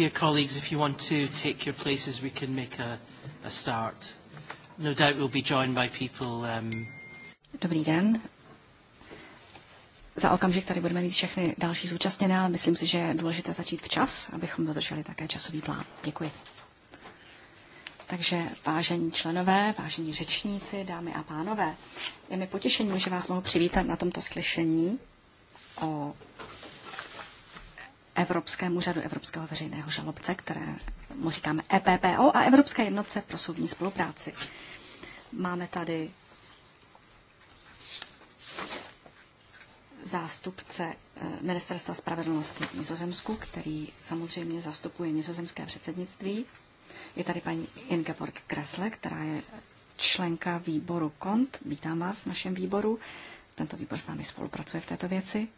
Dear colleagues, if you want to take your places, we can make a, a start. No doubt we'll be joined by people... Um... Dobrý den. Za okamžik tady budeme mít všechny další zúčastněné, ale myslím si, že je důležité začít včas, abychom dodrželi také časový plán. Děkuji. Takže vážení členové, vážení řečníci, dámy a pánové, je mi potěšením, že vás mohu přivítat na tomto slyšení o Evropskému řadu Evropského veřejného žalobce, které mu říkáme EPPO a Evropské jednotce pro soudní spolupráci. Máme tady zástupce eh, Ministerstva spravedlnosti v Nizozemsku, který samozřejmě zastupuje nizozemské předsednictví. Je tady paní Ingeborg Kresle, která je členka výboru KONT. Vítám vás v našem výboru. Tento výbor s námi spolupracuje v této věci.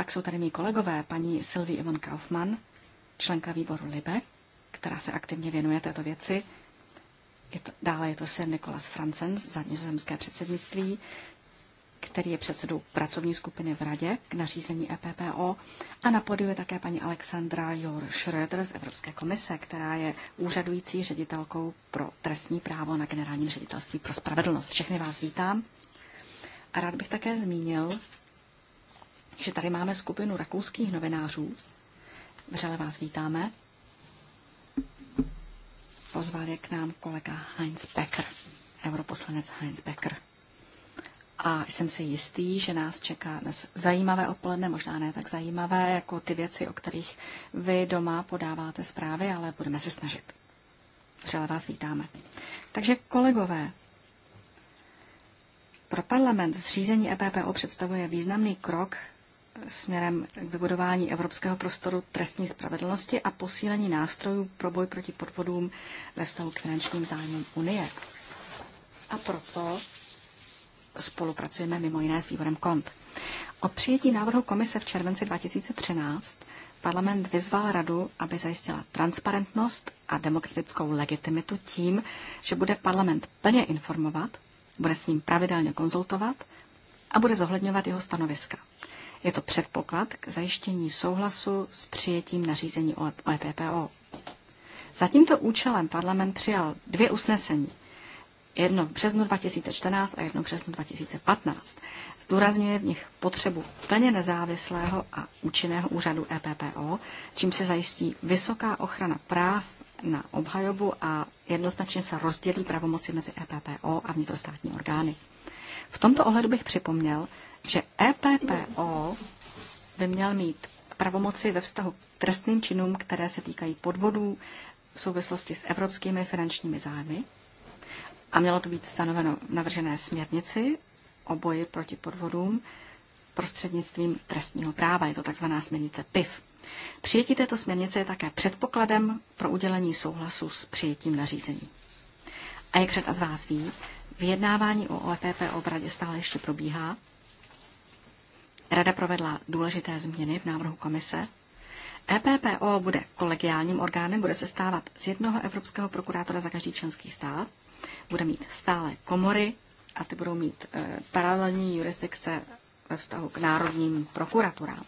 Pak jsou tady mý kolegové, paní Sylvie Ivon Kaufmann, členka výboru LIBE, která se aktivně věnuje této věci. Je to, dále je to Sir Nikolas Francens, za nizozemské předsednictví, který je předsedou pracovní skupiny v Radě k nařízení EPPO a na podiu je také paní Alexandra Jor Schröder z Evropské komise, která je úřadující ředitelkou pro trestní právo na generálním ředitelství pro spravedlnost. Všechny vás vítám. A rád bych také zmínil, že tady máme skupinu rakouských novinářů. Vřele vás vítáme. Pozval je k nám kolega Heinz Becker, europoslanec Heinz Becker. A jsem si jistý, že nás čeká dnes zajímavé odpoledne, možná ne tak zajímavé, jako ty věci, o kterých vy doma podáváte zprávy, ale budeme se snažit. Vřele vás vítáme. Takže kolegové, pro parlament zřízení EPPO představuje významný krok směrem k vybudování evropského prostoru trestní spravedlnosti a posílení nástrojů pro boj proti podvodům ve vztahu k finančním zájmům Unie. A proto spolupracujeme mimo jiné s výborem KONT. Od přijetí návrhu komise v červenci 2013 parlament vyzval radu, aby zajistila transparentnost a demokratickou legitimitu tím, že bude parlament plně informovat, bude s ním pravidelně konzultovat a bude zohledňovat jeho stanoviska. Je to předpoklad k zajištění souhlasu s přijetím nařízení o EPPO. Za tímto účelem parlament přijal dvě usnesení. Jedno v březnu 2014 a jedno v březnu 2015. Zdůrazňuje v nich potřebu plně nezávislého a účinného úřadu EPPO, čím se zajistí vysoká ochrana práv na obhajobu a jednoznačně se rozdělí pravomoci mezi EPPO a vnitrostátní orgány. V tomto ohledu bych připomněl, že EPPO by měl mít pravomoci ve vztahu k trestným činům, které se týkají podvodů v souvislosti s evropskými finančními zájmy. A mělo to být stanoveno v navržené směrnici o boji proti podvodům prostřednictvím trestního práva. Je to takzvaná směrnice PIV. Přijetí této směrnice je také předpokladem pro udělení souhlasu s přijetím nařízení. A jak řada z vás ví, vyjednávání o OPP obradě stále ještě probíhá Rada provedla důležité změny v návrhu komise. EPPO bude kolegiálním orgánem, bude se stávat z jednoho evropského prokurátora za každý členský stát, bude mít stále komory a ty budou mít e, paralelní jurisdikce ve vztahu k národním prokuraturám.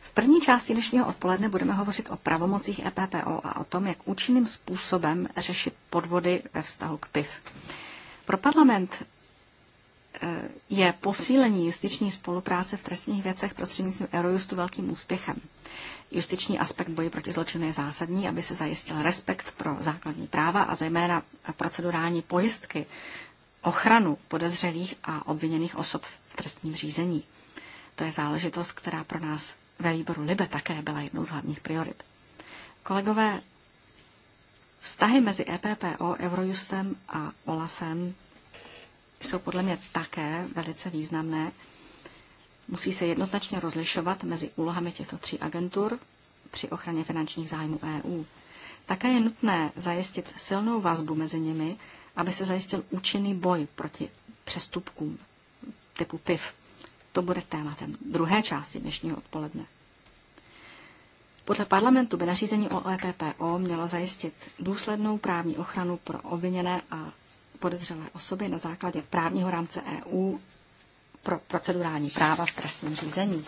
V první části dnešního odpoledne budeme hovořit o pravomocích EPPO a o tom, jak účinným způsobem řešit podvody ve vztahu k PIV. Pro parlament je posílení justiční spolupráce v trestních věcech prostřednictvím Eurojustu velkým úspěchem. Justiční aspekt boje proti zločinu je zásadní, aby se zajistil respekt pro základní práva a zejména procedurální pojistky, ochranu podezřelých a obviněných osob v trestním řízení. To je záležitost, která pro nás ve výboru Libe také byla jednou z hlavních priorit. Kolegové, vztahy mezi EPPO, Eurojustem a OLAFem jsou podle mě také velice významné. Musí se jednoznačně rozlišovat mezi úlohami těchto tří agentur při ochraně finančních zájmů EU. Také je nutné zajistit silnou vazbu mezi nimi, aby se zajistil účinný boj proti přestupkům typu PIV. To bude tématem druhé části dnešního odpoledne. Podle parlamentu by nařízení o EPPO mělo zajistit důslednou právní ochranu pro obviněné a podezřelé osoby na základě právního rámce EU pro procedurální práva v trestním řízení.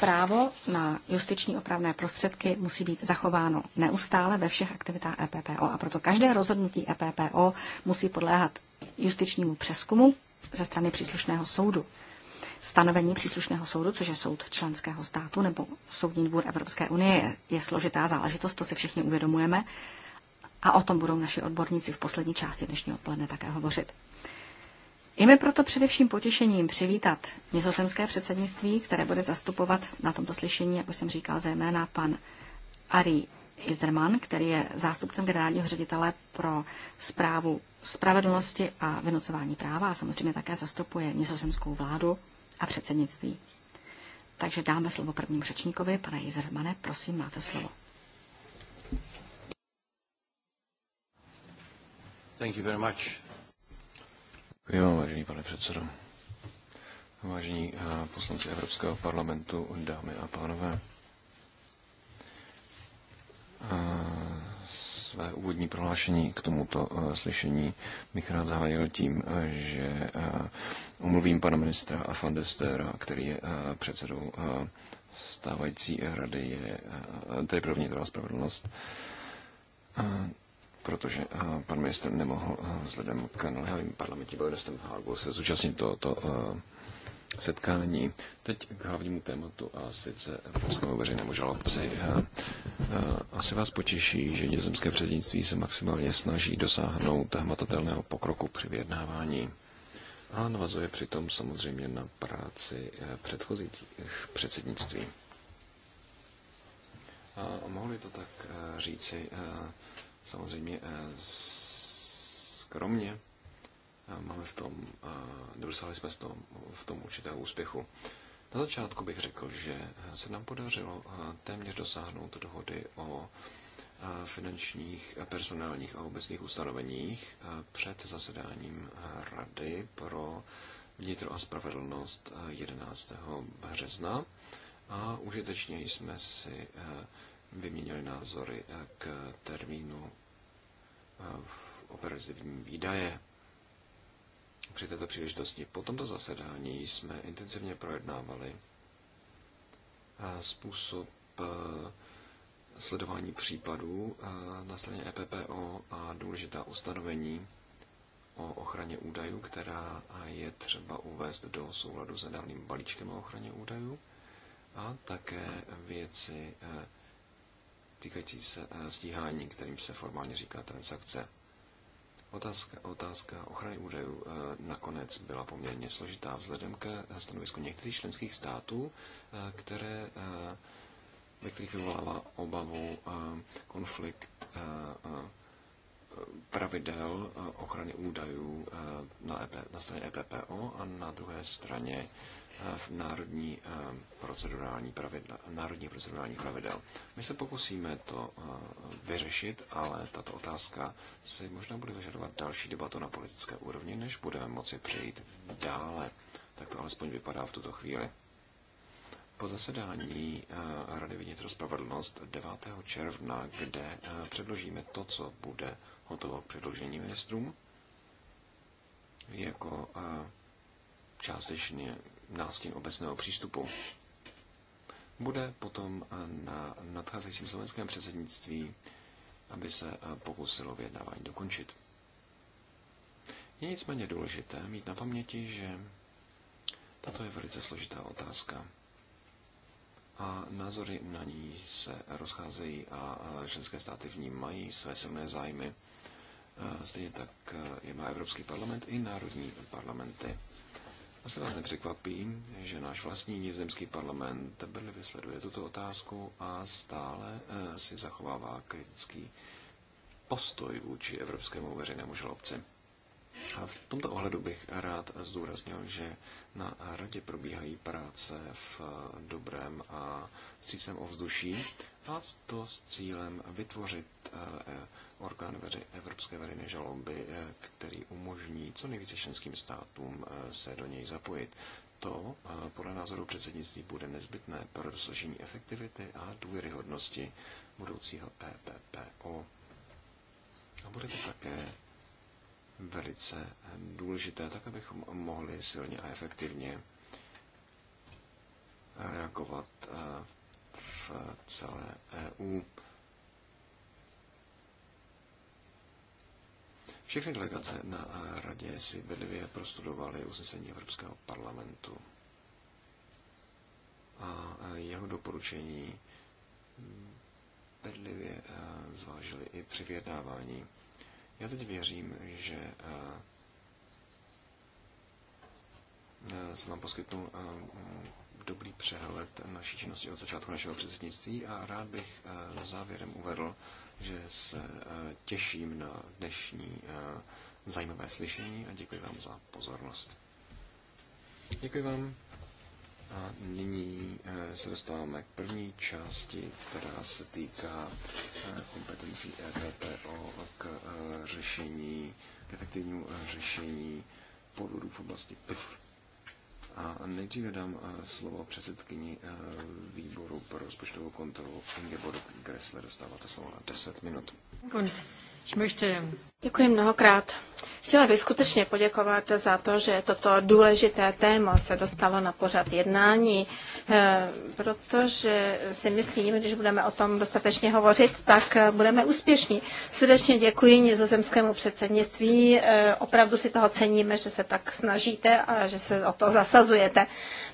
Právo na justiční opravné prostředky musí být zachováno neustále ve všech aktivitách EPPO a proto každé rozhodnutí EPPO musí podléhat justičnímu přeskumu ze strany příslušného soudu. Stanovení příslušného soudu, což je soud členského státu nebo Soudní dvůr Evropské unie, je, složitá záležitost, to si všichni uvědomujeme, a o tom budou naši odborníci v poslední části dnešního odpoledne také hovořit. I mi proto především potěšením přivítat nizozemské předsednictví, které bude zastupovat na tomto slyšení, jako jsem říkal, zejména pan Ari Izerman, který je zástupcem generálního ředitele pro zprávu spravedlnosti a vynucování práva a samozřejmě také zastupuje nizozemskou vládu a předsednictví. Takže dáme slovo prvnímu řečníkovi, pane Izermane, prosím, máte slovo. Thank you very much. Děkuji vám, vážený pane předsedo. Vážení eh, poslanci Evropského parlamentu, dámy a pánové. Eh, své úvodní prohlášení k tomuto eh, slyšení bych rád zahájil tím, že omluvím pana ministra Afandestera, který je předsedou stávající rady, je, tedy první vnitro spravedlnost, protože eh, pan ministr nemohl eh, vzhledem k naléhavým parlamentním povinnostem v Hágu se zúčastnit tohoto eh, setkání. Teď k hlavnímu tématu a sice evropskému vlastně veřejnému žalobci. Asi vás potěší, že nizozemské předsednictví se maximálně snaží dosáhnout hmatatelného pokroku při vyjednávání a navazuje přitom samozřejmě na práci předchozích předsednictví. A mohli to tak říci samozřejmě eh, skromně. Eh, máme v tom, eh, dosáhli jsme v tom, v tom určitého úspěchu. Na začátku bych řekl, že se nám podařilo téměř dosáhnout dohody o finančních, personálních a obecných ustanoveních před zasedáním Rady pro vnitro a spravedlnost 11. března a užitečně jsme si vyměnili názory eh, k termínu eh, v operativním výdaje při této příležitosti. Po tomto zasedání jsme intenzivně projednávali eh, způsob sledování případů na straně EPPO a důležitá ustanovení o ochraně údajů, která je třeba uvést do souladu s nedávným balíčkem o ochraně údajů a také věci týkající se eh, stíhání, kterým se formálně říká transakce. Otázka, otázka ochrany údajů eh, nakonec byla poměrně složitá vzhledem ke stanovisku některých členských států, eh, které, ve kterých vyvolává obavu konflikt pravidel ochrany údajů na, EP, na straně EPPO a na druhé straně v národní procedurální pravidla, národní procedurální pravidel. My se pokusíme to vyřešit, ale tato otázka si možná bude vyžadovat další debatu na politické úrovni, než budeme moci přejít dále. Tak to alespoň vypadá v tuto chvíli. Po zasedání Rady vnitro spravedlnost 9. června, kde předložíme to, co bude hotovo k předložení ministrům, jako částečně nástin obecného přístupu. Bude potom na nadcházejícím slovenském předsednictví, aby se pokusilo vyjednávání dokončit. Je nicméně důležité mít na paměti, že tato je velice složitá otázka a názory na ní se rozcházejí a členské státy v ní mají své silné zájmy. Stejně tak je má Evropský parlament i národní parlamenty. Asi vás nepřekvapím, že náš vlastní nizozemský parlament bedlivě vysleduje tuto otázku a stále eh, si zachovává kritický postoj vůči evropskému veřejnému žalobci. A v tomto ohledu bych rád zdůraznil, že na radě probíhají práce v eh, dobrém a střícem ovzduší a to s cílem vytvořit eh, orgán veři, Evropské veřejné žaloby, eh, který umožní co nejvíce členským státům eh, se do něj zapojit. To eh, podle názoru předsednictví bude nezbytné pro dosažení efektivity a důvěryhodnosti budoucího EPPO. A bude to také velice důležité, tak abychom mohli silně a efektivně reagovat v celé EU Všechny delegace na radě si bedlivě prostudovaly usnesení Evropského parlamentu a jeho doporučení bedlivě eh, zvážili i při vyjednávání. Já teď věřím, že eh, eh, jsem vám poskytnul mm, dobrý přehled naší činnosti od začátku našeho předsednictví a rád bych závěrem uvedl, že se eh, těším na dnešní eh, zajímavé slyšení a děkuji vám za pozornost. Děkuji vám. A nyní eh, se dostáváme k první části, která se týká kompetencí EVTO k řešení, efektivnímu řešení podvodů v oblasti PIF. A nejdříve dám eh, slovo předsedkyni eh, výboru pro rozpočtovou kontrolu Ingeborg Gressler. Dostáváte slovo na 10 minut. Konec. Děkuji mnohokrát. Chtěla bych skutečně poděkovat za to, že toto důležité téma se dostalo na pořad jednání, eh, protože si myslím, když budeme o tom dostatečně hovořit, tak eh, budeme úspěšní. Srdečně děkuji nizozemskému předsednictví. Eh, opravdu si toho ceníme, že se tak snažíte a že se o to zasazujete.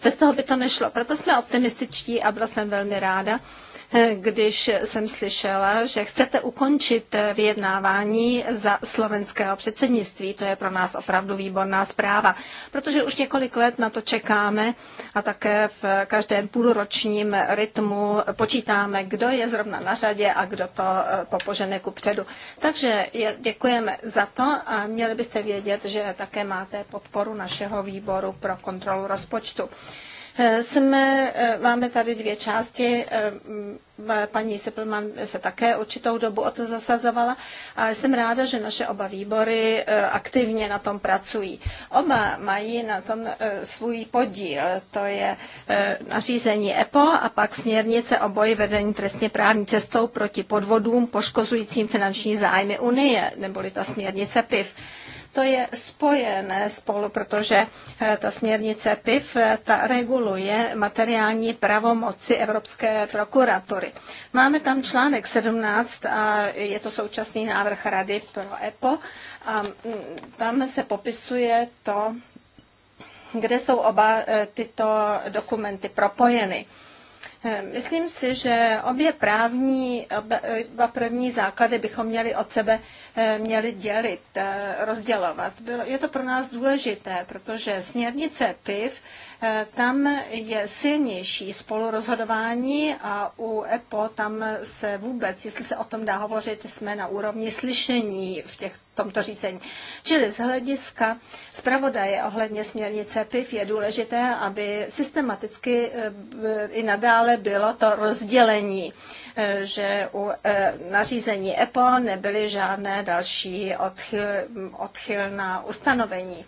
Bez toho by to nešlo. Proto jsme optimističtí a byla jsem velmi ráda, když jsem slyšela, že chcete ukončit vyjednávání za slovenského předsednictví. To je pro nás opravdu výborná zpráva, protože už několik let na to čekáme a také v každém půlročním rytmu počítáme, kdo je zrovna na řadě a kdo to eh, popožene ku předu. Takže děkujeme za to a měli byste vědět, že také máte podporu našeho výboru pro kontrolu rozpočtu. Eh, jsme, eh, máme tady dvě části. Eh, paní Sepplman se také určitou dobu o to zasazovala a jsem ráda, že naše oba výbory aktivně na tom pracují. Oba mají na tom svůj podíl, to je nařízení EPO a pak směrnice o boji vedení trestně právní cestou proti podvodům poškozujícím finanční zájmy Unie, neboli ta směrnice PIV to je spojené spolu, protože eh, ta směrnice PIF eh, ta reguluje materiální pravomoci Evropské prokuratury. Máme tam článek 17 a je to současný návrh Rady pro EPO a mm, tam se popisuje to, kde jsou oba eh, tyto dokumenty propojeny. Myslím si, že obě právní, oba první základy bychom měli od sebe eh, měli dělit, eh, rozdělovat. Je to pro nás důležité, protože směrnice PIV, eh, tam je silnější spolurozhodování a u EPO tam se vůbec, jestli se o tom dá hovořit, jsme na úrovni slyšení v těch tomto řízení. Čili z hlediska zpravodaje ohledně směrnice PIV je důležité, aby systematicky i nadále bylo to rozdělení, eh, že u eh, nařízení EPO nebyly žádné další odchyl, odchylná ustanovení.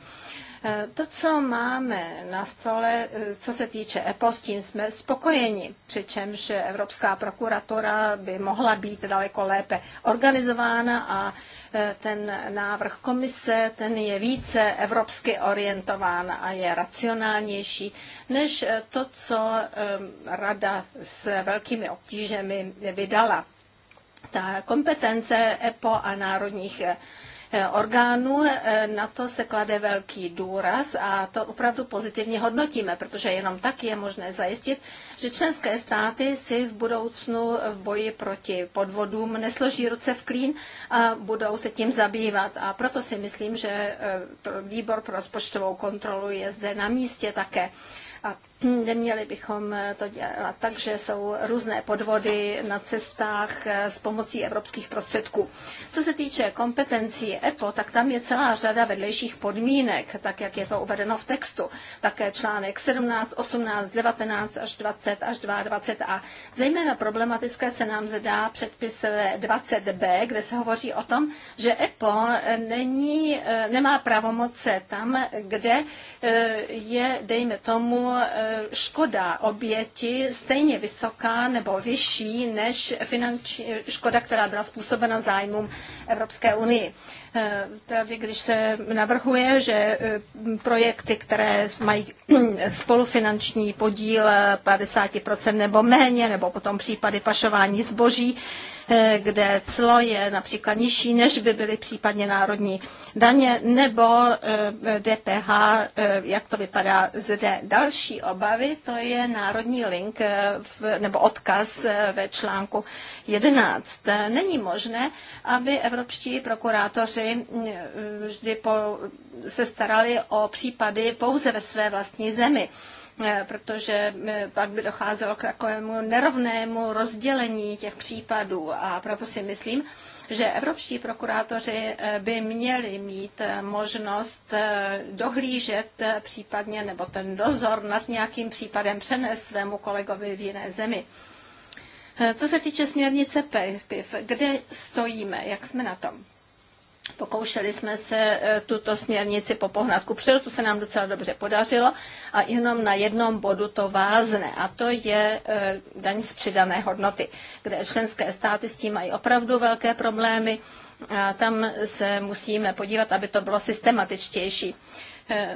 Eh, to, co máme na stole, eh, co se týče EPO, s tím jsme spokojeni, přičemž Evropská prokuratura by mohla být daleko lépe organizována a eh, ten návrh komise, ten je více evropsky orientován a je racionálnější než to, co rada s velkými obtížemi vydala. Ta kompetence EPO a národních Eh, orgánů. Eh, na to se klade velký důraz a to opravdu pozitivně hodnotíme, protože jenom tak je možné zajistit, že členské státy si v budoucnu v boji proti podvodům nesloží ruce v klín a budou se tím zabývat. A proto si myslím, že eh, výbor pro rozpočtovou kontrolu je zde na místě také. A Neměli bychom to dělat tak, že jsou různé podvody na cestách eh, s pomocí evropských prostředků. Co se týče kompetencí EPO, tak tam je celá řada vedlejších podmínek, tak jak je to uvedeno v textu. Také článek 17, 18, 19 až 20 až 22 a zejména problematické se nám zdá předpis 20b, kde se hovoří o tom, že EPO není, eh, nemá pravomoce tam, kde eh, je, dejme tomu, škoda oběti stejně vysoká nebo vyšší než finanční škoda, která byla způsobena zájmům Evropské unii. Eh, tady, když se navrhuje, že eh, projekty, které mají spolufinanční podíl 50% eh, nebo méně, nebo potom případy pašování zboží, kde clo je například nižší, než by byly případně národní daně nebo DPH, jak to vypadá zde. Další obavy, to je národní link v, nebo odkaz ve článku 11. Není možné, aby evropští prokurátoři vždy po, se starali o případy pouze ve své vlastní zemi eh, protože eh, pak by docházelo k takovému nerovnému rozdělení těch případů a proto si myslím, že evropští prokurátoři eh, by měli mít možnost dohlížet případně nebo ten dozor nad nějakým případem přenést svému kolegovi v jiné zemi. Co se týče směrnice PIV, kde stojíme, jak jsme na tom? Pokoušeli jsme se e, tuto směrnici po pohnatku předu, to se nám docela dobře podařilo a jenom na jednom bodu to vázne a to je e, daň z přidané hodnoty, kde členské státy s tím mají opravdu velké problémy a tam se musíme podívat, aby to bylo systematičtější.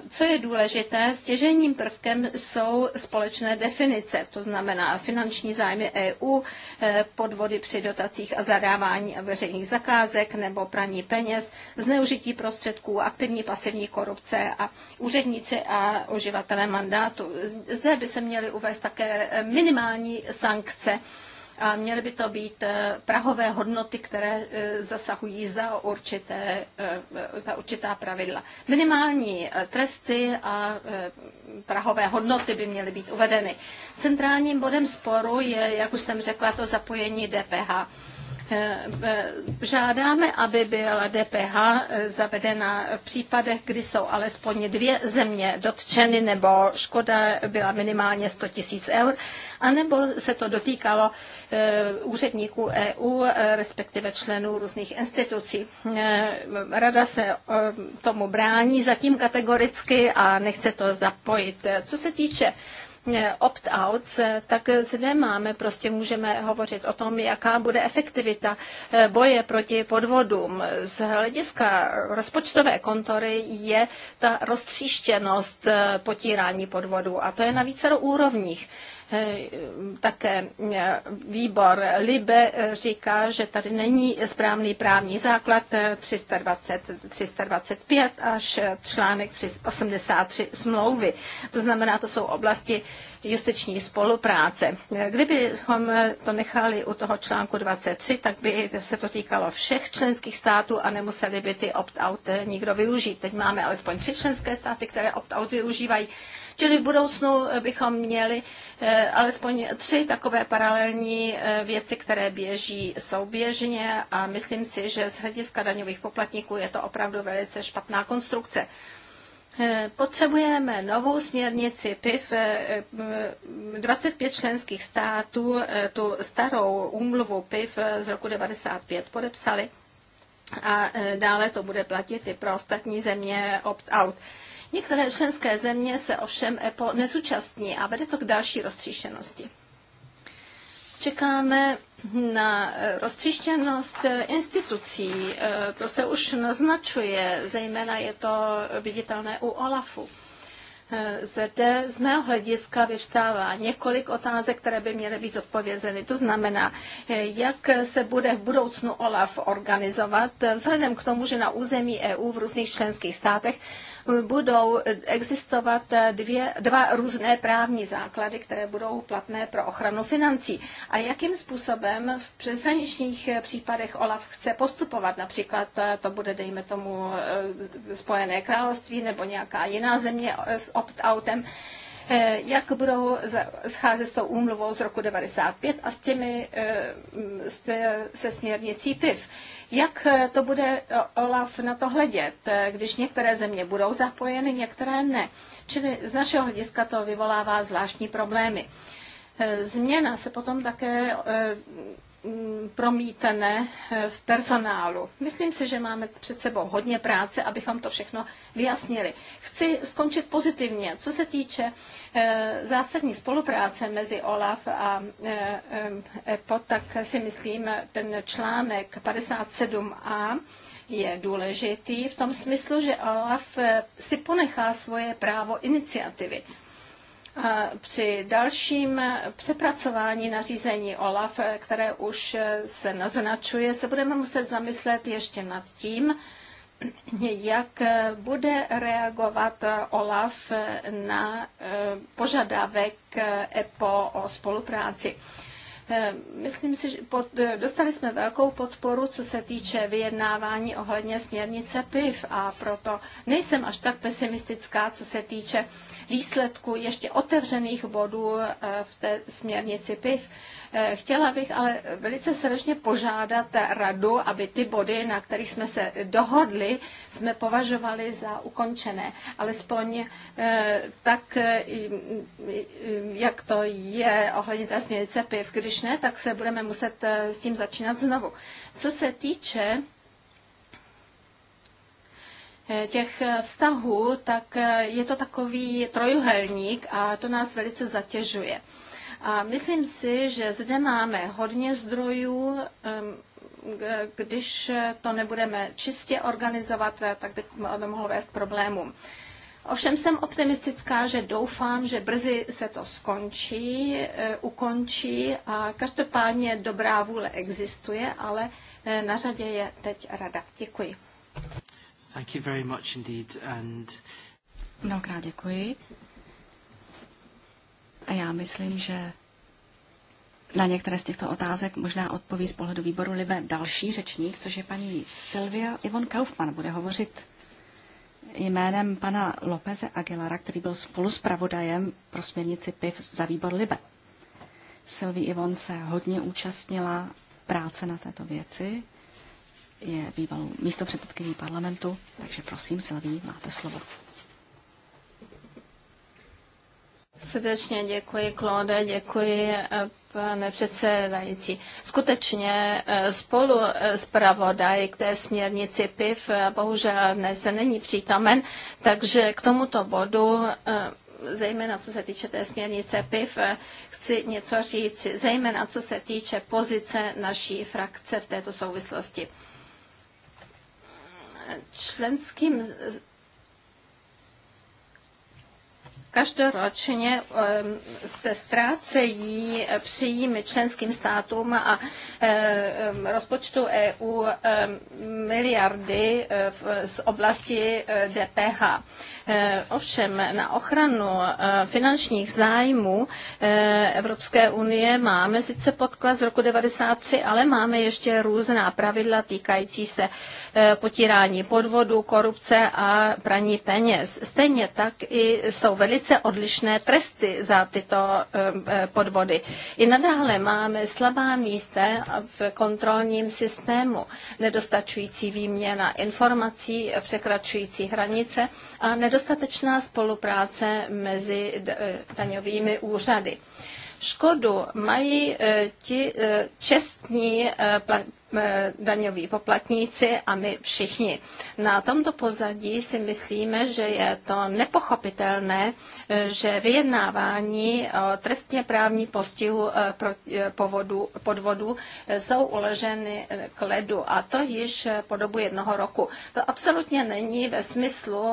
Co je důležité, stěžením prvkem jsou společné definice, to znamená finanční zájmy EU, eh, podvody při dotacích a zadávání a veřejných zakázek nebo praní peněz, zneužití prostředků, aktivní pasivní korupce a úředníci a uživatelé mandátu. Zde by se měly uvést také minimální sankce a měly by to být eh, prahové hodnoty, které eh, zasahují za, určité, eh, za určitá pravidla. Minimální tresty a prahové hodnoty by měly být uvedeny. Centrálním bodem sporu je, jak už jsem řekla, to zapojení DPH. Eh, eh, žádáme, aby byla DPH eh, zavedena v případech, kdy jsou alespoň dvě země dotčeny nebo škoda byla minimálně 100 tisíc eur, anebo se to dotýkalo úředníků EU, respektive členů různých institucí. Rada se tomu brání zatím kategoricky a nechce to zapojit. Co se týče Eh, opt-outs, eh, tak zde máme, prostě můžeme hovořit o tom, jaká bude efektivita eh, boje proti podvodům. Z hlediska rozpočtové kontory je ta roztříštěnost potírání podvodů a to je na více úrovních. Eh, také eh, výbor Libe eh, říká, že tady není správný právní základ 320, 325 až článek 83 smlouvy. To znamená, to jsou oblasti justiční spolupráce. Kdybychom to nechali u toho článku 23, tak by se to týkalo všech členských států a nemuseli by ty opt-out nikdo využít. Teď máme alespoň tři členské státy, které opt-out využívají. Čili v budoucnu eh, bychom měli eh, alespoň tři takové paralelní eh, věci, které běží souběžně a myslím si, že z hlediska daňových poplatníků je to opravdu velice špatná konstrukce. Potřebujeme novou směrnici PIF. 25 členských států tu starou úmluvu PIF z roku 95 podepsali a dále to bude platit i pro ostatní země opt-out. Některé členské země se ovšem EPO nezúčastní a vede to k další roztříštěnosti. Čekáme na roztříštěnost institucí. To se už naznačuje, zejména je to viditelné u OLAFu. Zde z mého hlediska vyštává několik otázek, které by měly být odpovězeny. To znamená, jak se bude v budoucnu OLAF organizovat, vzhledem k tomu, že na území EU v různých členských státech budou existovat dvě, dva různé právní základy, které budou platné pro ochranu financí. A jakým způsobem v přeshraničních případech OLAF chce postupovat? Například eh, to bude, dejme tomu, eh, Spojené království nebo nějaká jiná země eh, s opt-outem jak budou scházet s tou úmluvou z roku 95 a s těmi se směrnicí PIV. Jak eh, to bude eh, OLAF na to hledět, eh, když některé země budou zapojeny, některé ne? Čili z našeho hlediska to vyvolává zvláštní problémy. Změna se potom také Mm, Promítené eh, v personálu. Myslím si, že máme před sebou hodně práce, abychom to všechno vyjasnili. Chci skončit pozitivně. Co se týče eh, zásadní spolupráce mezi OLAF a eh, EPO, tak si myslím, ten článek 57a je důležitý v tom smyslu, že OLAF si ponechá svoje právo iniciativy. Při dalším přepracování nařízení OLAF, které už se naznačuje, se budeme muset zamyslet ještě nad tím, jak bude reagovat OLAF na eh, požadavek EPO eh, e o spolupráci. Eh, myslím si, že pod, eh, dostali jsme velkou podporu, co se týče vyjednávání ohledně směrnice PIV a proto nejsem až tak pesimistická, co se týče výsledku ještě otevřených bodů eh, v té směrnici PIV. Eh, chtěla bych ale velice srdečně požádat radu, aby ty body, na kterých jsme se dohodli, jsme považovali za ukončené. Alespoň eh, tak, eh, jak to je ohledně té směrnice piv. Když ne, tak se budeme muset s tím začínat znovu. Co se týče těch vztahů, tak je to takový trojuhelník a to nás velice zatěžuje. A myslím si, že zde máme hodně zdrojů, když to nebudeme čistě organizovat, eh, tak by to mohlo vést k problémům. Ovšem jsem optimistická, že doufám, že brzy se to skončí, eh, ukončí a každopádně dobrá vůle existuje, ale eh, na řadě je teď rada. Děkuji. Thank you very much indeed and... Mnohokrát děkuji. A já myslím, že na některé z těchto otázek možná odpoví z pohledu výboru Libe další řečník, což je paní Silvia Ivon Kaufmann. Bude hovořit jménem pana Lopeze Aguilara, který byl spolu s pravodajem pro směrnici PIV za výbor Libe. Silvia Ivon se hodně účastnila práce na této věci, je bývalou místo parlamentu, takže prosím, Silví, máte slovo. Srdečně děkuji, Claude, děkuji, eh, pane předsedající. Skutečně eh, spolu s eh, pravodaj k té směrnici PIV bohužel dnes není přítomen, takže k tomuto bodu zejména co se týče té směrnice PIV, chci něco říct, zejména co se týče pozice naší frakce v této souvislosti. Členským Každoročně se ztrácejí příjmy členským státům a rozpočtu EU miliardy e, z oblasti e, DPH. E, ovšem na ochranu finančních zájmů Evropské unie máme sice podklad z roku 1993, ale máme ještě různá pravidla týkající se Eh, potírání podvodu, korupce a praní peněz. Stejně tak i jsou velice odlišné tresty za tyto eh, eh, podvody. I nadále máme slabá místa v kontrolním systému, nedostačující výměna informací, překračující hranice a nedostatečná spolupráce mezi daňovými úřady škodu mají ti čestní Eh, daňoví poplatníci a my všichni. Na tomto pozadí si myslíme, že je to nepochopitelné, eh, že vyjednávání o trestně právní postihu eh, podvodu jsou uleženy k ledu a to již po dobu jednoho roku. To absolutně není ve smyslu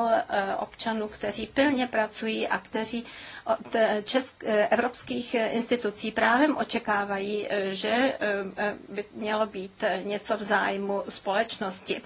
občanů, kteří pilně pracují a kteří od česk, evropských institucí právem očekávají, že by mělo být něco v zájmu společnosti.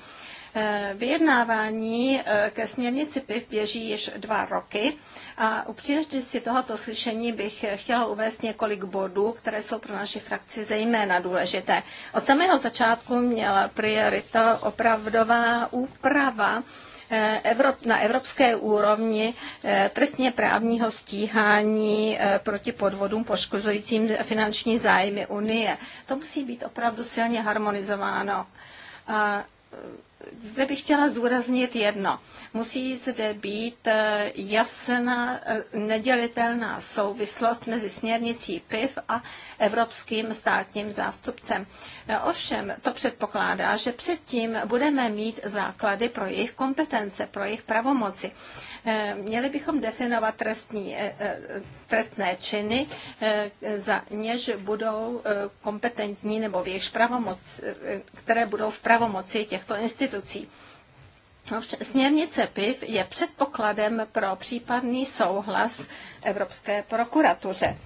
Eh, vyjednávání eh, ke směrnici PIV běží již dva roky a u příležitosti tohoto slyšení bych chtěla uvést několik bodů, které jsou pro naši frakci zejména důležité. Od samého začátku měla priorita opravdová úprava Eh, na evropské úrovni eh, trestně právního stíhání eh, proti podvodům poškozujícím finanční zájmy Unie. To musí být opravdu silně harmonizováno zde bych chtěla zdůraznit jedno. Musí zde být eh, jasná, eh, nedělitelná souvislost mezi směrnicí PIV a evropským státním zástupcem. Eh, ovšem, to předpokládá, že předtím budeme mít základy pro jejich kompetence, pro jejich pravomoci. Eh, měli bychom definovat trestní, eh, eh, trestné činy, za něž budou kompetentní nebo v jejich pravomoc, které budou v pravomoci těchto institucí. Směrnice PIV je předpokladem pro případný souhlas Evropské prokuratuře.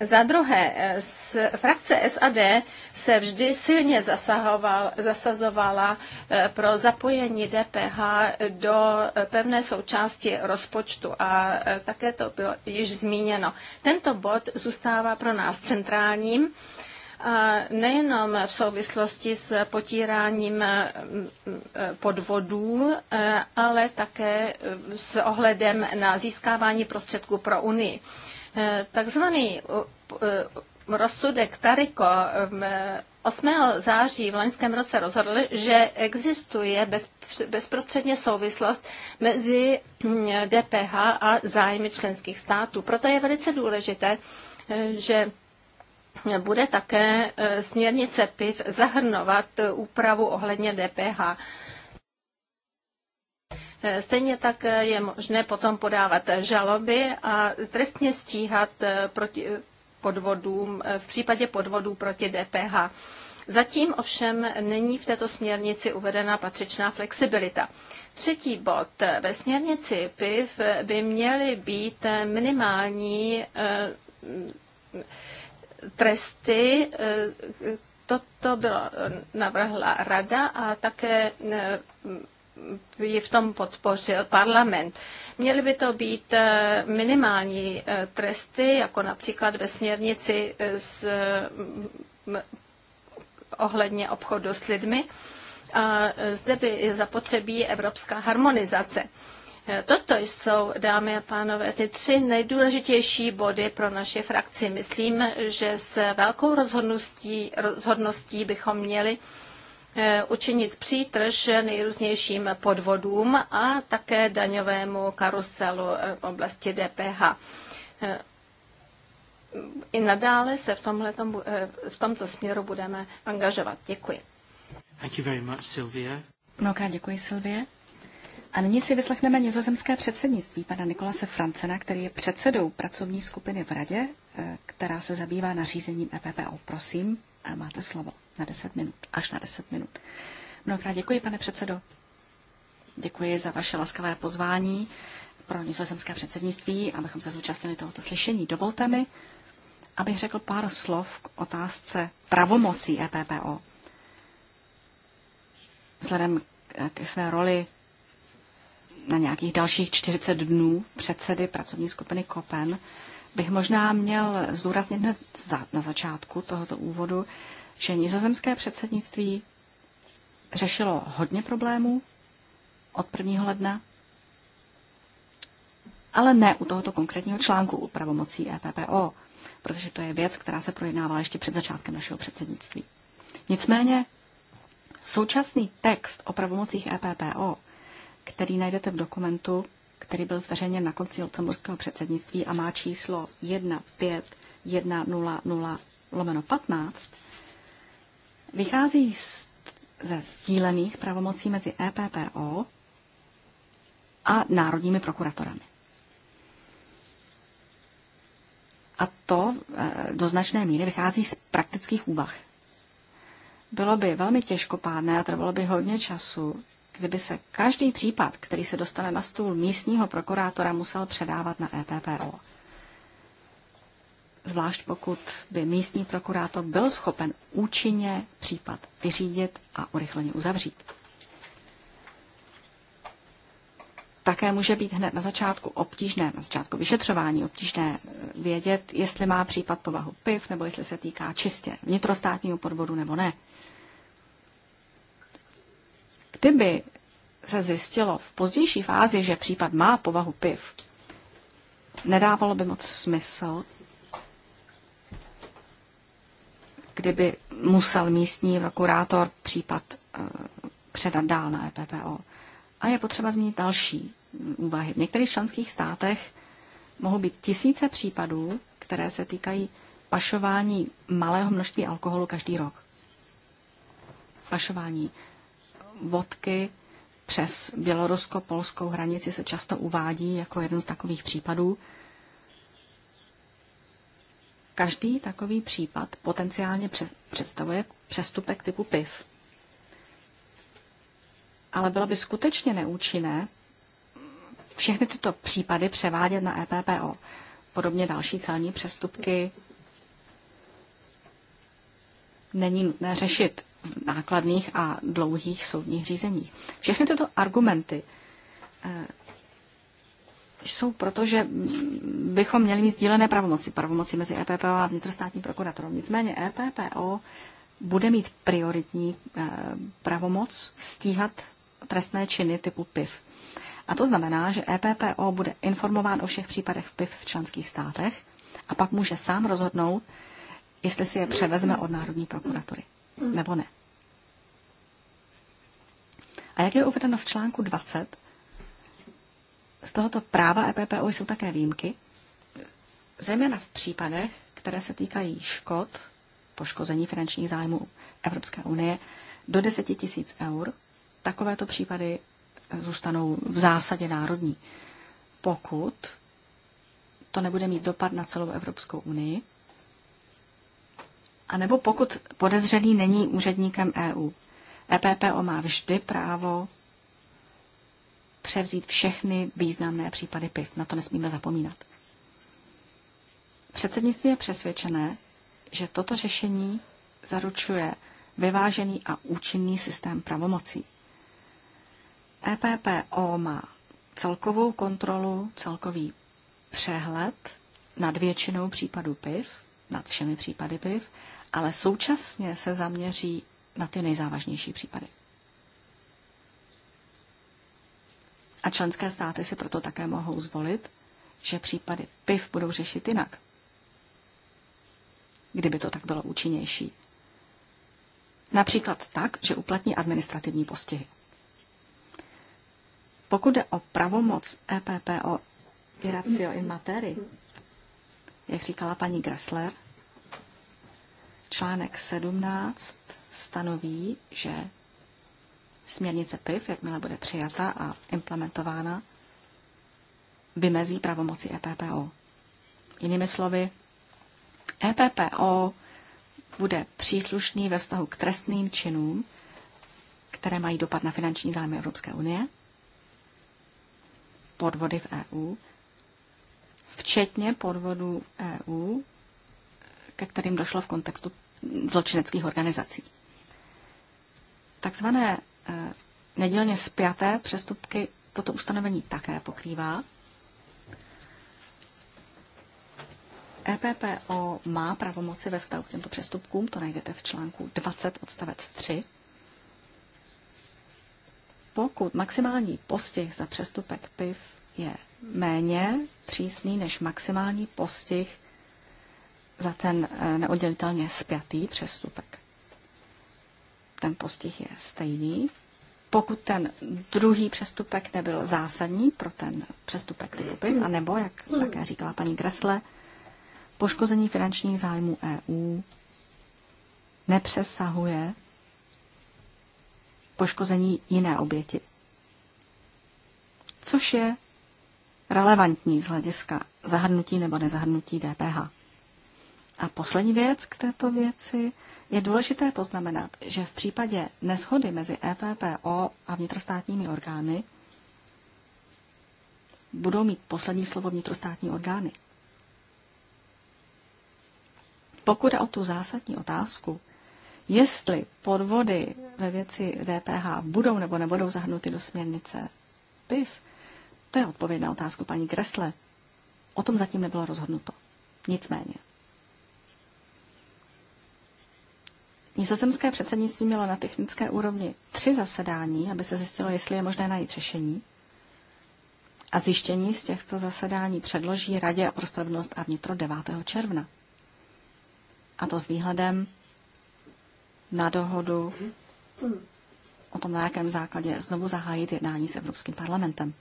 Za druhé, z eh, frakce SAD se vždy silně zasahoval, zasazovala eh, pro zapojení DPH do eh, pevné součásti rozpočtu a také to bylo již zmíněno. Tento bod zůstává pro nás centrálním. A nejenom v souvislosti s potíráním podvodů, ale také s ohledem na získávání prostředků pro Unii. Eh, takzvaný eh, rozsudek Tariko 8. Eh, září v loňském roce rozhodl, že existuje bezprostředně souvislost mezi mm, DPH a zájmy členských států. Proto je velice důležité, že bude také směrnice PIV zahrnovat úpravu ohledně DPH. Stejně tak je možné potom podávat žaloby a trestně stíhat eh, proti podvodům, eh, v případě podvodů proti DPH. Zatím ovšem není v této směrnici uvedena patřičná flexibilita. Třetí bod. Ve směrnici PIV by měly být minimální eh, tresty. Toto byla navrhla rada a také ji v tom podpořil parlament. Měly by to být eh, minimální eh, tresty, jako například ve směrnici z, eh, ohledně obchodu s lidmi. A zde by zapotřebí evropská harmonizace. Toto jsou, dámy a pánové, ty tři nejdůležitější body pro naše frakci. Myslím, že s velkou rozhodností, rozhodností bychom měli uh, Eh, učinit přítrž nejrůznějším podvodům a také daňovému karuselu eh, v oblasti DPH. Eh, I nadále se v, tomhletom, v tomto směru budeme angažovat. Děkuji. Thank you very much, Sylvie. Mnohokrát děkuji, Silvie. A nyní si vyslechneme nizozemské předsednictví pana Nikolase Francena, který je předsedou pracovní skupiny v Radě, která se zabývá nařízením EPPO. Prosím, máte slovo na 10 minut, až na 10 minut. Mnohokrát děkuji, pane předsedo. Děkuji za vaše laskavé pozvání pro nizozemské předsednictví, abychom se zúčastnili tohoto slyšení. Dovolte mi, abych řekl pár slov k otázce pravomocí EPPO. Vzhledem ke své roli na nějakých dalších 40 dnů předsedy pracovní skupiny KOPEN bych možná měl zdůraznit hned na začátku tohoto úvodu, že nizozemské předsednictví řešilo hodně problémů od 1. ledna, ale ne u tohoto konkrétního článku u pravomocí EPPO, protože to je věc, která se projednávala ještě před začátkem našeho předsednictví. Nicméně současný text o pravomocích EPPO, který najdete v dokumentu, který byl zveřejněn na konci lucemburského předsednictví a má číslo 1510 lomeno 15, vychází z, ze sdílených pravomocí mezi EPPO a národními prokuratorami. A to e, do značné míry vychází z praktických úvah. Bylo by velmi těžkopádné a trvalo by hodně času, kdyby se každý případ, který se dostane na stůl místního prokurátora, musel předávat na EPPO zvlášť pokud by místní prokurátor byl schopen účinně případ vyřídit a urychleně uzavřít. Také může být hned na začátku obtížné, na začátku vyšetřování obtížné eh, vědět, jestli má případ povahu PIV nebo jestli se týká čistě vnitrostátního podvodu nebo ne. Kdyby se zjistilo v pozdější fázi, že případ má povahu PIV, nedávalo by moc smysl kdyby musel místní prokurátor případ eh, předat dál na EPPO. A je potřeba zmínit další úvahy. V některých členských státech mohou být tisíce případů, které se týkají pašování malého množství alkoholu každý rok. Pašování vodky přes bělorusko-polskou hranici se často uvádí jako jeden z takových případů. Každý takový případ potenciálně představuje přestupek typu PIV. Ale bylo by skutečně neúčinné všechny tyto případy převádět na EPPO. Podobně další celní přestupky není nutné řešit v nákladných a dlouhých soudních řízeních. Všechny tyto argumenty eh, jsou proto, že bychom měli mít sdílené pravomoci, pravomoci mezi EPPO a vnitrostátním prokuratorem. Nicméně EPPO bude mít prioritní eh, pravomoc stíhat trestné činy typu PIV. A to znamená, že EPPO bude informován o všech případech PIV v členských státech a pak může sám rozhodnout, jestli si je převezme od Národní prokuratury nebo ne. A jak je uvedeno v článku 20, z tohoto práva EPPO jsou také výjimky, zejména v případech, které se týkají škod, poškození finančních zájmů Evropské unie, do 10 tisíc eur. Takovéto případy eh, zůstanou v zásadě národní. Pokud to nebude mít dopad na celou Evropskou unii, a nebo pokud podezřelý není úředníkem EU. EPPO má vždy právo převzít všechny významné případy PIV. Na to nesmíme zapomínat. Předsednictví je přesvědčené, že toto řešení zaručuje vyvážený a účinný systém pravomocí. EPPO má celkovou kontrolu, celkový přehled nad většinou případů PIV, nad všemi případy PIV, ale současně se zaměří na ty nejzávažnější případy. A členské státy si proto také mohou zvolit, že případy PIV budou řešit jinak, kdyby to tak bylo účinnější. Například tak, že uplatní administrativní postihy. Pokud jde o pravomoc EPPO Iratio in Materi, jak říkala paní Gressler, článek 17 stanoví, že Směrnice PIV, jakmile bude přijata a implementována, vymezí pravomoci EPPO. Jinými slovy, EPPO bude příslušný ve vztahu k trestným činům, které mají dopad na finanční zájmy Evropské unie, podvody v EU, včetně podvodů EU, ke kterým došlo v kontextu zločineckých organizací. Takzvané Eh, nedělně spjaté přestupky toto ustanovení také pokrývá. EPPO má pravomoci ve vztahu k těmto přestupkům, to najdete v článku 20 odstavec 3. Pokud maximální postih za přestupek PIV je méně přísný než maximální postih za ten eh, neoddělitelně spjatý přestupek. Ten postih je stejný, pokud ten druhý přestupek nebyl zásadní pro ten přestupek typu PIV, anebo, jak také říkala paní Gresle, poškození finančních zájmů EU nepřesahuje poškození jiné oběti. Což je relevantní z hlediska zahrnutí nebo nezahrnutí DPH. A poslední věc k této věci je důležité poznamenat, že v případě neshody mezi EPPO a vnitrostátními orgány budou mít poslední slovo vnitrostátní orgány. Pokud je o tu zásadní otázku, jestli podvody ve věci DPH budou nebo nebudou zahrnuty do směrnice PIV, to je odpověď na otázku paní Kresle. O tom zatím nebylo rozhodnuto. Nicméně, Nizozemské předsednictví mělo na technické úrovni tři zasedání, aby se zjistilo, jestli je možné najít řešení. A zjištění z těchto zasedání předloží Radě a spravedlnost a vnitro 9. června. A to s výhledem na dohodu o tom, na jakém základě znovu zahájit jednání s Evropským parlamentem.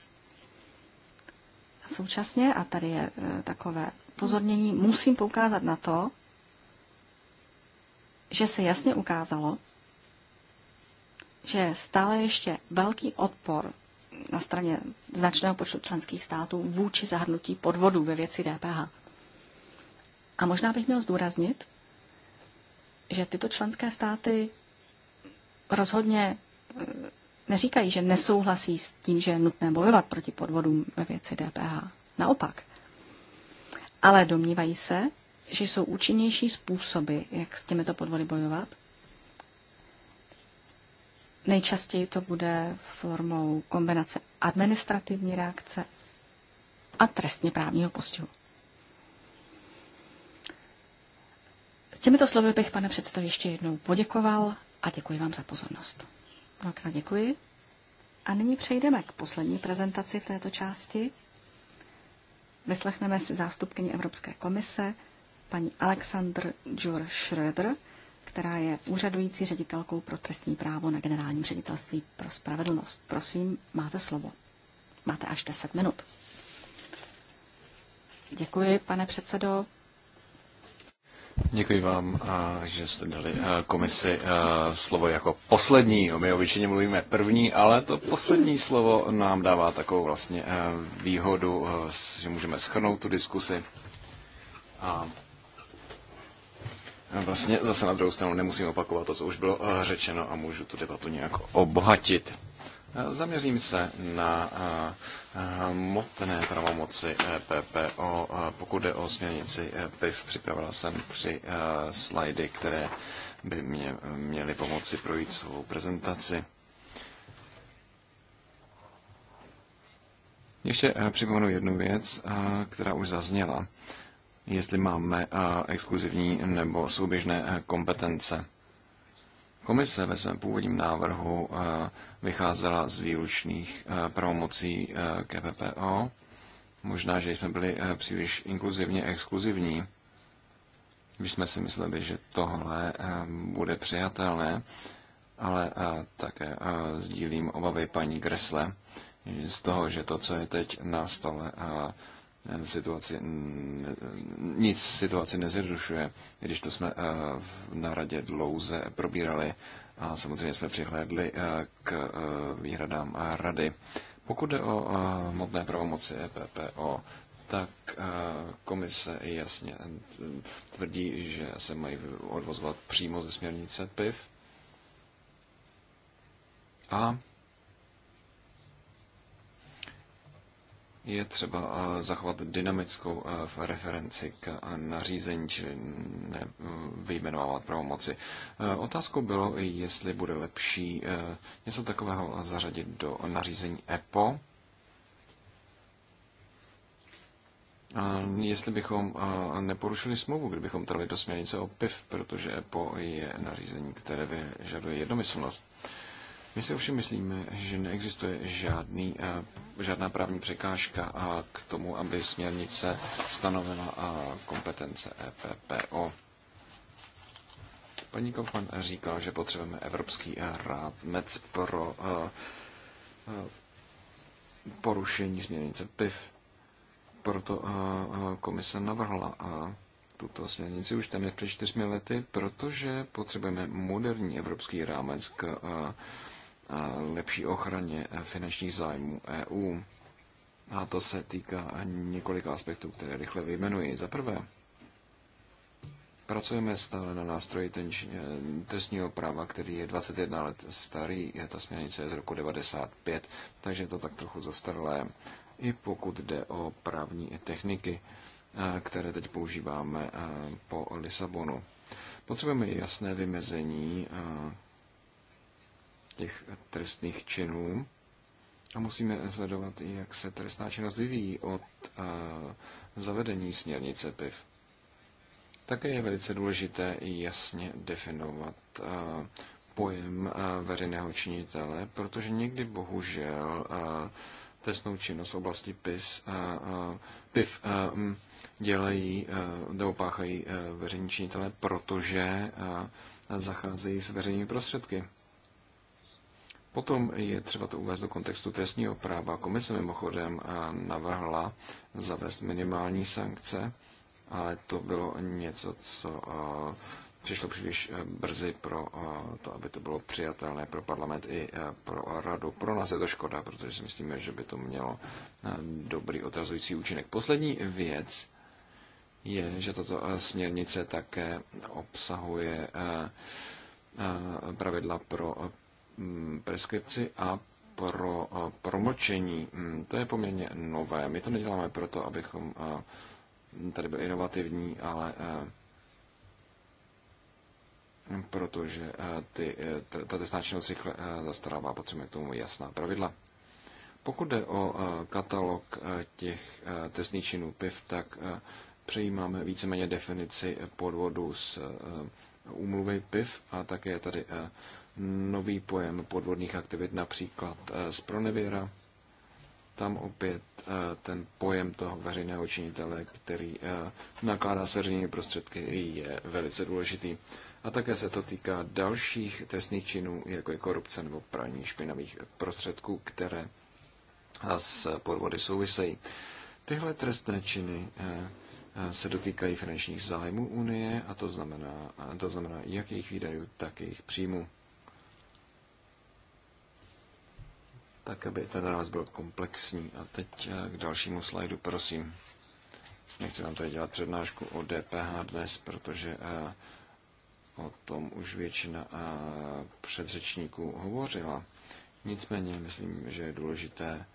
Současně, a tady je e, takové pozornění, musím poukázat na to, že se jasně ukázalo, že stále ještě velký odpor na straně značného počtu členských států vůči zahrnutí podvodů ve věci DPH. A možná bych měl zdůraznit, že tyto členské státy rozhodně eh, neříkají, že nesouhlasí s tím, že je nutné bojovat proti podvodům ve věci DPH. Naopak. Ale domnívají se, že jsou účinnější způsoby, jak s těmito podvody bojovat. Nejčastěji to bude formou kombinace administrativní reakce a trestně právního postihu. S těmito slovy bych, pane předsedo, ještě jednou poděkoval a děkuji vám za pozornost. Mnohokrát děkuji. A nyní přejdeme k poslední prezentaci v této části. Vyslechneme si zástupkyni Evropské komise, paní Alexandr Jur Schröder, která je úřadující ředitelkou pro trestní právo na generálním ředitelství pro spravedlnost. Prosím, máte slovo. Máte až 10 minut. Děkuji, pane předsedo. Děkuji vám, že jste dali komisi slovo jako poslední. My obyčejně mluvíme první, ale to poslední slovo nám dává takovou vlastně výhodu, že můžeme schrnout tu diskusi a vlastně zase na druhou stranu nemusím opakovat to, co už bylo eh, řečeno a můžu tu debatu nějak obohatit. Eh, zaměřím se na eh, motné pravomoci e PPO. Pokud jde o směrnici e PIV, připravila jsem tři slajdy, které by mě měly pomoci projít svou prezentaci. Ještě připomenu jednu věc, která už zazněla jestli máme eh, exkluzivní nebo souběžné eh, kompetence. Komise ve svém původním návrhu eh, vycházela z výlučných pravomocí KPPO. Možná, že jsme byli příliš inkluzivně exkluzivní, My jsme si mysleli, že tohle bude přijatelné, ale také sdílím obavy paní Gresle z toho, že to, co je teď na stole, situaci, nic situaci nezjednodušuje, když to jsme eh, na radě dlouze probírali a samozřejmě jsme přihlédli eh, k eh, výhradám rady. Pokud jde o modné pravomoci EPPO, tak komise jasně tvrdí, že se mají odvozovat přímo ze směrnice PIV. A je třeba eh, zachovat dynamickou eh, referenci k eh, nařízení, čili mm, vyjmenovávat pravomoci. Otázkou bylo, jestli bude lepší něco takového zařadit do nařízení EPO, A jestli bychom neporušili smlouvu, kdybychom trvali do směrnice o PIV, protože EPO je nařízení, které vyžaduje jednomyslnost. My si ovšem myslíme, že neexistuje žádný, eh, žádná právní překážka eh, k tomu, aby směrnice stanovila eh, kompetence EPPO. Paní Kaufmann říkala, že potřebujeme evropský rámec pro porušení směrnice PIV. Proto komise navrhla tuto směrnici už téměř před čtyřmi lety, protože potřebujeme moderní evropský rámec k lepší ochraně eh, finančních zájmů EU. A to se týká několika aspektů, které rychle vyjmenuji. Za prvé, pracujeme stále na nástroji eh, trestního práva, který je 21 let starý, Je ta směrnice z roku 95, takže je to tak trochu zastaralé. i pokud jde o právní techniky, eh, které teď používáme po Lisabonu. Potřebujeme jasné vymezení těch trestných činů. A musíme sledovat, jak se trestná činnost vyvíjí od eh, zavedení směrnice PIV. Také je velice důležité jasně definovat eh, pojem eh, veřejného činitele, protože někdy bohužel trestnou činnost v oblasti PIS, PIV dělají nebo páchají veřejní činitele, protože zacházejí s veřejnými prostředky. Potom je třeba to uvést do kontextu trestního práva. Komise mimochodem eh, navrhla zavést minimální sankce, ale to bylo něco, co eh, přišlo příliš eh, brzy pro to, aby to bylo přijatelné pro parlament i pro radu. Pro nás je to škoda, protože si myslíme, že by to mělo dobrý odrazující účinek. Poslední věc je, že tato směrnice také obsahuje pravidla pro Mm, preskripci a pro promlčení. Mm, to je poměrně nové. My to neděláme proto, abychom tady byli inovativní, ale protože ty, e, ta testná činnost rychle e, zastarává, potřebujeme k tomu jasná pravidla. Pokud jde o katalog těch trestných činů PIV, tak přejímáme víceméně definici podvodu z úmluvy PIV a také tady nový pojem podvodných aktivit, například eh, z pronevěra. Tam opět eh, ten pojem toho veřejného činitele, který eh, nakládá s veřejnými prostředky, je velice důležitý. A také se to týká dalších trestných činů, jako je korupce nebo praní špinavých prostředků, které s podvody souvisejí. Tyhle trestné činy se dotýkají finančních zájmů Unie a to znamená, to znamená jak jejich výdajů, tak jejich příjmů. tak aby ten ráz byl komplexní. A teď eh, k dalšímu slajdu, prosím. Nechci vám tady dělat přednášku o DPH dnes, protože eh, o tom už většina eh, předřečníků hovořila. Nicméně myslím, že je důležité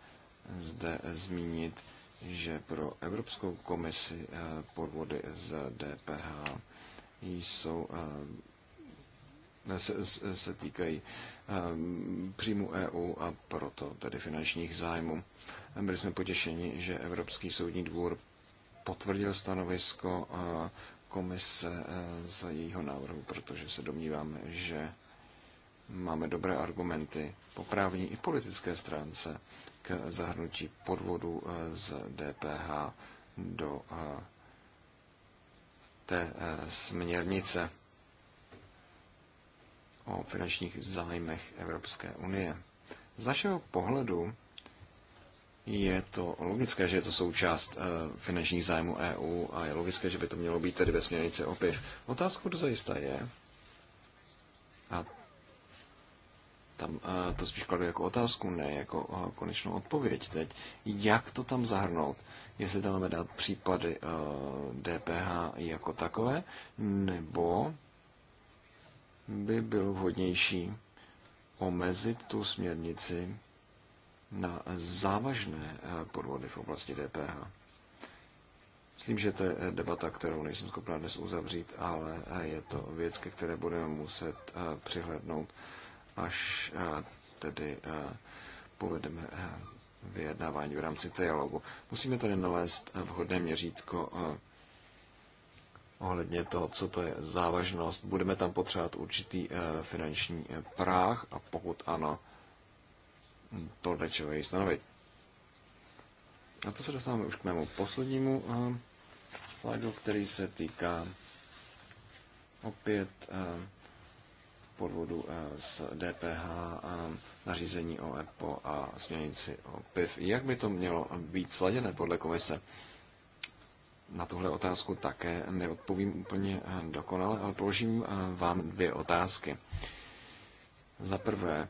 zde zmínit, že pro Evropskou komisi podvody z DPH jsou Eh, se, se, týkají ehm, příjmu EU a proto tedy finančních zájmů. Byli jsme potěšeni, že Evropský soudní dvůr potvrdil stanovisko eh, komise eh, za jejího návrhu, protože se domníváme, že máme dobré argumenty po právní i politické stránce k zahrnutí podvodu z DPH do té směrnice o finančních zájmech Evropské unie. Z našeho pohledu je to logické, že je to součást eh, finančních zájmů EU a je logické, že by to mělo být tedy ve směrnici OPIV. Otázkou to zajista je, a tam eh, to spíš kladu jako otázku, ne jako eh, konečnou odpověď teď, jak to tam zahrnout, jestli tam máme dát případy DPH jako takové, nebo by bylo vhodnější omezit tu směrnici na závažné eh, podvody v oblasti DPH. Myslím, že to je eh, debata, kterou nejsem schopná dnes uzavřít, ale eh, je to věc, ke které budeme muset přihlednout, až tedy povedeme vyjednávání v rámci trialogu. Musíme tady nalézt vhodné měřítko ohledně toho, co to je závažnost. Budeme tam potřebovat určitý eh, finanční eh, práh a pokud ano, podle čeho jej stanovit. A to se dostáváme už k mému poslednímu eh, slajdu, který se týká opět podvodu s DPH, nařízení o EPO a směnici o PIV. Jak by to mělo být sladěné podle komise? na tuhle otázku také neodpovím úplně eh, dokonale, ale položím eh, vám dvě otázky. Za prvé,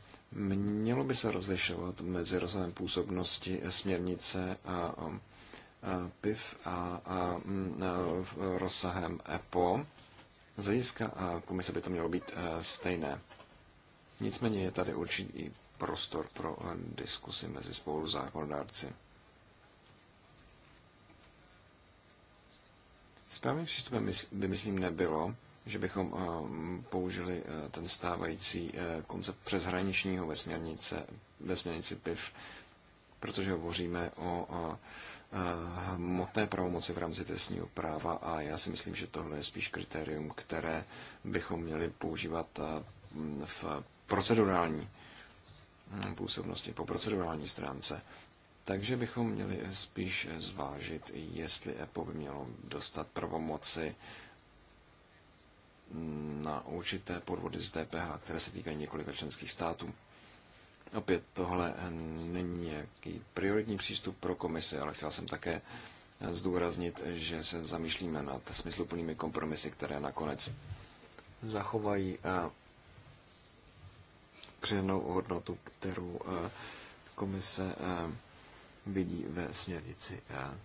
mělo by se rozlišovat mezi rozsahem působnosti směrnice a eh, PIV a, a mm, rozsahem EPO. Z hlediska komise by to mělo být stejné. Nicméně je tady určitý prostor pro diskusi mezi spolu zákonodárci. Správným přístupem by, myslím, nebylo, že bychom eh, použili eh, ten stávající eh, koncept přeshraničního ve, směrnice, ve směrnici PIV, protože hovoříme o hmotné pravomoci v rámci trestního práva a já si myslím, že tohle je spíš kritérium, které bychom měli používat v procedurální hm, působnosti, po procedurální stránce. Takže bychom měli spíš zvážit, jestli epo by mělo dostat pravomoci na určité podvody z DPH, které se týkají několika členských států. Opět tohle není nějaký prioritní přístup pro komisi, ale chtěl jsem také zdůraznit, že se zamýšlíme nad smysluplnými kompromisy, které nakonec zachovají eh, přidanou hodnotu, kterou eh, komise eh, vidí ve směrnici eh,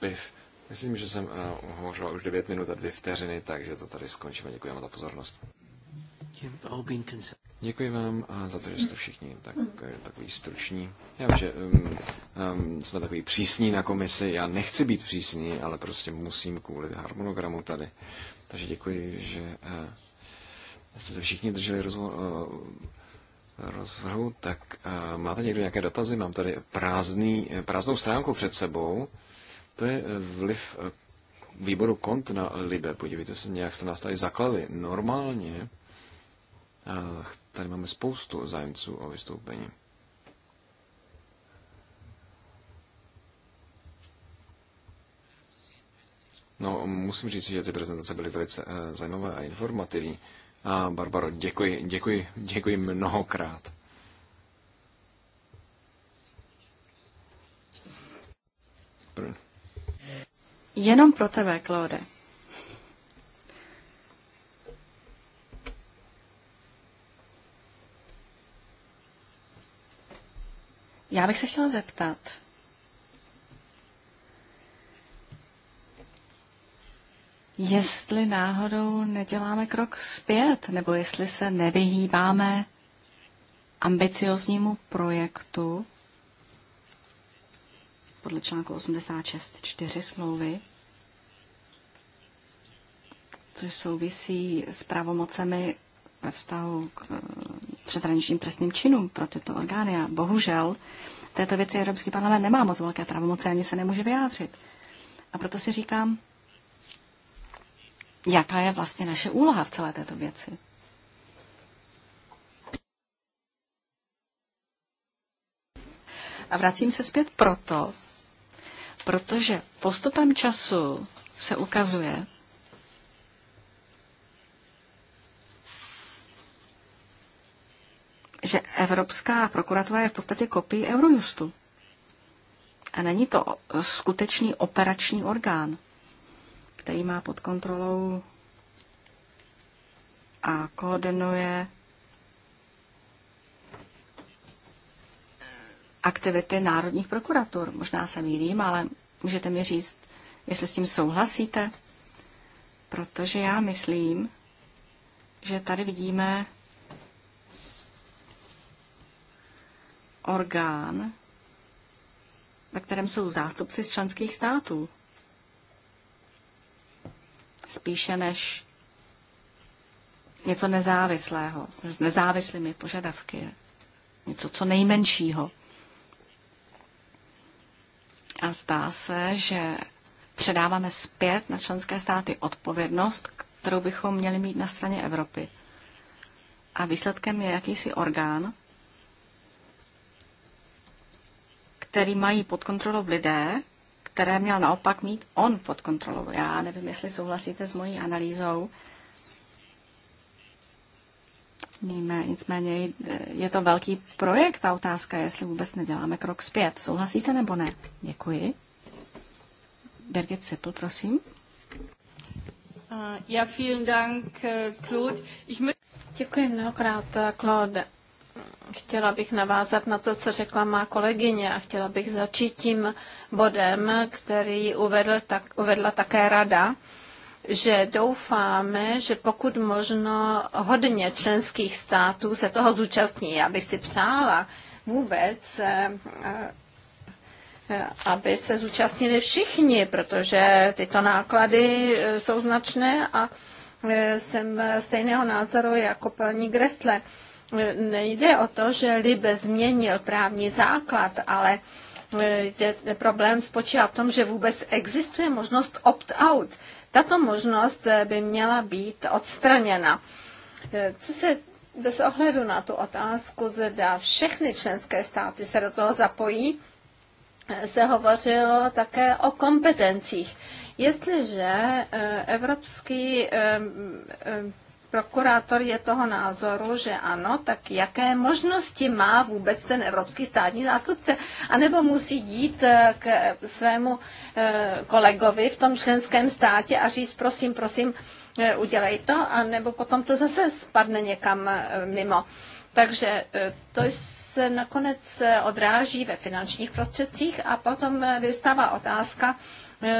PIV. Myslím, že jsem eh, hovořil už 9 minut a 2 vteřiny, takže to tady skončíme. vám za pozornost. Děkuji vám a eh, za to, že jste všichni tak, takový struční. Já vím, že um, um, jsme takový přísní na komisi. Já nechci být přísný, ale prostě musím kvůli harmonogramu tady. Takže děkuji, že uh, jste se všichni drželi rozhovor. Uh, rozvrhu, tak eh, máte někdo nějaké dotazy? Mám tady prázdný, prázdnou stránku před sebou. To je eh, vliv eh, výboru kont na Libe. Podívejte se, nějak jste nás tady zaklali. Normálně tady máme spoustu zájemců o vystoupení. No, musím říct, že ty prezentace byly velice zajímavé a informativní. A Barbaro, děkuji, děkuji, děkuji mnohokrát. Jenom pro tebe, Claude. Já bych se chtěla zeptat, jestli náhodou neděláme krok zpět, nebo jestli se nevyhýbáme ambicioznímu projektu podle článku 86.4 smlouvy, což souvisí s pravomocemi ve vztahu k eh, přeshraničním trestným činům pro tyto orgány. A bohužel této věci Evropský parlament nemá moc velké pravomoci, ani se nemůže vyjádřit. A proto si říkám, jaká je vlastně naše úloha v celé této věci. A vracím se zpět proto, protože postupem času se ukazuje, že Evropská prokuratura je v podstatě kopií Eurojustu. A není to skutečný operační orgán který má pod kontrolou a koordinuje aktivity národních prokuratur. Možná se mýlím, ale můžete mi říct, jestli s tím souhlasíte, protože já myslím, že tady vidíme orgán, ve kterém jsou zástupci z členských států spíše než něco nezávislého, s nezávislými požadavky, něco co nejmenšího. A zdá se, že předáváme zpět na členské státy odpovědnost, kterou bychom měli mít na straně Evropy. A výsledkem je jakýsi orgán, který mají pod kontrolou lidé, které měl naopak mít on pod kontrolou. Já nevím, jestli souhlasíte s mojí analýzou. Víme, nicméně je to velký projekt ta otázka, jestli vůbec neděláme krok zpět. Souhlasíte nebo ne? Děkuji. Birgit Sippel, prosím. Eh, ja, vielen Dank, eh, Claude. Ich Děkuji mnohokrát, eh, Claude. Chtěla bych navázat na to, co řekla má kolegyně a chtěla bych začít tím bodem, který uvedl tak, uvedla také rada, že doufáme, že pokud možno hodně členských států se toho zúčastní. Já bych si přála vůbec eh, eh, aby se zúčastnili všichni, protože tyto náklady eh, jsou značné a jsem stejného názoru jako paní Gressle nejde o to, že Libe změnil právní základ, ale e, problém spočívá v tom, že vůbec existuje možnost opt-out. Tato možnost e, by měla být odstraněna. E, co se bez ohledu na tu otázku, zda všechny členské státy se do toho zapojí, se hovořilo také o kompetencích. Jestliže Evropský prokurátor je toho názoru, že ano, tak jaké možnosti má vůbec ten evropský státní zástupce? A nebo musí jít eh, k eh, svému eh, kolegovi v tom členském státě a říct, prosím, prosím, udělej to, a nebo potom to zase spadne někam mimo. Takže to se nakonec odráží ve finančních prostředcích a potom vystává otázka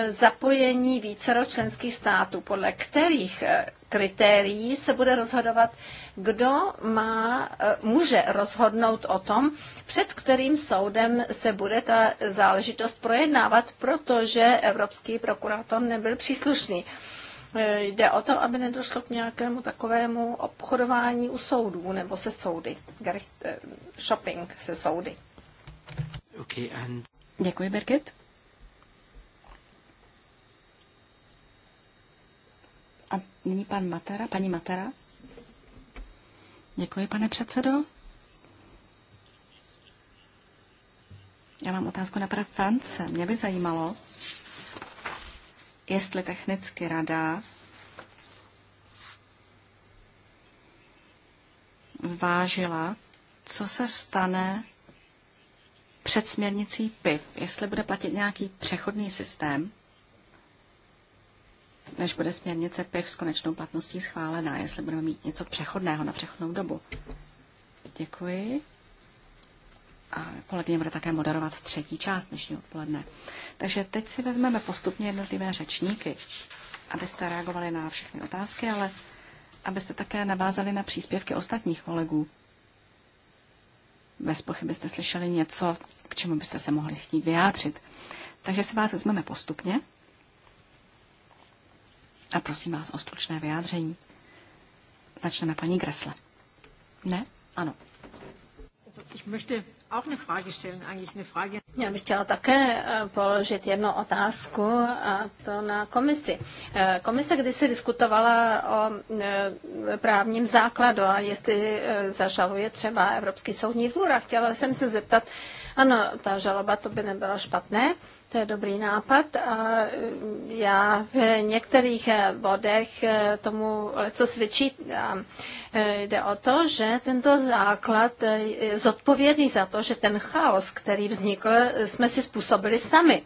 zapojení vícero členských států, podle kterých kritérií se bude rozhodovat, kdo má, e, může rozhodnout o tom, před kterým soudem se bude ta záležitost projednávat, protože evropský prokurátor nebyl příslušný. E, jde o to, aby nedošlo k nějakému takovému obchodování u soudů nebo se soudy. E, shopping se soudy. Okay, and... Děkuji, Birgit. Nyní pan Matara, paní Matara. Děkuji, pane předsedo. Já mám otázku na pana France. Mě by zajímalo, jestli technicky rada zvážila, co se stane před směrnicí PIV, jestli bude platit nějaký přechodný systém, než bude směrnice PIV s konečnou platností schválená, jestli budeme mít něco přechodného na přechodnou dobu. Děkuji. A kolegyně bude také moderovat třetí část dnešního odpoledne. Takže teď si vezmeme postupně jednotlivé řečníky, abyste reagovali na všechny otázky, ale abyste také navázali na příspěvky ostatních kolegů. Bez pochyby jste slyšeli něco, k čemu byste se mohli chtít vyjádřit. Takže se vás vezmeme postupně. A prosím vás o stručné vyjádření. Začneme paní Gresle. Ne? Ano. Já bych chtěla také eh, položit jednu otázku, a to na komisi. Eh, komise když se diskutovala o eh, právním základu a jestli zažaluje třeba Evropský soudní dvůr a chtěla jsem se zeptat, ano, ta žaloba to by nebyla špatné, to je dobrý nápad a e, já v některých e, bodech e, tomu co svědčí. Jde o to, že tento základ je zodpovědný za to, že ten chaos, který vznikl, jsme si způsobili sami.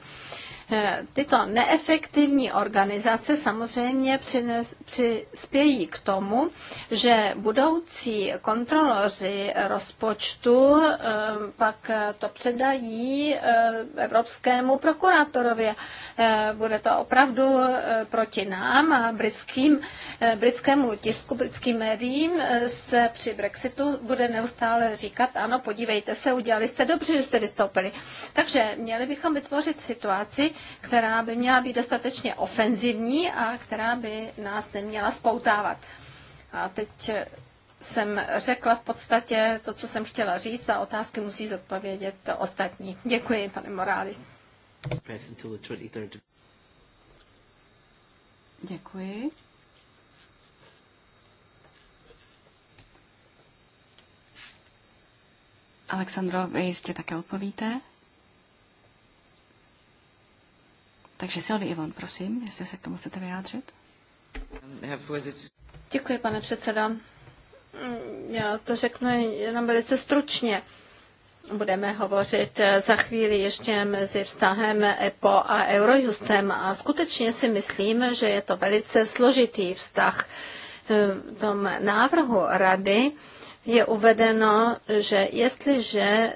Eh, tyto neefektivní organizace samozřejmě přines, přispějí k tomu, že budoucí kontroloři rozpočtu eh, pak to předají eh, evropskému prokurátorovi. Bude to opravdu proti nám a britským, britskému tisku, britským médiím se při Brexitu bude neustále říkat, ano, podívejte se, udělali jste dobře, že jste vystoupili. Takže měli bychom vytvořit situaci, která by měla být dostatečně ofenzivní a která by nás neměla spoutávat. A teď jsem řekla v podstatě to, co jsem chtěla říct a otázky musí zodpovědět ostatní. Děkuji, pane Morális. Děkuji. Alexandro, vy jistě také odpovíte. Takže Silvi Ivon, prosím, jestli se k tomu chcete vyjádřit. Děkuji, pane předseda. Mm, já to řeknu jenom velice stručně. Budeme hovořit eh, za chvíli ještě mezi vztahem EPO a Eurojustem a skutečně si myslím, že je to velice složitý vztah. Eh, v tom návrhu rady je uvedeno, že jestliže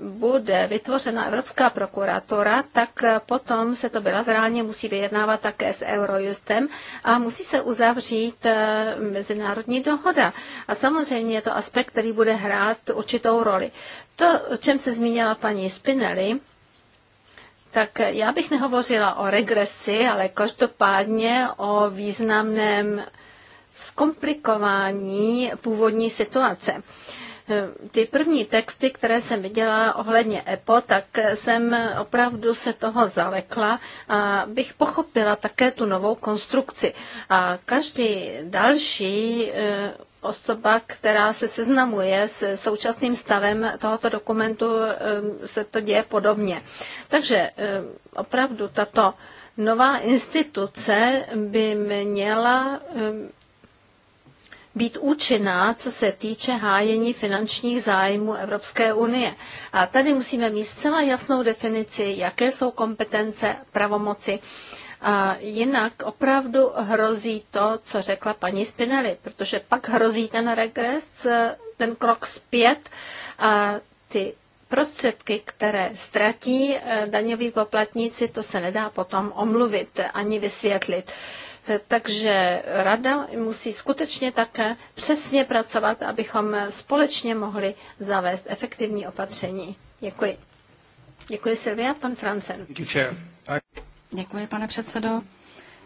bude vytvořena Evropská prokuratura, tak potom se to bilaterálně musí vyjednávat také s Eurojustem a musí se uzavřít eh, mezinárodní dohoda. A samozřejmě je to aspekt, který bude hrát určitou roli. To, o čem se zmínila paní Spinelli, tak já bych nehovořila o regresi, ale každopádně o významném zkomplikování původní situace. Ty první texty, které jsem viděla ohledně EPO, tak jsem opravdu se toho zalekla a bych pochopila také tu novou konstrukci. A každý další e, osoba, která se seznamuje s současným stavem tohoto dokumentu, e, se to děje podobně. Takže e, opravdu tato nová instituce by měla být účinná, co se týče hájení finančních zájmů Evropské unie. A tady musíme mít zcela jasnou definici, jaké jsou kompetence, pravomoci. A jinak opravdu hrozí to, co řekla paní Spinelli, protože pak hrozí ten regres, ten krok zpět a ty prostředky, které ztratí eh, daňoví poplatníci, to se nedá potom omluvit ani vysvětlit. Eh, takže rada musí skutečně také přesně pracovat, abychom společně mohli zavést efektivní opatření. Děkuji. Děkuji Silvia, pan Francen. Děkuji, pane předsedo.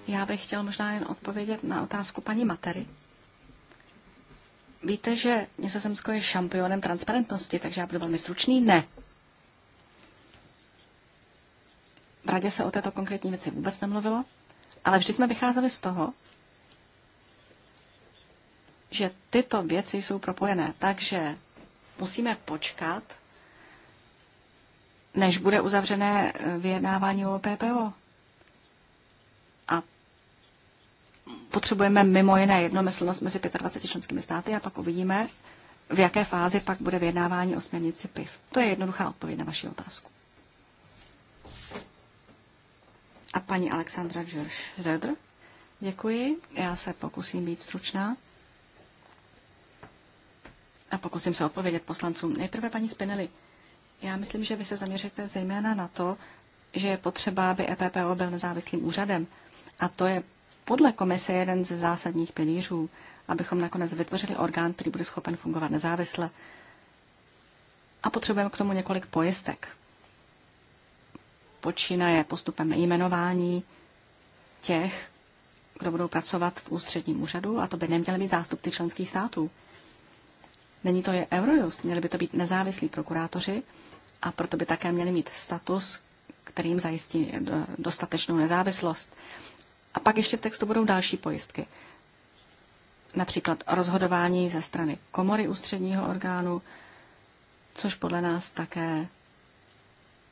Já bych chtěl možná jen odpovědět na otázku paní Matery. Víte, že Nizozemsko je šampionem transparentnosti, takže já budu velmi stručný. Ne. V radě se o této konkrétní věci vůbec nemluvilo. Ale vždy jsme vycházeli z toho, že tyto věci jsou propojené, takže musíme počkat, než bude uzavřené eh, vyjednávání o PPO. A potřebujeme mimo jiné jednomyslnost mezi 25 členskými státy a pak uvidíme, v jaké fázi pak bude vyjednávání o směrnici PIV. To je jednoduchá odpověď na vaši otázku. a paní Alexandra George Röder. Děkuji, já se pokusím být stručná. A pokusím se odpovědět poslancům. Nejprve paní Spinelli. Já myslím, že vy se zaměříte zejména na to, že je potřeba, aby EPPO byl nezávislým úřadem. A to je podle komise jeden ze zásadních pilířů, abychom nakonec vytvořili orgán, který bude schopen fungovat nezávisle. A potřebujeme k tomu několik pojistek počínaje postupem jmenování těch, kdo budou pracovat v ústředním úřadu, a to by neměly být zástupci členských států. Není to je Eurojust, měli by to být nezávislí prokurátoři a proto by také měli mít status, kterým zajistí dostatečnou nezávislost. A pak ještě v textu budou další pojistky. Například rozhodování ze strany komory ústředního orgánu, což podle nás také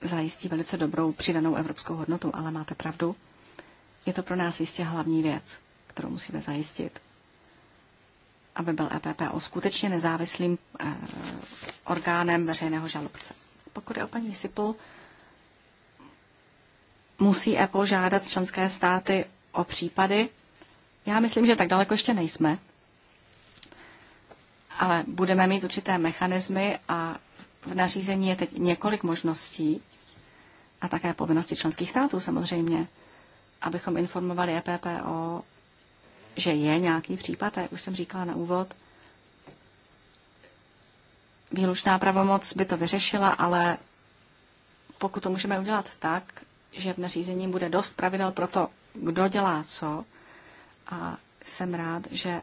zajistí velice dobrou přidanou evropskou hodnotu, ale máte pravdu. Je to pro nás jistě hlavní věc, kterou musíme zajistit. Aby byl EPPO skutečně nezávislým eh, orgánem veřejného žalobce. Pokud je o paní Sipl, musí EPO žádat členské státy o případy. Já myslím, že tak daleko ještě nejsme, ale budeme mít určité mechanismy a v nařízení je teď několik možností, a také povinnosti členských států samozřejmě, abychom informovali EPP o, že je nějaký případ, a jak už jsem říkala na úvod, výlučná pravomoc by to vyřešila, ale pokud to můžeme udělat tak, že v nařízení bude dost pravidel pro to, kdo dělá co, a jsem rád, že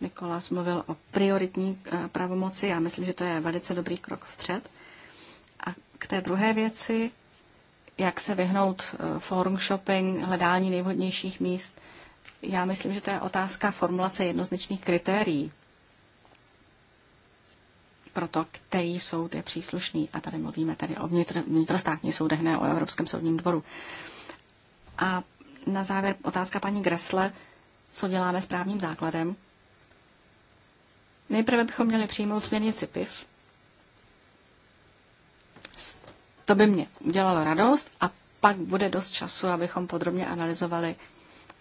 Nikolas mluvil o prioritní e, pravomoci. Já myslím, že to je velice dobrý krok vpřed. A k té druhé věci, jak se vyhnout eh, forum shopping, hledání nejvhodnějších míst. Já myslím, že to je otázka formulace jednoznačných kritérií pro to, který soud je příslušný. A tady mluvíme tady o vnitr, vnitrostátních soudech, ne o Evropském soudním dvoru. A na závěr otázka paní Gresle, co děláme s právním základem. Nejprve bychom měli přijmout směrnici PIV, To by mě udělalo radost a pak bude dost času, abychom podrobně analyzovali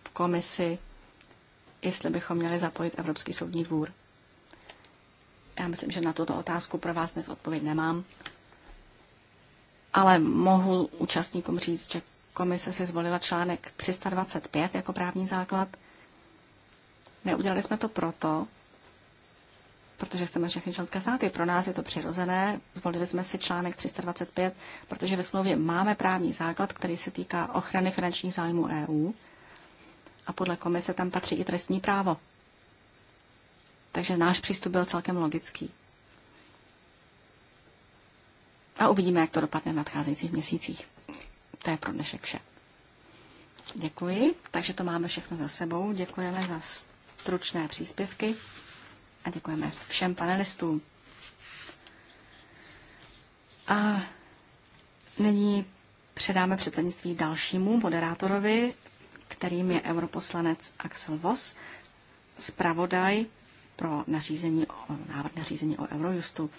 v komisi, jestli bychom měli zapojit Evropský soudní dvůr. Já myslím, že na tuto otázku pro vás dnes odpověď nemám, ale mohu účastníkům říct, že komise si zvolila článek 325 jako právní základ. Neudělali jsme to proto, protože chceme všechny členské státy. Pro nás je to přirozené. Zvolili jsme si článek 325, protože ve smlouvě máme právní základ, který se týká ochrany finančních zájmů EU. A podle komise tam patří i trestní právo. Takže náš přístup byl celkem logický. A uvidíme, jak to dopadne v nadcházejících měsících. To je pro dnešek vše. Děkuji. Takže to máme všechno za sebou. Děkujeme za stručné příspěvky a děkujeme všem panelistům. A nyní předáme předsednictví dalšímu moderátorovi, kterým je europoslanec Axel Voss, zpravodaj pro nařízení o, návrh nařízení o Eurojustu.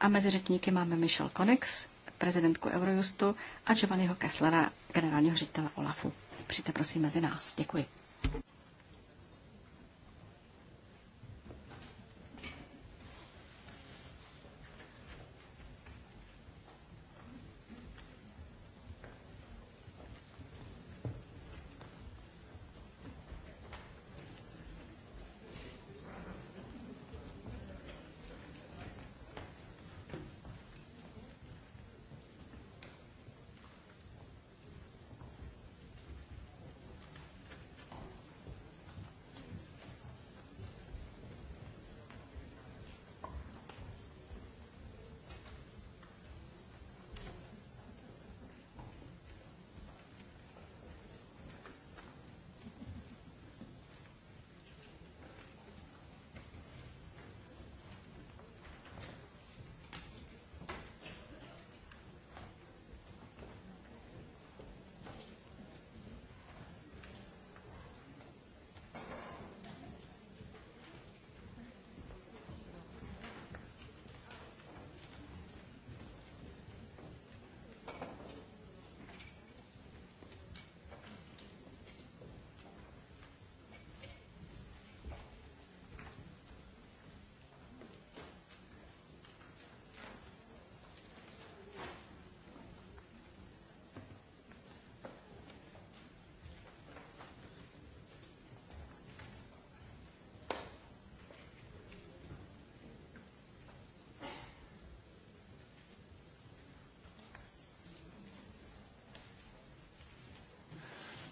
A mezi řečníky máme Michel Konex, prezidentku Eurojustu a Giovanniho Kesslera, generálního ředitele OLAFu. Přijďte prosím mezi nás. Děkuji.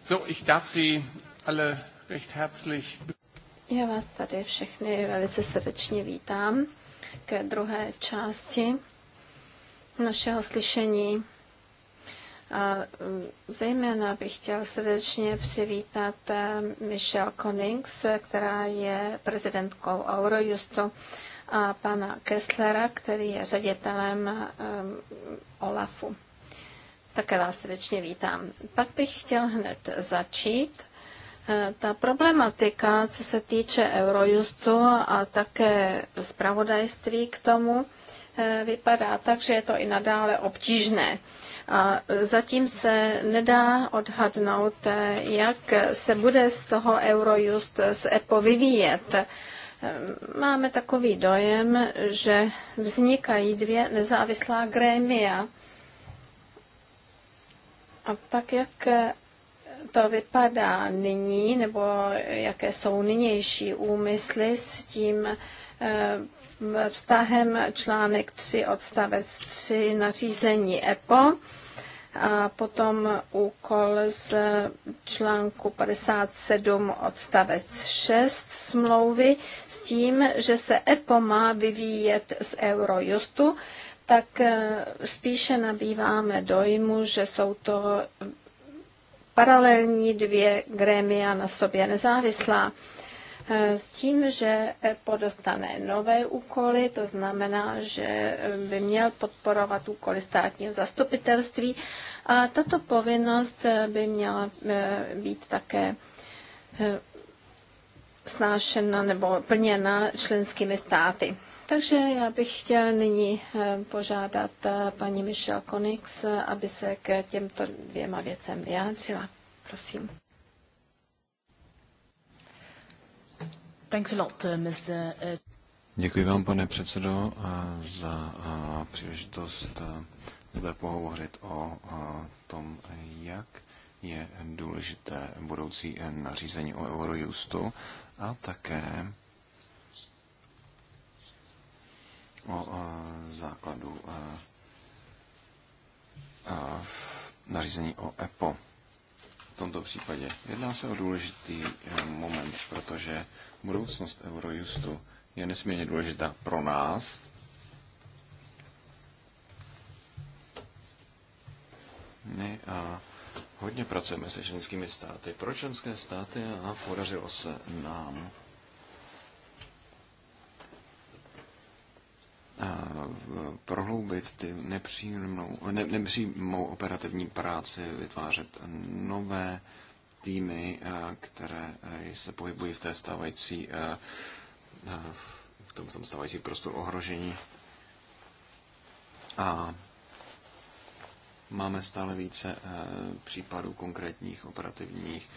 So, ich darf Sie alle recht herzlich. Já vás tady všechny velice srdečně vítám ke druhé části našeho slyšení. A zejména bych chtěl srdečně přivítat eh, Michelle Konings, která je prezidentkou Eurojustu, a pana Kesslera, který je ředitelem eh, OLAFu. Také vás srdečně vítám. Pak bych chtěl hned začít. Eh, ta problematika, co se týče Eurojustu a také zpravodajství k tomu, eh, vypadá tak, že je to i nadále obtížné. A zatím se nedá odhadnout, eh, jak se bude z toho Eurojust z EPO vyvíjet. Máme takový dojem, že vznikají dvě nezávislá grémia a tak, jak to vypadá nyní, nebo jaké jsou nynější úmysly s tím eh, vztahem článek 3 odstavec 3 nařízení EPO a potom úkol z článku 57 odstavec 6 smlouvy s tím, že se EPO má vyvíjet z Eurojustu tak eh, spíše nabýváme dojmu, že jsou to paralelní dvě grémia na sobě nezávislá. Eh, s tím, že EPO dostane nové úkoly, to znamená, že eh, by měl podporovat úkoly státního zastupitelství a tato povinnost by měla být také snášena nebo plněna členskými státy. Takže já bych chtěla nyní eh, požádat eh, paní Michelle Konix, eh, aby se k těmto dvěma věcem vyjádřila. Prosím. Thanks a lot, Děkuji vám, pane předsedo, za příležitost zde pohovořit o tom, jak je důležité budoucí nařízení o Eurojustu a také o základu e, e, nařízení o EPO. V tomto případě jedná se o důležitý e, moment, protože budoucnost Eurojustu je nesmírně důležitá pro nás, My a hodně pracujeme se členskými státy. Pro členské státy a podařilo se nám prohloubit ty nepříjemnou, ne, nepřímou operativní práci, vytvářet nové týmy, které se pohybují v té stávající v tom, v tom stávající prostoru ohrožení. A máme stále více případů konkrétních operativních,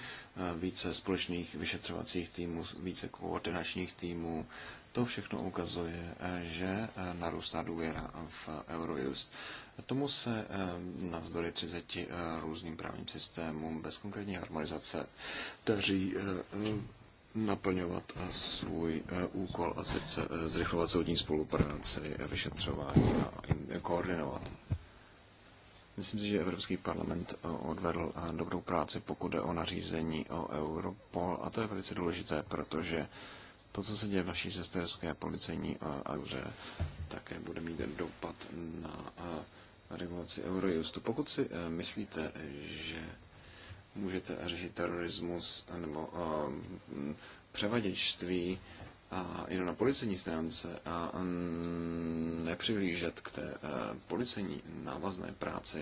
více společných vyšetřovacích týmů, více koordinačních týmů, to všechno ukazuje, že eh, narůstá důvěra v Eurojust. Tomu se eh, navzdory 30 eh, různým právním systémům bez konkrétní harmonizace daří naplňovat svůj úkol a sice zrychlovat soudní spolupráci, vyšetřování a koordinovat. Myslím si, že Evropský parlament odvedl dobrou práci, pokud jde o nařízení o Europol a to je velice důležité, protože to, co se děje v naší sesterské policejní eh, aře, také bude mít dopad na eh, regulaci Eurojustu. Pokud si eh, myslíte, že můžete řešit terorismus nebo převaděčství a jenom na policejní stránce a mm, nepřihlížet k té policejní návazné práci,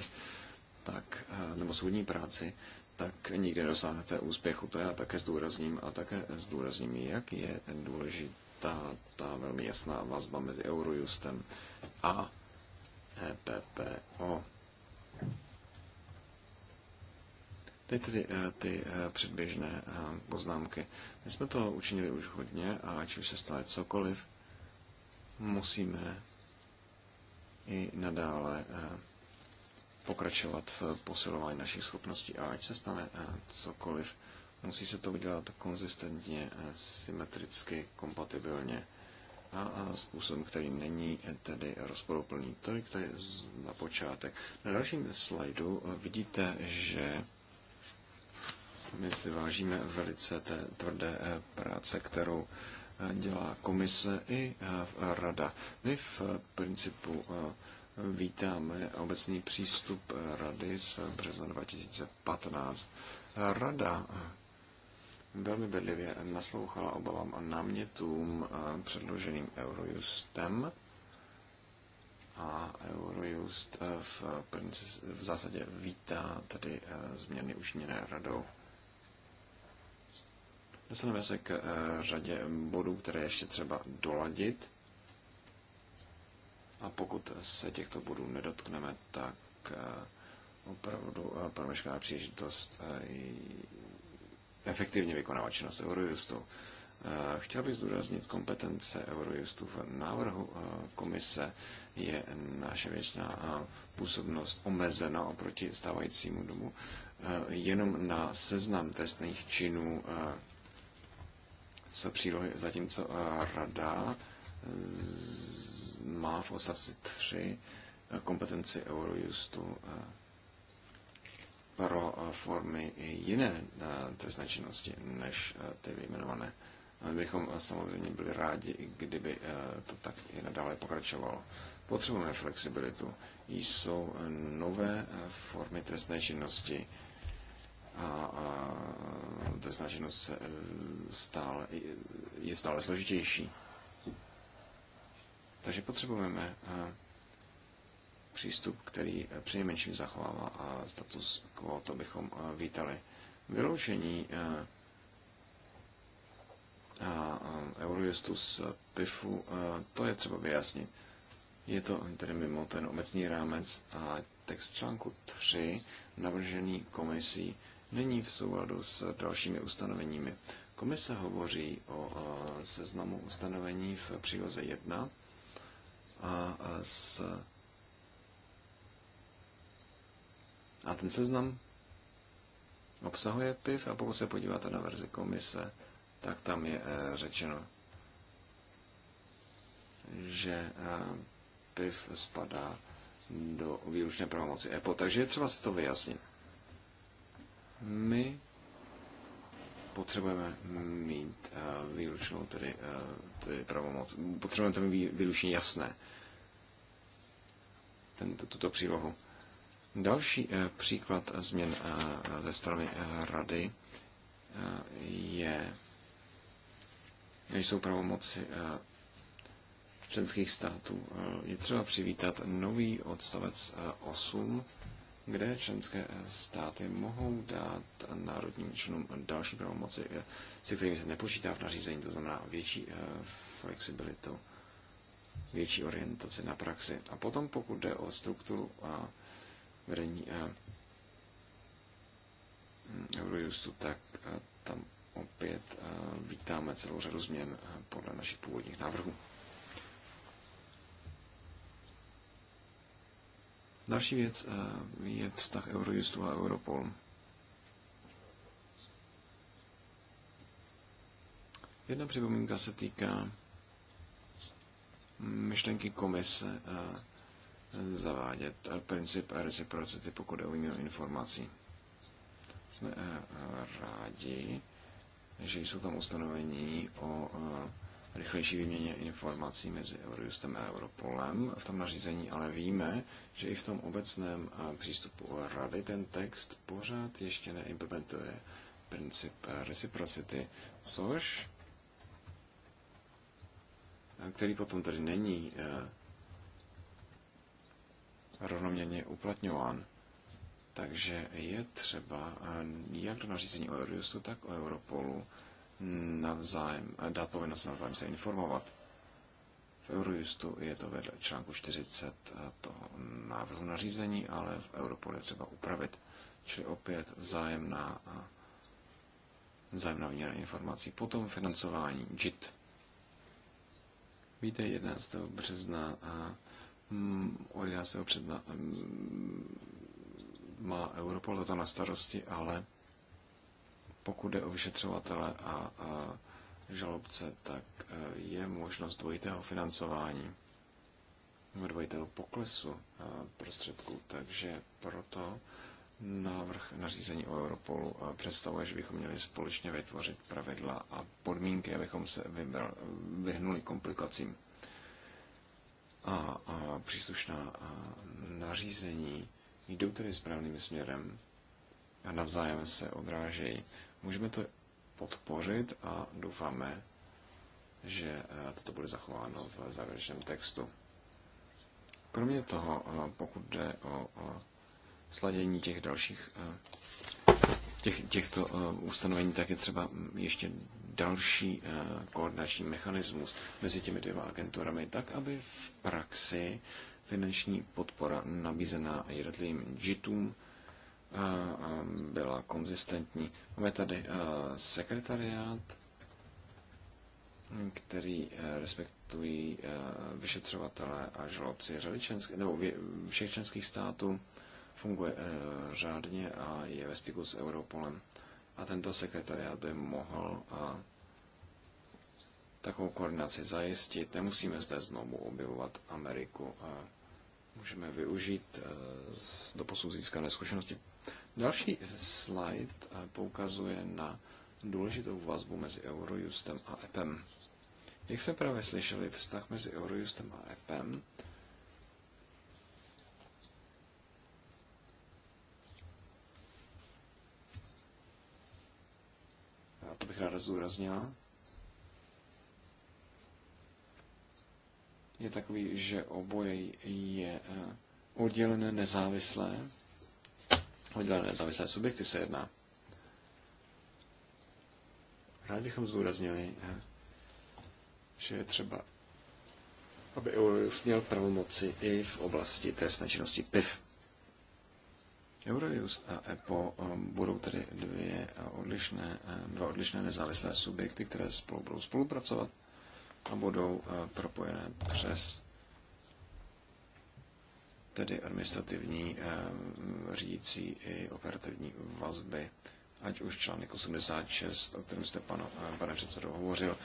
tak, nebo soudní práci, tak nikdy nedosáhnete úspěchu. To já také zdůrazním a také zdůrazním, jak je důležitá ta velmi jasná vazba mezi Eurojustem a EPPO. Teď tedy eh, ty eh, předběžné eh, poznámky. My jsme to učinili už hodně a ať už se stane cokoliv, musíme i nadále pokračovat v posilování našich schopností a ať se stane eh, cokoliv, musí se to udělat konzistentně, eh, symetricky, kompatibilně a způsobem, který není eh, tedy rozporuplný. Tolik tady na počátek. Na dalším slajdu vidíte, že my si vážíme velice té tvrdé práce, kterou dělá komise i rada. My v principu vítáme obecný přístup Rady z března 2015. Rada velmi bedlivě naslouchala obavám a námětům předloženým Eurojustem a Eurojust v, v zásadě vítá tedy eh, změny učiněné radou. Dostaneme se k eh, řadě bodů, které ještě třeba doladit a pokud se těchto bodů nedotkneme, tak eh, opravdu eh, promešká příležitost eh, efektivně vykonávat činnost Eurojustu. Chtěl bych zdůraznit kompetence Eurojustu v návrhu komise. Je naše věčná působnost omezena oproti stávajícímu domu jenom na seznam trestných činů z přílohy, zatímco rada má v odstavci tři eh, kompetenci Eurojustu eh, pro eh, formy jiné trestné činnosti než ty vyjmenované. My bychom samozřejmě byli rádi, kdyby to tak i nadále pokračovalo. Potřebujeme flexibilitu. Jsou nové formy trestné činnosti a, a trestná činnost se stále, je stále složitější. Takže potřebujeme eh, přístup, který eh, přinejmenším zachovává a status quo, to bychom eh, vítali. Vyloučení Eurojustu z PIFu, to je třeba vyjasnit. Je to tedy mimo ten obecný rámec a text článku 3 navržený komisí není v souladu s dalšími ustanoveními. Komise hovoří o seznamu ustanovení v příloze 1 a, a s a ten seznam obsahuje PIV a pokud se podíváte na verzi komise, tak tam je e, řečeno, že e, PIV spadá do výlučné pravomoci EPO, takže je třeba si to vyjasnit. My potřebujeme mít e, výlučnou tedy, tedy pravomoc, potřebujeme to mít výlučně jasné tento, tuto přílohu. Další eh, příklad změn eh, ze strany eh, rady je, jsou pravomoci členských států. Je třeba přivítat nový odstavec 8, kde členské státy mohou dát národním členům další pravomoci, se kterými se nepočítá v nařízení, to znamená větší flexibilitu větší orientace na praxi. A potom, pokud jde o strukturu a vedení mm, Eurojustu, tak tam opět vítáme celou řadu změn podle našich původních návrhů. Další věc je vztah Eurojustu a Europol. Jedna připomínka se týká myšlenky komise eh, zavádět princip reciprocity, pokud je o informací. Jsme eh, rádi, že jsou tam ustanovení o eh, rychlejší výměně informací mezi Eurojustem a Europolem. V tom nařízení ale víme, že i v tom obecném přístupu rady ten text pořád ještě neimplementuje princip reciprocity, což který potom tedy není eh, rovnoměrně uplatňován. Takže je třeba eh, jak do nařízení o Eurojustu, tak o Europolu navzájem, eh, dát povinnost navzájem se informovat. V Eurojustu je to vedle článku 40 toho návrhu nařízení, ale v Europolu je třeba upravit. Čili opět vzájemná, vzájemná výměna informací. Potom financování JIT. Víte, 11. března a mm, 11. března mm, má Europol toto na starosti, ale pokud jde o vyšetřovatele a, a žalobce, tak e, je možnost dvojitého financování, dvojitého poklesu e, prostředků, takže proto návrh nařízení o Europolu eh, představuje, že bychom měli společně vytvořit pravidla a podmínky, abychom se vybral, vyhnuli komplikacím. A, a příslušná a nařízení jdou tedy správným směrem a navzájem se odrážejí. Můžeme to podpořit a doufáme, že eh, toto bude zachováno v závěrečném textu. Kromě toho, eh, pokud jde o, o sladění těch dalších eh, těch, těchto eh, ustanovení, tak je třeba mm, ještě další eh, koordinační mechanismus mezi těmi dvěma agenturami, tak aby v praxi finanční podpora nabízená jednotlivým žitům byla konzistentní. Máme tady sekretariát, který respektují vyšetřovatele a žalobci řady nebo všech členských států funguje eh, řádně a je ve styku s Europolem. A tento sekretariat by mohl a eh, takovou koordinaci zajistit. Nemusíme zde znovu objevovat Ameriku a eh, můžeme využít e, doposud získané zkušenosti. Další slide poukazuje na důležitou vazbu mezi Eurojustem a EPEM. Jak jsme právě slyšeli, vztah mezi Eurojustem a EPEM Já to bych ráda zúraznila. Je takový, že oboje je eh, oddělené nezávislé, oddělené nezávislé subjekty se jedná. Rád bychom zdůraznili, eh, že je třeba, aby Eurojust měl pravomoci i v oblasti trestné činnosti PIV. Eurojust a EPO um, budou tedy dvě eh, odlišné, eh, dva odlišné nezávislé subjekty, které spolu budou spolupracovat a budou eh, propojené přes tedy administrativní řídící i operativní vazby, ať už článek 86, o kterém jste, pano, pane předsedo, hovořil,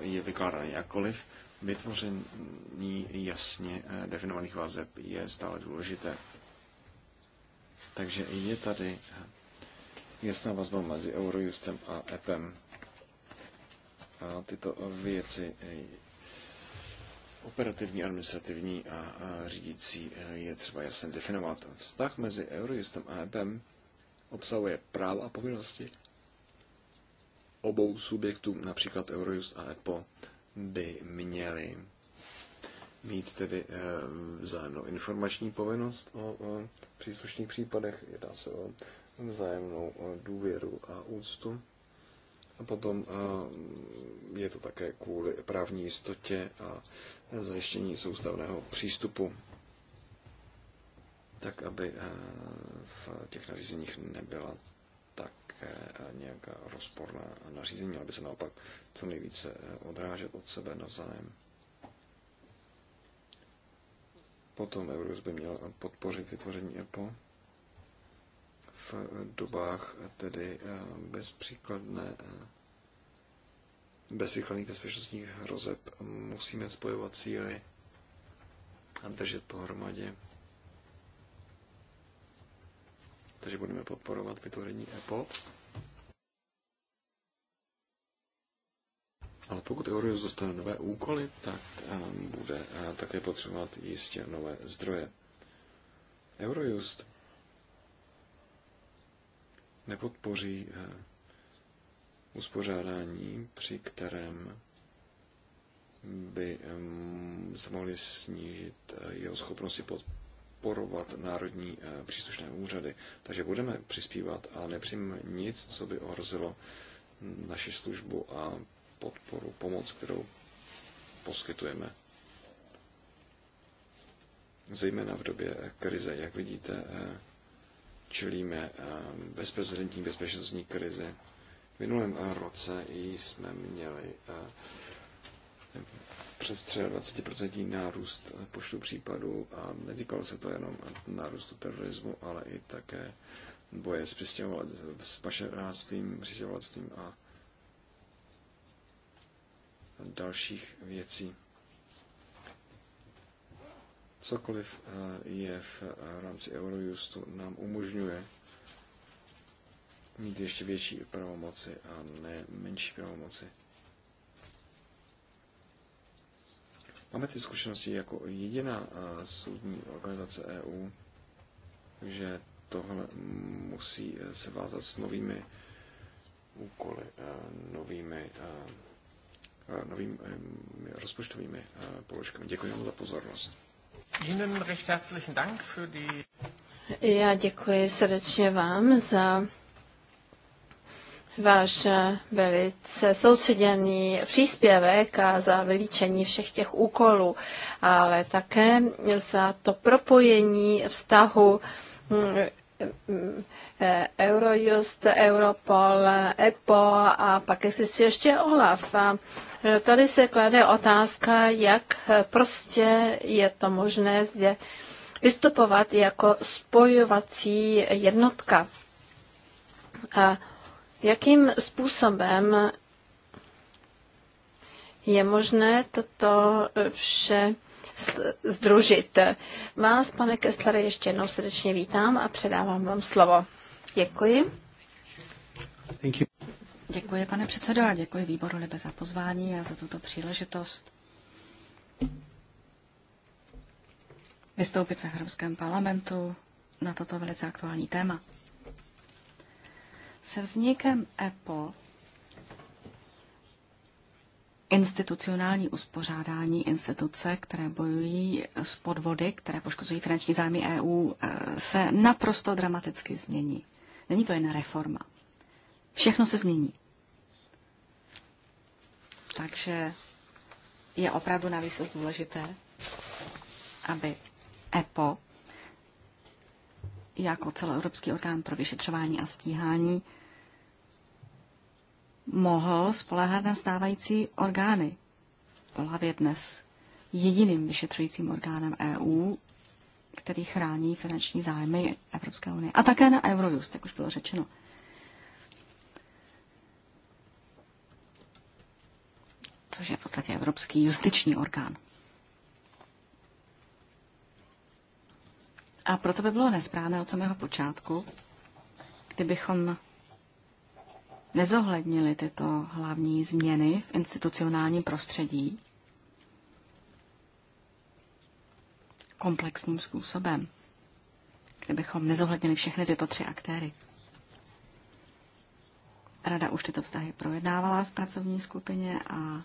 je vykládán jakkoliv, vytvoření jasně definovaných vazeb je stále důležité. Takže je tady jasná vazba mezi Eurojustem a EPem. A tyto věci e, operativní, administrativní a řídící e, je třeba jasně definovat. Vztah mezi Eurojustem a EPem obsahuje práva a povinnosti obou subjektů, například Eurojust a EPO, by měly mít tedy eh, vzájemnou informační povinnost o příslušných případech, jedná se o vzájemnou eh, důvěru a úctu. A potom eh, je to také kvůli právní jistotě a zajištění soustavného přístupu, tak aby v těch nařízeních nebyla také nějaká rozporná nařízení, aby se naopak co nejvíce odrážet od sebe navzájem. Potom Eurus by měl podpořit vytvoření EPO v dobách tedy eh, bezpříkladné eh, bezpříkladných bezpečnostních hrozeb musíme spojovat síly a držet pohromadě. Takže budeme podporovat vytvoření EPO. Ale pokud Eurius dostane nové úkoly, tak eh, bude eh, také potřebovat jistě nové zdroje. Eurojust nepodpoří eh, uspořádání, při kterém by mm, se mohly snížit jeho schopnosti podporovat národní příslušné úřady. Takže budeme přispívat, ale nepřijmeme nic, co by ohrozilo naši službu a podporu, pomoc, kterou poskytujeme. Zejména v době krize, jak vidíte, čelíme eh, bezprecedentní bezpečnostní krizi. V minulém roce jsme měli eh, přes 23% nárůst počtu případů a netýkalo se to jenom nárůstu terorismu, ale i také boje s, s pašeráctvím, přistěhovalstvím a dalších věcí. Cokoliv eh, je v eh, rámci Eurojustu nám umožňuje mít ještě větší pravomoci a ne menší pravomoci. Máme ty zkušenosti jako jediná eh, soudní organizace EU, že tohle musí se vázat s novými úkoly, novými novými eh, rozpočtovými eh, položkami. Děkuji vám za pozornost. Ihnen recht herzlichen Dank für die... Já děkuji srdečně vám za váš eh, velice soustředěný příspěvek a za vylíčení všech těch úkolů, ale také za to propojení vztahu hm, Eurojust, Europol, EPO a pak existuje ještě OLAF. A e, tady se klade otázka, jak e, prostě je to možné zde vystupovat jako spojovací jednotka. A jakým způsobem je možné toto vše združit. Vás, pane Kestlere, ještě jednou srdečně vítám a předávám vám slovo. Děkuji. Thank you. Děkuji, pane předsedo, a děkuji výboru Libe za pozvání a za tuto příležitost vystoupit ve Evropském parlamentu na toto velice aktuální téma. Se vznikem EPO institucionální uspořádání instituce, které bojují s podvody, které poškozují finanční zájmy EU, eh, se naprosto dramaticky změní. Není to jen reforma. Všechno se změní. Takže je opravdu na výsost důležité, aby EPO jako celoevropský orgán pro vyšetřování a stíhání mohl spolehat na stávající orgány. Olav je dnes jediným vyšetřujícím orgánem EU, který chrání finanční zájmy Evropské unie. A také na Eurojust, jak už bylo řečeno. Což je v podstatě evropský justiční orgán. A proto by bylo nesprávné od samého počátku, kdybychom nezohlednili tyto hlavní změny v institucionálním prostředí komplexním způsobem, kdybychom nezohlednili všechny tyto tři aktéry. Rada už tyto vztahy projednávala v pracovní skupině a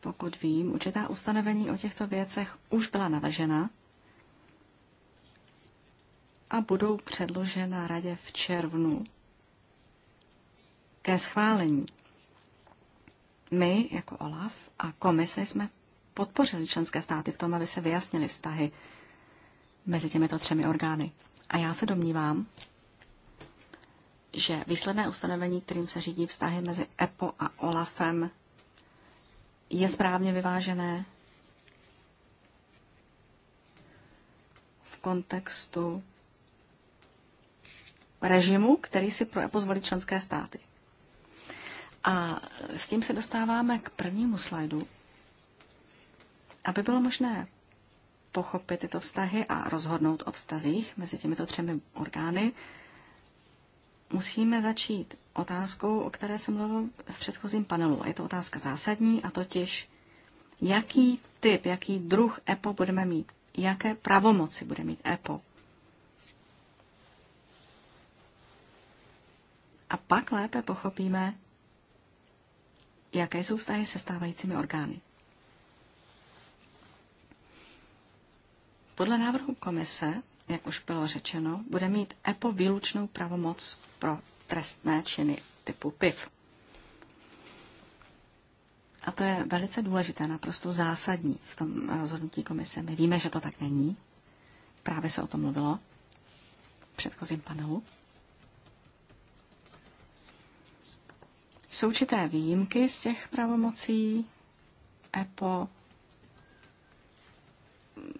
pokud vím, určitá ustanovení o těchto věcech už byla navržena a budou předložena radě v červnu ke schválení. My, jako OLAF a komise, jsme podpořili členské státy v tom, aby se vyjasnily vztahy mezi těmito třemi orgány. A já se domnívám, že výsledné ustanovení, kterým se řídí vztahy mezi EPO a OLAFem, je správně vyvážené v kontextu režimu, který si pro EPO zvolí členské státy. A s tím se dostáváme k prvnímu slajdu. Aby bylo možné pochopit tyto vztahy a rozhodnout o vztazích mezi těmito třemi orgány, musíme začít otázkou, o které jsem mluvil v předchozím panelu. Je to otázka zásadní a totiž, jaký typ, jaký druh EPO budeme mít, jaké pravomoci bude mít EPO. A pak lépe pochopíme, jaké jsou vztahy se stávajícími orgány. Podle návrhu komise, jak už bylo řečeno, bude mít EPO výlučnou pravomoc pro trestné činy typu PIV. A to je velice důležité, naprosto zásadní v tom rozhodnutí komise. My víme, že to tak není. Právě se o tom mluvilo v předchozím panelu. Jsou určité výjimky z těch pravomocí EPO,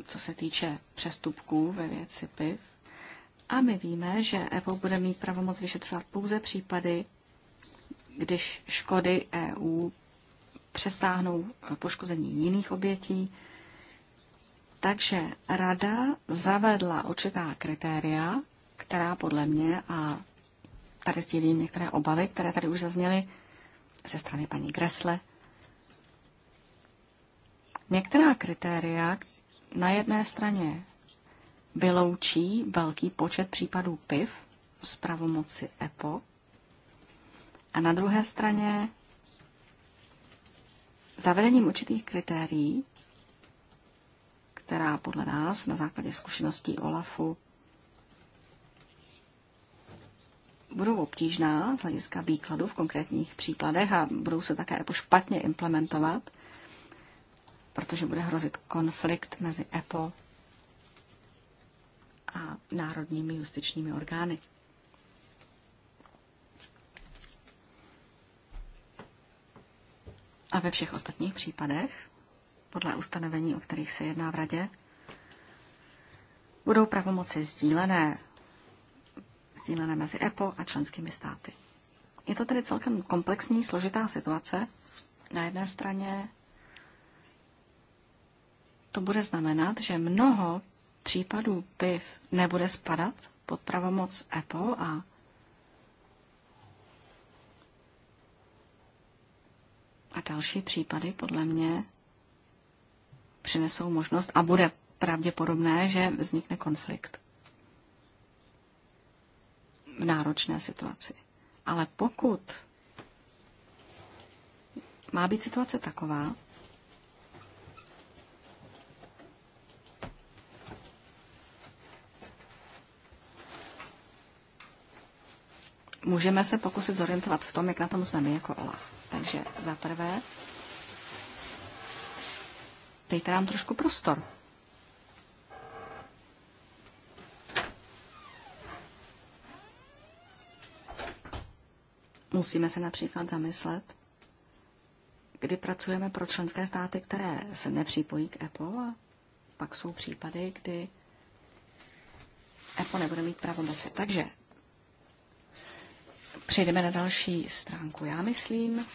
co se týče přestupků ve věci PIV. A my víme, že EPO bude mít pravomoc vyšetřovat pouze případy, když škody EU přesáhnou poškození jiných obětí. Takže rada zavedla určitá kritéria, která podle mě, a tady sdílím některé obavy, které tady už zazněly, ze strany paní Gresle. Některá kritéria na jedné straně vyloučí velký počet případů PIV z pravomoci EPO a na druhé straně zavedením určitých kritérií, která podle nás na základě zkušeností OLAFu budou obtížná z hlediska výkladu v konkrétních případech a budou se také jako špatně implementovat, protože bude hrozit konflikt mezi EPO a národními justičními orgány. A ve všech ostatních případech, podle ustanovení, o kterých se jedná v Radě, budou pravomoci sdílené sdílené mezi EPO a členskými státy. Je to tedy celkem komplexní, složitá situace. Na jedné straně to bude znamenat, že mnoho případů PIV nebude spadat pod pravomoc EPO a a další případy podle mě přinesou možnost a bude pravděpodobné, že vznikne konflikt v náročné situaci. Ale pokud má být situace taková, můžeme se pokusit zorientovat v tom, jak na tom jsme my jako OLAF. Takže za prvé, dejte nám trošku prostor. Musíme se například zamyslet, kdy pracujeme pro členské státy, které se nepřipojí k EPO a pak jsou případy, kdy EPO nebude mít pravomoci. Takže přejdeme na další stránku. Já myslím,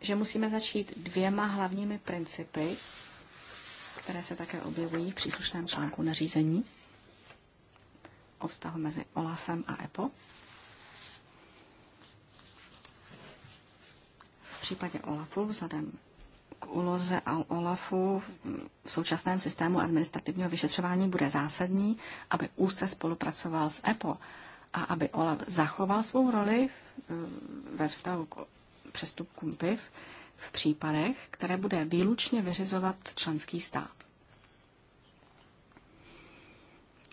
že musíme začít dvěma hlavními principy, které se také objevují v příslušném článku nařízení o vztahu mezi OLAFem a EPO. případě OLAFu vzhledem k úloze a OLAFu v současném systému administrativního vyšetřování bude zásadní, aby úzce spolupracoval s EPO a aby OLAF zachoval svou roli ve vztahu k přestupkům PIV v případech, které bude výlučně vyřizovat členský stát.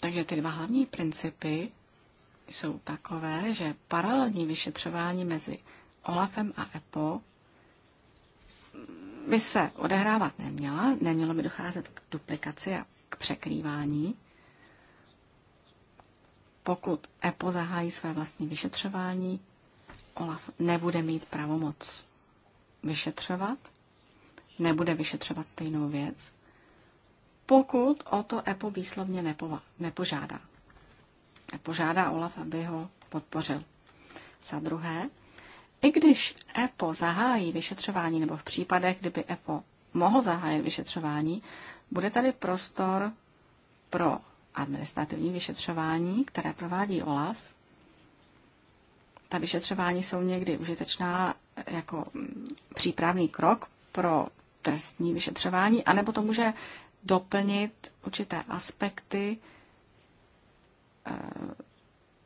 Takže ty dva hlavní principy jsou takové, že paralelní vyšetřování mezi OLAFem a EPO by se odehrávat neměla, nemělo by docházet k duplikaci a k překrývání. Pokud EPO zahájí své vlastní vyšetřování, OLAF nebude mít pravomoc vyšetřovat, nebude vyšetřovat stejnou věc, pokud o to EPO výslovně nepova, nepožádá. Požádá OLAF, aby ho podpořil. Za druhé, i když EPO zahájí vyšetřování, nebo v případech, kdyby EPO mohl zahájit vyšetřování, bude tady prostor pro administrativní vyšetřování, které provádí OLAF. Ta vyšetřování jsou někdy užitečná jako přípravný krok pro trestní vyšetřování, anebo to může doplnit určité aspekty eh,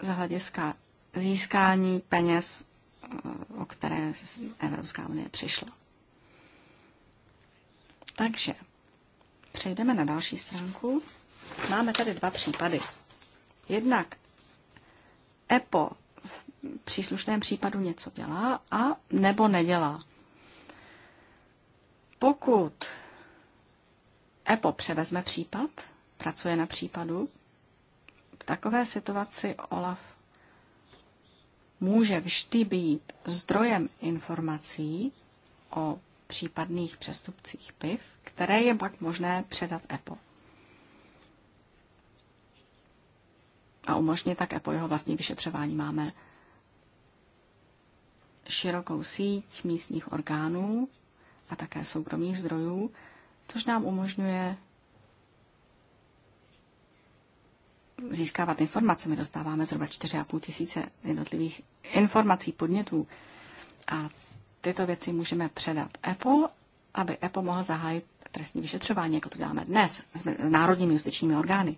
z hlediska získání peněz o které Evropská unie přišla. Takže přejdeme na další stránku. Máme tady dva případy. Jednak EPO v příslušném případu něco dělá a nebo nedělá. Pokud EPO převezme případ, pracuje na případu, v takové situaci OLAF může vždy být zdrojem informací o případných přestupcích PIV, které je pak možné předat EPO. A umožnit tak EPO jeho vlastní vyšetřování. Máme širokou síť místních orgánů a také soukromých zdrojů, což nám umožňuje získávat informace. My dostáváme zhruba 4,5 tisíce jednotlivých informací, podnětů a tyto věci můžeme předat EPO, aby EPO mohl zahájit trestní vyšetřování, jako to děláme dnes s národními justičními orgány.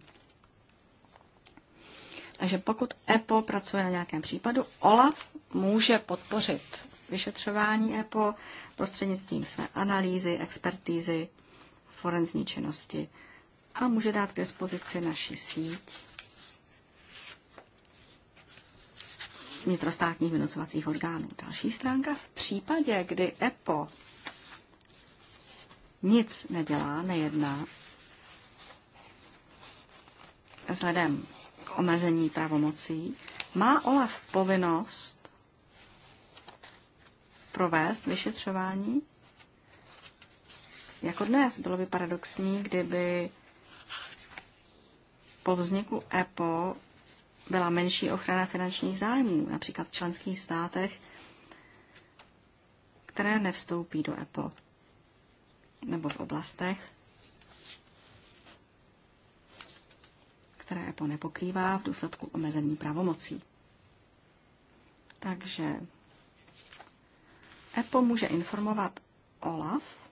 Takže pokud EPO pracuje na nějakém případu, OLAF může podpořit vyšetřování EPO prostřednictvím své analýzy, expertízy, forenzní činnosti a může dát k dispozici naši síť vnitrostátních vynucovacích orgánů. Další stránka v případě, kdy EPO nic nedělá, nejedná, vzhledem k omezení pravomocí, má OLAF povinnost provést vyšetřování? Jako dnes bylo by paradoxní, kdyby po vzniku EPO byla menší ochrana finančních zájmů, například v členských státech, které nevstoupí do EPO nebo v oblastech, které EPO nepokrývá v důsledku omezení pravomocí. Takže EPO může informovat OLAF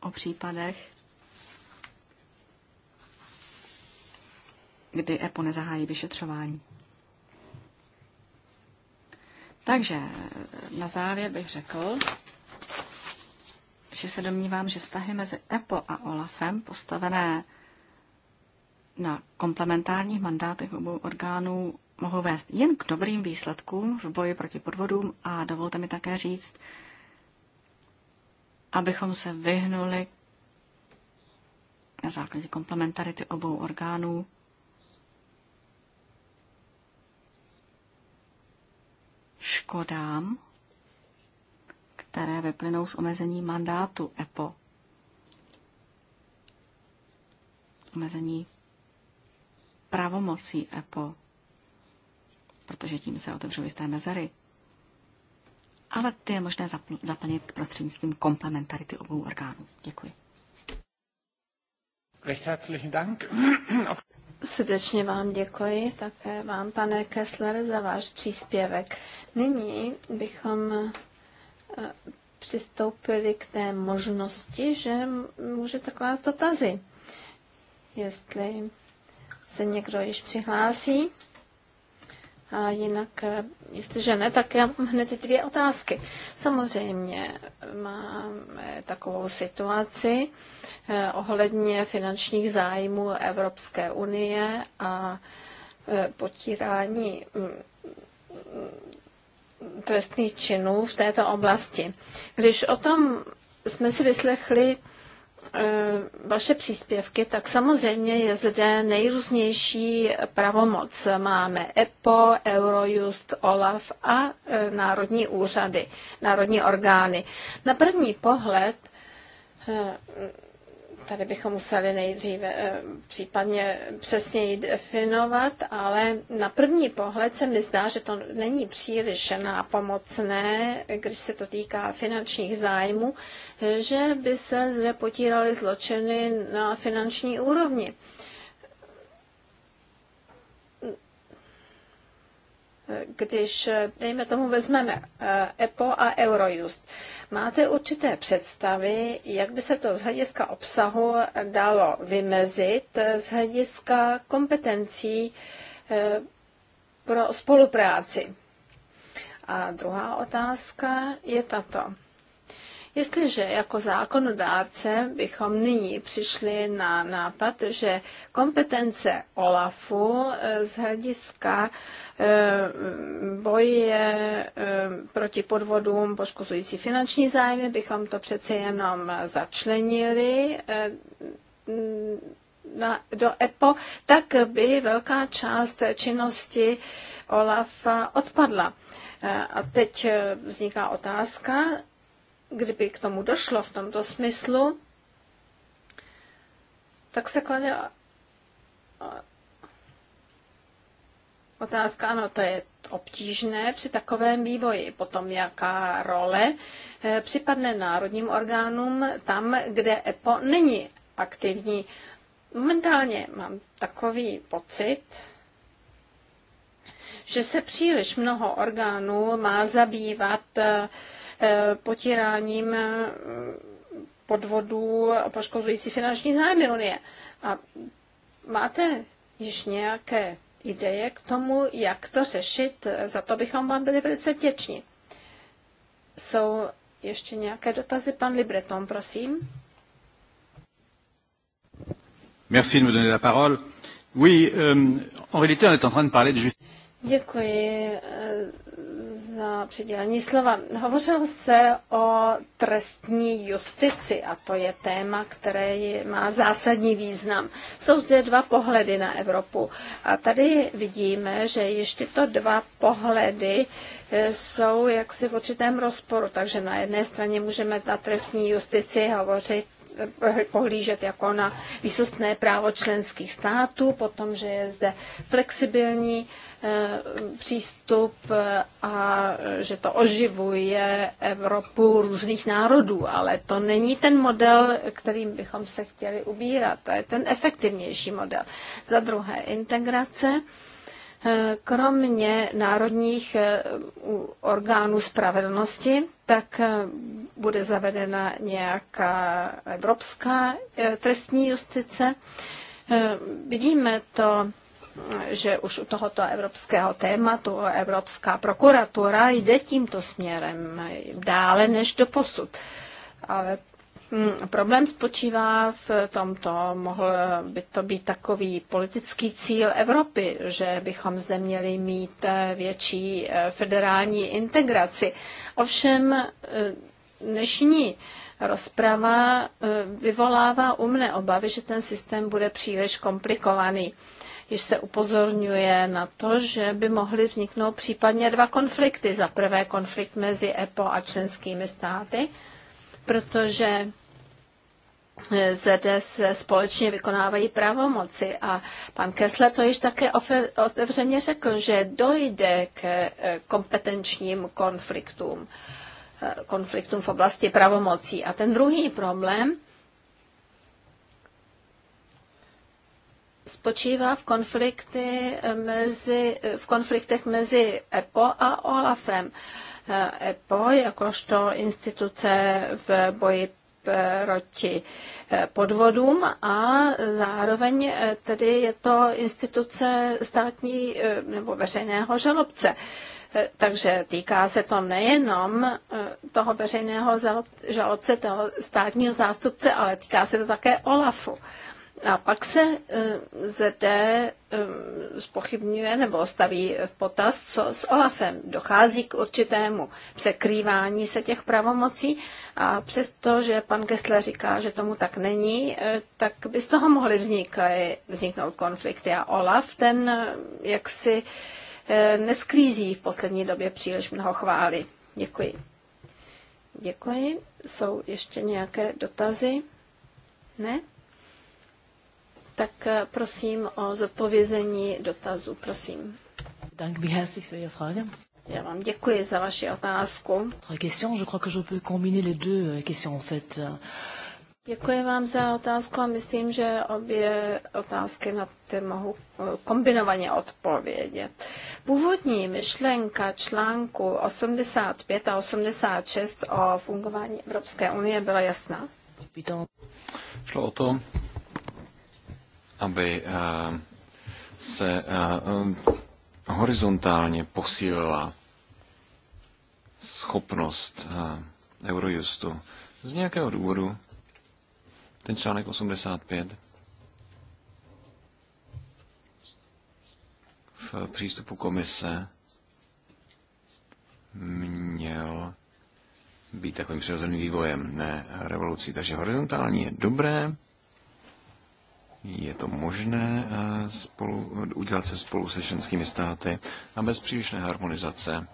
o případech, kdy EPO nezahájí vyšetřování. Takže na závěr bych řekl, že se domnívám, že vztahy mezi EPO a OLAFem postavené na komplementárních mandátech obou orgánů mohou vést jen k dobrým výsledkům v boji proti podvodům a dovolte mi také říct, abychom se vyhnuli na základě komplementarity obou orgánů škodám, které vyplynou z omezení mandátu EPO. Omezení pravomocí EPO, protože tím se otevřou jisté mezery. Ale ty je možné zapl- zaplnit prostřednictvím komplementarity obou orgánů. Děkuji. Recht herzlichen Dank. Srdečně vám děkuji, také vám, pane Kessler, za váš příspěvek. Nyní bychom eh, přistoupili k té možnosti, že můžete klást dotazy. Jestli se někdo již přihlásí. A jinak, eh, jestliže ne, tak já mám hned dvě otázky. Samozřejmě mám eh, takovou situaci eh, ohledně finančních zájmů Evropské unie a potírání mm, mm, trestných činů v této oblasti. Když o tom jsme si vyslechli E, vaše příspěvky, tak samozřejmě je zde nejrůznější pravomoc. Máme EPO, Eurojust, OLAF a e, národní úřady, národní orgány. Na první pohled e, tady bychom museli nejdříve eh, případně přesněji definovat, ale na první pohled se mi zdá, že to není příliš nápomocné, když se to týká finančních zájmů, že by se zde potíraly zločiny na finanční úrovni. když, dejme tomu, vezmeme EPO eh, a Eurojust, máte určité představy, jak by se to z hlediska obsahu dalo vymezit eh, z hlediska kompetencí eh, pro spolupráci? A druhá otázka je tato. Jestliže jako zákonodárce bychom nyní přišli na nápad, že kompetence OLAFu eh, z hlediska eh, boje eh, proti podvodům poškozující finanční zájmy, bychom to přece jenom začlenili na, do EPO, tak by velká část činnosti OLAFa odpadla. A teď vzniká otázka, kdyby k tomu došlo v tomto smyslu, tak se klade otázka, ano, to je obtížné při takovém vývoji. Potom jaká role eh, připadne národním orgánům tam, kde EPO není aktivní. Momentálně mám takový pocit, že se příliš mnoho orgánů má zabývat uh, Eh, potíráním eh, podvodů a poškozující finanční zájmy Unie. A máte již nějaké ideje k tomu, jak to řešit? Za to bychom vám byli velice těční. Jsou ještě nějaké dotazy? Pan Libreton, prosím. Merci de me donner la parole. Oui, euh, en réalité, on est en train de parler de justice. Děkuji eh, za slova. Hovořilo se o trestní justici a to je téma, které má zásadní význam. Jsou zde dva pohledy na Evropu a tady vidíme, že již tyto dva pohledy e, jsou jaksi v určitém rozporu. Takže na jedné straně můžeme na trestní justici hovořit e, pohlížet jako na výsostné právo členských států, potom, že je zde flexibilní Eh, přístup a že to oživuje Evropu různých národů, ale to není ten model, kterým bychom se chtěli ubírat. To je ten efektivnější model. Za druhé, integrace eh, kromě národních eh, orgánů spravedlnosti, tak bude zavedena nějaká evropská trestní justice. Vidíme to že už u tohoto evropského tématu Evropská prokuratura jde tímto směrem dále než do posud. Ale hm, Problém spočívá v tomto, mohl by to být takový politický cíl Evropy, že bychom zde měli mít eh, větší eh, federální integraci. Ovšem eh, dnešní rozprava vyvolává u mne obavy, že ten systém bude příliš komplikovaný již se upozorňuje na to, že by mohly vzniknout případně dva konflikty. Za prvé konflikt mezi EPO a členskými státy, protože ZD se společně vykonávají pravomoci. A pan Kessler to již také otevřeně řekl, že dojde k eh, kompetenčním konfliktům eh, konfliktům v oblasti pravomocí. A ten druhý problém spočívá v, konflikty eh, mezi, eh, v konfliktech mezi EPO a OLAFem. EPO eh, e jakožto instituce v boji proti podvodům a zároveň tedy je to instituce státní nebo veřejného žalobce. Takže týká se to nejenom toho veřejného žalobce, toho státního zástupce, ale týká se to také OLAFu. A pak se eh, e, spochybňuje eh, nebo staví v potaz, co s Olafem. Dochází k určitému překrývání se těch pravomocí a přesto, že pan Gessler říká, že tomu tak není, eh, tak by z toho mohly vzniknout konflikty. A Olaf ten jaksi nesklízí v poslední době příliš mnoho chvály. Děkuji. Děkuji. Jsou ještě nějaké dotazy? Ne? tak eh, prosím o zodpovězení dotazu, prosím. Dank wie herzlich für Ihre Frage. Já vám děkuji za vaši otázku. Question, je crois que je peux combiner les deux euh, questions en fait. Děkuji vám za otázku a myslím, že obě otázky na ty mohu eh, kombinovaně odpovědět. Původní myšlenka článku 85 a 86 o fungování Evropské unie byla jasná? Šlo o to, aby eh, se eh, horizontálně posílila schopnost eh, Eurojustu. Z nějakého důvodu ten článek 85 v přístupu komise měl být takovým přirozeným vývojem, ne revolucí. Takže horizontální je dobré, je to možné eh, spolu, udělat se spolu se členskými státy a bez přílišné harmonizace.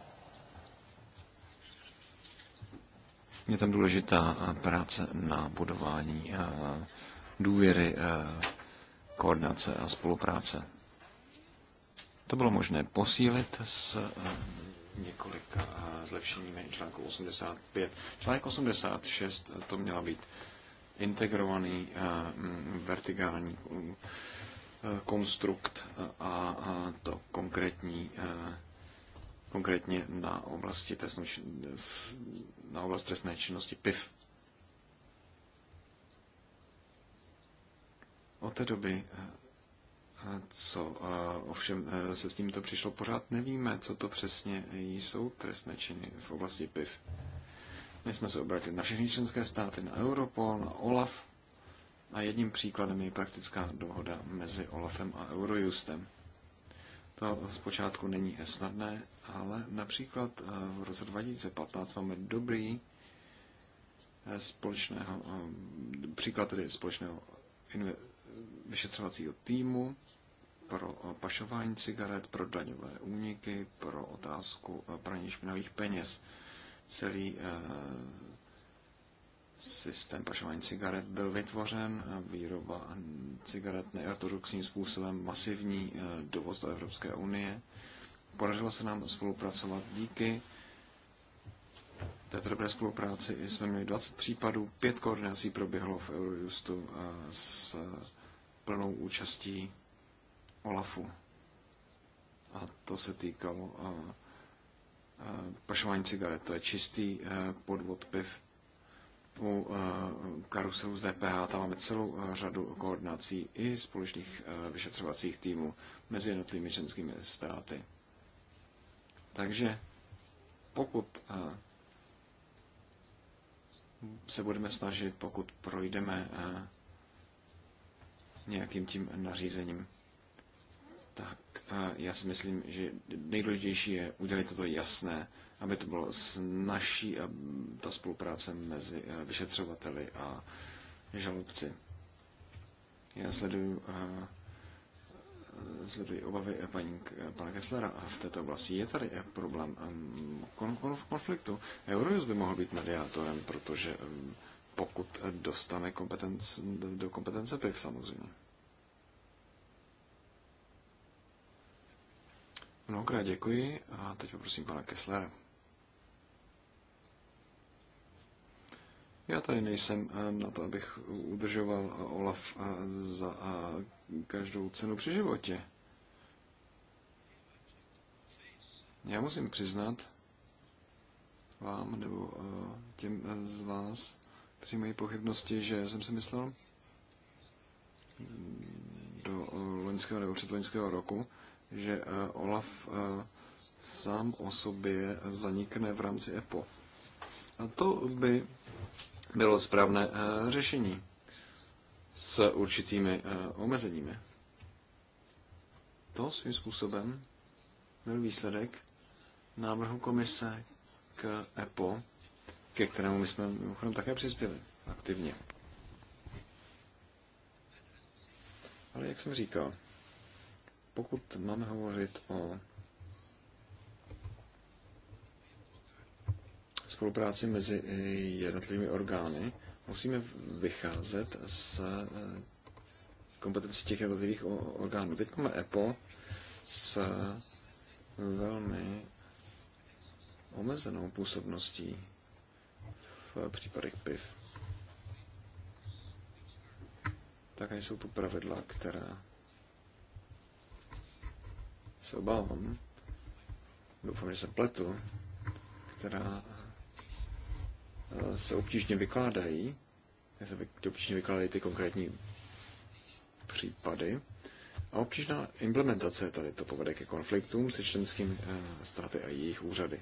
Je tam důležitá eh, práce na budování eh, důvěry, koordinace a spolupráce. To bylo možné posílit s několika zlepšeními článku 85. Článek 86 to měla být integrovaný eh, mm, vertikální mm, eh, konstrukt a to konkrétní eh, konkrétně na, oblasti trestnou, na oblast trestné činnosti PIV. Od té doby, co ovšem se s tímto přišlo, pořád nevíme, co to přesně jsou trestné činy v oblasti PIV. My jsme se obrátili na všechny členské státy, na Europol, na OLAF a jedním příkladem je praktická dohoda mezi OLAFem a Eurojustem. To zpočátku není snadné, ale například eh, v roce 2015 máme dobrý eh, společného, eh, příklad tedy společného vyšetřovacího týmu pro pašování cigaret, pro daňové úniky, pro otázku praní špinavých peněz celý eh, systém pašování cigaret byl vytvořen, výroba cigaret neortodoxním způsobem, masivní eh, dovoz do Evropské unie. Podařilo se nám spolupracovat díky této dobré spolupráci. Jsme měli 20 případů, pět koordinací proběhlo v Eurojustu eh, s plnou účastí OLAFu. A to se týkalo pašování cigaret, to je čistý eh, podvod piv. U eh, karuselu z DPH tam máme celou eh, řadu koordinací i společných vyšetřovacích týmů mezi jednotlivými ženskými státy. Takže pokud se budeme snažit, pokud projdeme nějakým tím nařízením, tak já si myslím, že nejdůležitější je udělat toto jasné, aby to bylo snažší a ta spolupráce mezi eh, vyšetřovateli a žalobci. Já sleduju, eh, sleduji obavy paní, pana Kesslera v této oblasti. Je tady eh, problém konfliktu. Eurojust by mohl být mediátorem, protože pokud dostane kompetence, do kompetence PIV samozřejmě. Mnohokrát děkuji a teď poprosím pana Kesslera. Já tady nejsem eh, na to, abych udržoval eh, Olaf eh, za každou cenu při životě. Já musím přiznat vám nebo těm z vás kteří mají pochybnosti, že jsem si myslel do loňského nebo předloňského roku, že eh, Olaf eh, sám o sobě zanikne v rámci EPO. A to by bylo správné eh, řešení s určitými omezeními. To svým způsobem byl výsledek návrhu komise k EPO, ke kterému my jsme mimochodem také přispěli aktivně. Ale jak jsem říkal, pokud máme hovořit o spolupráci mezi eh, jednotlivými orgány, musíme vycházet z eh, kompetenci těch jednotlivých orgánů. Teď máme EPO s eh, velmi omezenou působností v případech piv. Také jsou tu pravidla, která se obávám, doufám, že se pletu, která eh, se obtížně vykládají, se obtížně vykládají ty konkrétní případy. A obtížná implementace tady to povede ke konfliktům se členským eh, státy a jejich úřady.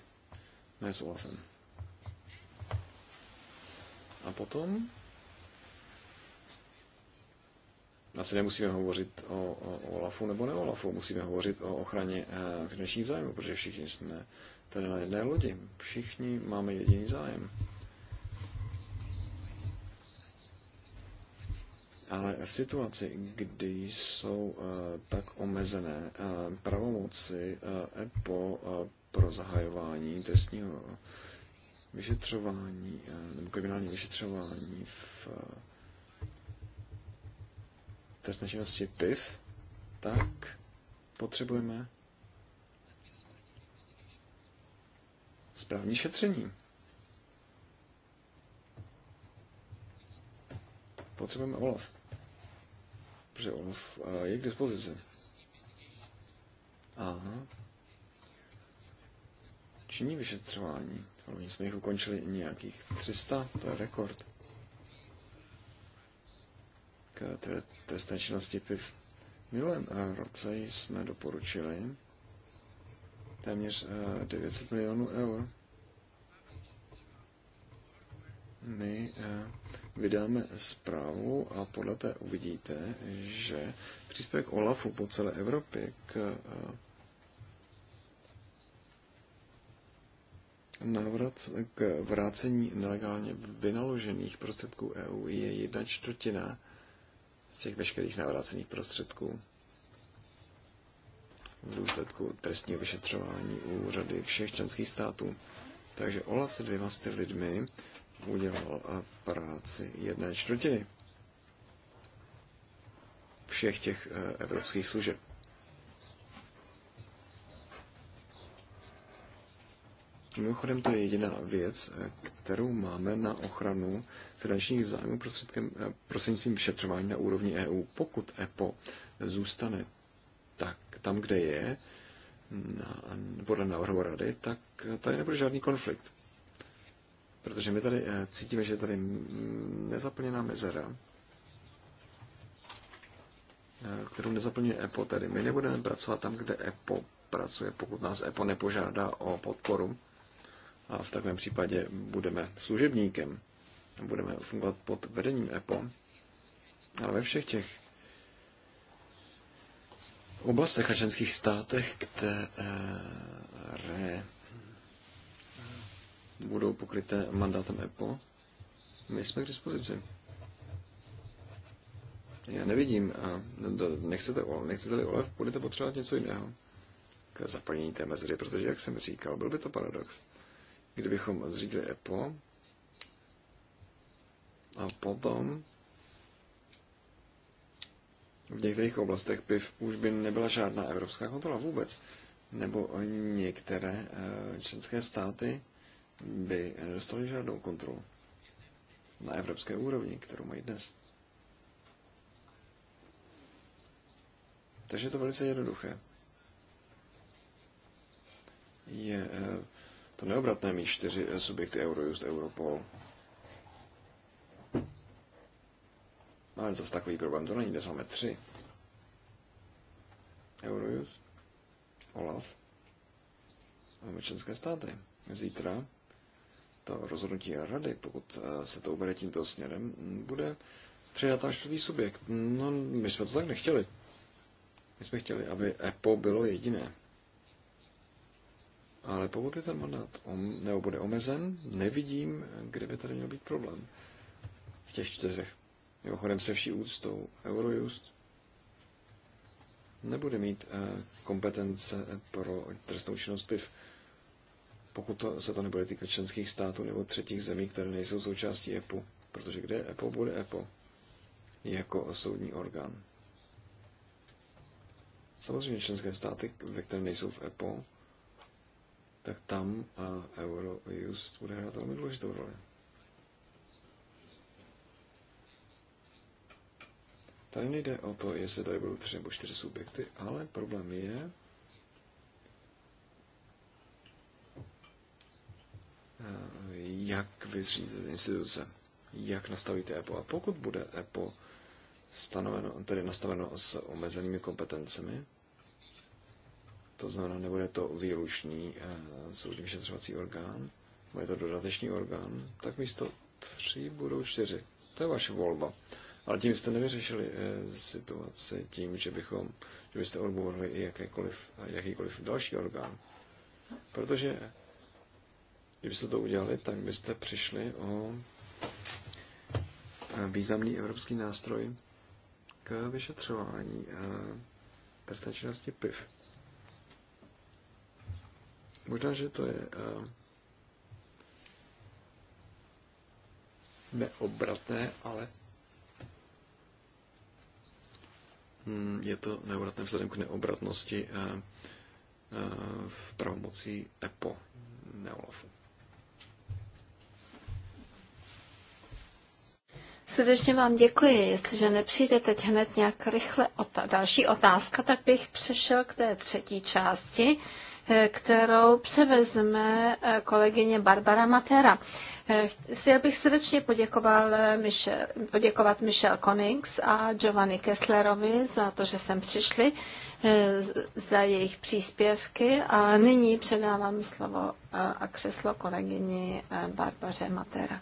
Nesouhlasím. A potom asi nemusíme hovořit o, o OLAFu nebo ne Olafu, musíme hovořit o ochraně eh, finančních zájmů, protože všichni jsme tady na jedné lodi. Všichni máme jediný zájem. Ale v situaci, kdy jsou eh, tak omezené eh, pravomoci EPO pro zahajování trestního vyšetřování nebo kriminální vyšetřování v trestné činnosti PIV, tak potřebujeme správní šetření. Potřebujeme OLAF. Protože OLAF eh, je k dispozici. Aha. Činí vyšetřování. my jsme jich ukončili nějakých 300, to je rekord k trestné činnosti piv. V minulém eh, roce jsme doporučili téměř 900 eh, milionů eur. My eh, vydáme zprávu a podle té uvidíte, že příspěvek OLAFu po celé Evropě k návrat k vrácení nelegálně vynaložených prostředků EU je jedna čtvrtina z těch veškerých navrácených prostředků v důsledku trestního vyšetřování řady všech členských států. Takže Olaf se dvěma sty lidmi udělal práci jedné čtvrtiny všech těch eh, evropských služeb. Mimochodem to je jediná věc, eh, kterou máme na ochranu finančních zájmů eh, prostřednictvím vyšetřování na úrovni EU. Pokud EPO zůstane tak tam, kde je, na, podle návrhu rady, tak eh, tady nebude žádný konflikt. Protože my tady cítíme, že je tady nezaplněná mezera, kterou nezaplňuje EPO. tady. my nebudeme pracovat tam, kde EPO pracuje, pokud nás EPO nepožádá o podporu a v takovém případě budeme služebníkem, budeme fungovat pod vedením EPO, ale ve všech těch oblastech a členských státech, které budou pokryté mandátem EPO, my jsme k dispozici. Já nevidím. A nechcete, nechcete-li olev, budete potřebovat něco jiného k zaplnění té mezery, protože, jak jsem říkal, byl by to paradox kdybychom zřídili EPO a potom v některých oblastech PIV už by nebyla žádná evropská kontrola vůbec. Nebo některé eh, členské státy by nedostaly žádnou kontrolu na evropské úrovni, kterou mají dnes. Takže je to velice jednoduché. Je eh, to neobratné mít čtyři eh, subjekty Eurojust, Europol. Máme zase takový problém to není, dnes máme tři. Eurojust, Olaf, máme členské státy. Zítra to rozhodnutí rady, pokud eh, se to ubere tímto směrem, bude přidat tam čtvrtý subjekt. No, my jsme to tak nechtěli. My jsme chtěli, aby EPO bylo jediné. Ale pokud je ten mandát om, nebo bude omezen, nevidím, kde by tady měl být problém. V těch čtyřech. Mimochodem se vší úctou Eurojust nebude mít eh, kompetence eh, pro trestnou činnost PIV, pokud to, se to nebude týkat členských států nebo třetích zemí, které nejsou součástí EPU. Protože kde je EPO, bude EPO jako soudní orgán. Samozřejmě členské státy, ve které nejsou v EPO, tak tam a Eurojust bude hrát velmi důležitou roli. Tady nejde o to, jestli tady budou tři nebo čtyři subjekty, ale problém je, jak vyřídíte instituce, jak nastavíte EPO. A pokud bude EPO stanoveno, tedy nastaveno s omezenými kompetencemi, to znamená, nebude to výlučný eh, soudní vyšetřovací orgán, bude to dodatečný orgán, tak místo tří budou čtyři. To je vaše volba. Ale tím jste nevyřešili eh, situaci tím, že, bychom, že byste odbourali i jakýkoliv, eh, jakýkoliv další orgán. Protože kdybyste to udělali, tak byste přišli o významný evropský nástroj k vyšetřování trestné činnosti PIV. Možná, že to je eh, neobratné, ale hm, je to neobratné vzhledem k neobratnosti eh, eh, v pravomocí EPO, neOLAFu. Srdečně vám děkuji. Jestliže nepřijde teď hned nějak rychle ota- další otázka, tak bych přešel k té třetí části Eh, kterou převezme eh, kolegyně Barbara Matera. Eh, Chtěl bych srdečně poděkoval Michel, poděkovat Michelle Konings a Giovanni Kesslerovi za to, že sem přišli, za jejich příspěvky a nyní předávám slovo a křeslo kolegyni Barbaře Matera.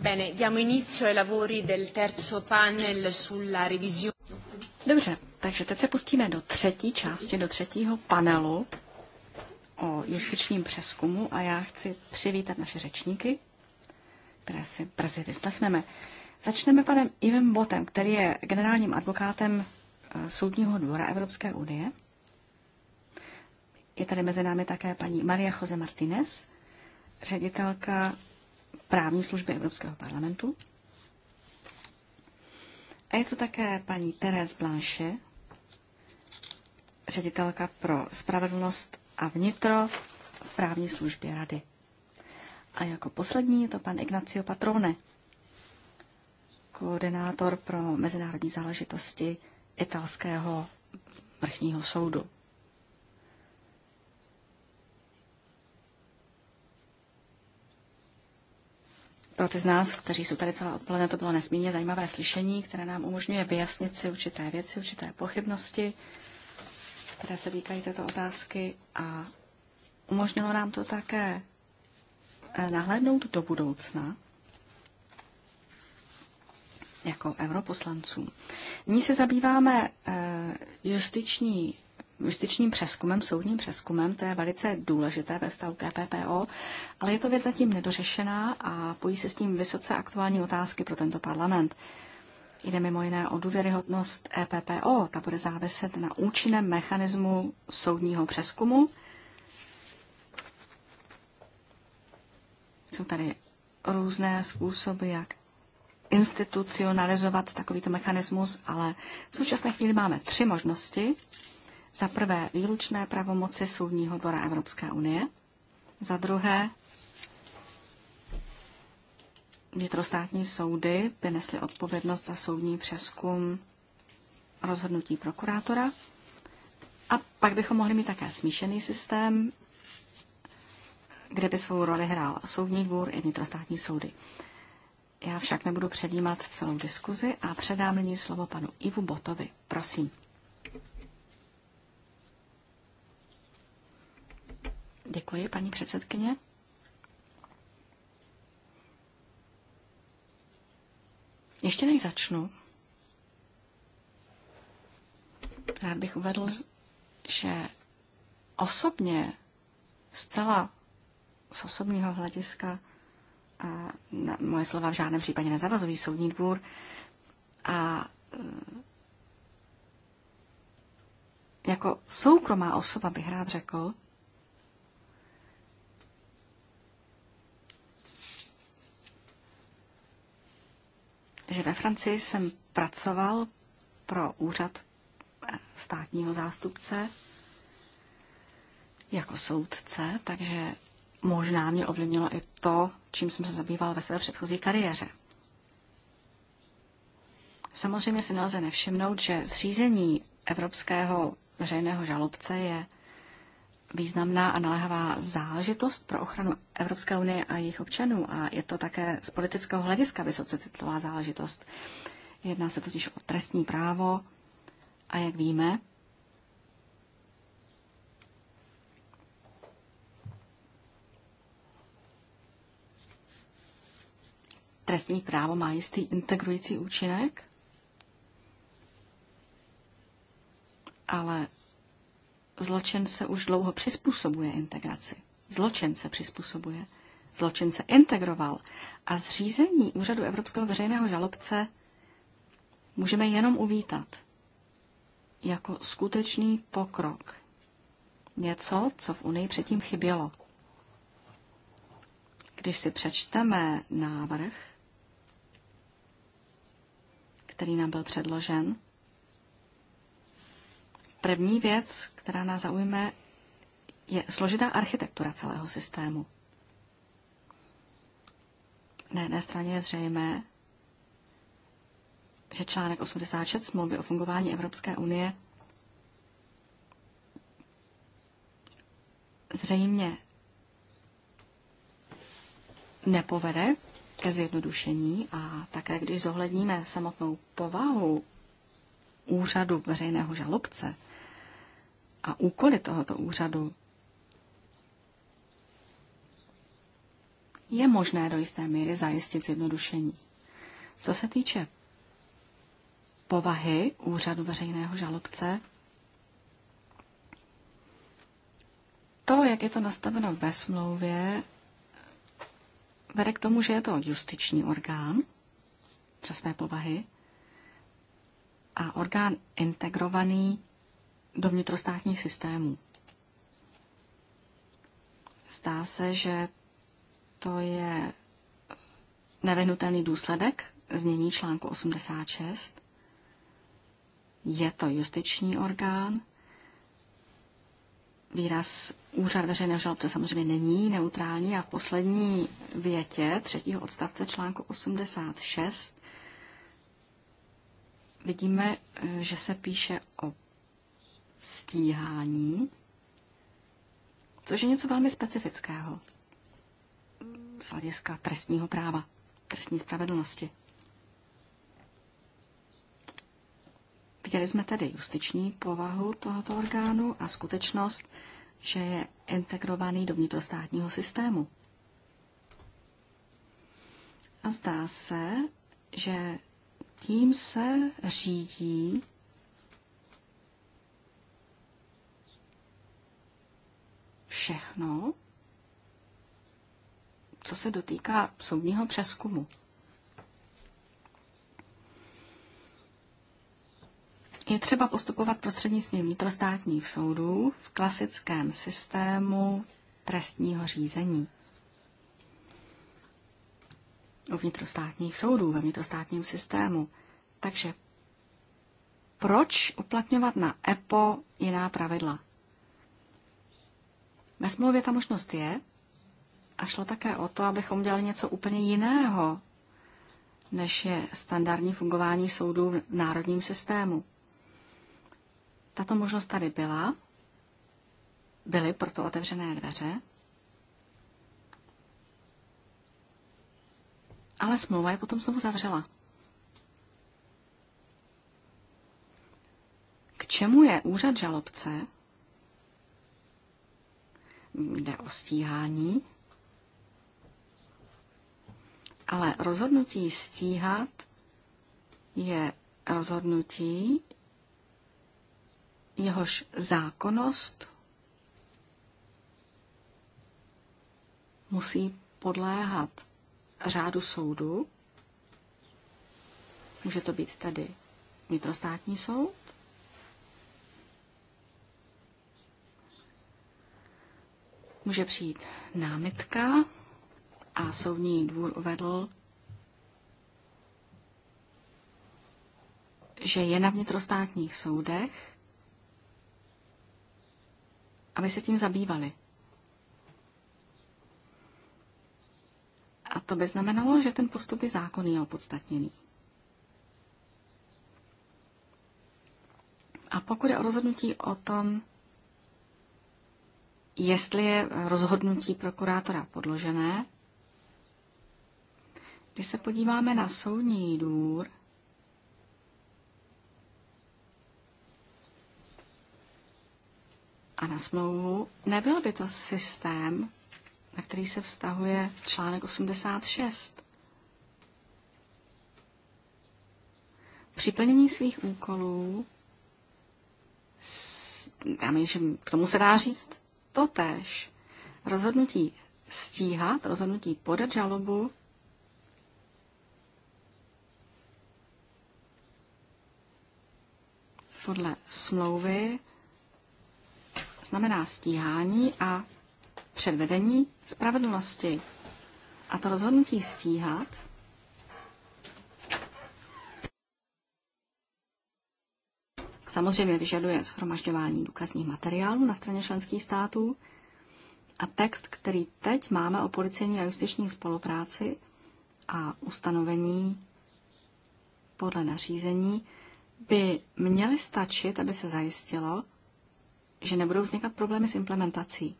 Bene, diamo inizio ai lavori del terzo panel sulla revisione. Dobře, takže teď se pustíme do třetí části, do třetího panelu o justičním přeskumu a já chci přivítat naše řečníky, které si brzy vyslechneme. Začneme panem Ivem Botem, který je generálním advokátem eh, Soudního dvora Evropské unie. Je tady mezi námi také paní Maria Jose Martinez, ředitelka právní služby Evropského parlamentu. A je to také paní Therese Blanche, ředitelka pro spravedlnost a vnitro v právní službě rady. A jako poslední je to pan Ignacio Patrone, koordinátor pro mezinárodní záležitosti italského vrchního soudu. pro ty z nás, kteří jsou tady celá odpoledne, to bylo nesmírně zajímavé slyšení, které nám umožňuje vyjasnit si určité věci, určité pochybnosti, které se týkají této otázky a umožnilo nám to také eh, nahlédnout do budoucna jako europoslancům. Nyní se zabýváme eh, justiční justičním přeskumem, soudním přeskumem, to je velice důležité ve vztahu k PPO, ale je to věc zatím nedořešená a pojí se s tím vysoce aktuální otázky pro tento parlament. Jde mimo jiné o důvěryhodnost EPPO, ta bude záviset na účinném mechanismu soudního přeskumu. Jsou tady různé způsoby, jak institucionalizovat takovýto mechanismus, ale v současné chvíli máme tři možnosti. Za prvé výlučné pravomoci Soudního dvora Evropské unie, za druhé vnitrostátní soudy by nesly odpovědnost za soudní přeskum rozhodnutí prokurátora. A pak bychom mohli mít také smíšený systém, kde by svou roli hrál soudní dvůr i vnitrostátní soudy. Já však nebudu předjímat celou diskuzi a předám nyní slovo panu Ivu Botovi. Prosím. Děkuji, paní předsedkyně. Ještě než začnu, rád bych uvedl, že osobně, zcela z osobního hlediska, a na, moje slova v žádném případě nezavazují soudní dvůr, a e, jako soukromá osoba bych rád řekl, že ve Francii jsem pracoval pro úřad státního zástupce jako soudce, takže možná mě ovlivnilo i to, čím jsem se zabýval ve své předchozí kariéře. Samozřejmě si nelze nevšimnout, že zřízení evropského veřejného žalobce je významná a naléhavá záležitost pro ochranu Evropské unie a jejich občanů a je to také z politického hlediska vysoce citlivá záležitost. Jedná se totiž o trestní právo a jak víme, trestní právo má jistý integrující účinek, ale Zločin se už dlouho přizpůsobuje integraci. Zločin se přizpůsobuje. Zločin se integroval. A zřízení úřadu Evropského veřejného žalobce můžeme jenom uvítat jako skutečný pokrok. Něco, co v Unii předtím chybělo. Když si přečteme návrh, který nám byl předložen, první věc, která nás zaujme, je složitá architektura celého systému. Na jedné straně je zřejmé, že článek 86 smlouvy o fungování Evropské unie zřejmě nepovede ke zjednodušení a také když zohledníme samotnou povahu úřadu veřejného žalobce, a úkoly tohoto úřadu, je možné do jisté míry zajistit zjednodušení. Co se týče povahy úřadu veřejného žalobce, to, jak je to nastaveno ve smlouvě, vede k tomu, že je to justiční orgán přes své povahy a orgán integrovaný do vnitrostátních systémů. Zdá se, že to je nevyhnutelný důsledek znění článku 86. Je to justiční orgán. Výraz úřad veřejného žalobce samozřejmě není neutrální a v poslední větě třetího odstavce článku 86 vidíme, že se píše o stíhání, což je něco velmi specifického z hlediska trestního práva, trestní spravedlnosti. Viděli jsme tedy justiční povahu tohoto orgánu a skutečnost, že je integrovaný do vnitrostátního systému. A zdá se, že tím se řídí všechno, co se dotýká soudního přeskumu. Je třeba postupovat prostřednictvím vnitrostátních soudů v klasickém systému trestního řízení. U vnitrostátních soudů, ve vnitrostátním systému. Takže proč uplatňovat na EPO jiná pravidla? Ve smlouvě ta možnost je a šlo také o to, abychom dělali něco úplně jiného, než je standardní fungování soudů v národním systému. Tato možnost tady byla, byly proto otevřené dveře, ale smlouva je potom znovu zavřela. K čemu je úřad žalobce, jde o stíhání, ale rozhodnutí stíhat je rozhodnutí, jehož zákonnost musí podléhat řádu soudu. Může to být tady vnitrostátní soud, může přijít námitka a soudní dvůr uvedl, že je na vnitrostátních soudech, aby se tím zabývali. A to by znamenalo, že ten postup je zákonný a opodstatněný. A pokud je o rozhodnutí o tom, jestli je rozhodnutí prokurátora podložené. Když se podíváme na soudní důr, a na smlouvu, nebyl by to systém, na který se vztahuje článek 86. Při plnění svých úkolů, já myslím, že k tomu se dá říct, totéž. Rozhodnutí stíhat, rozhodnutí podat žalobu podle smlouvy znamená stíhání a předvedení spravedlnosti. A to rozhodnutí stíhat samozřejmě vyžaduje schromažďování důkazních materiálů na straně členských států a text, který teď máme o policejní a justiční spolupráci a ustanovení podle nařízení, by měly stačit, aby se zajistilo, že nebudou vznikat problémy s implementací.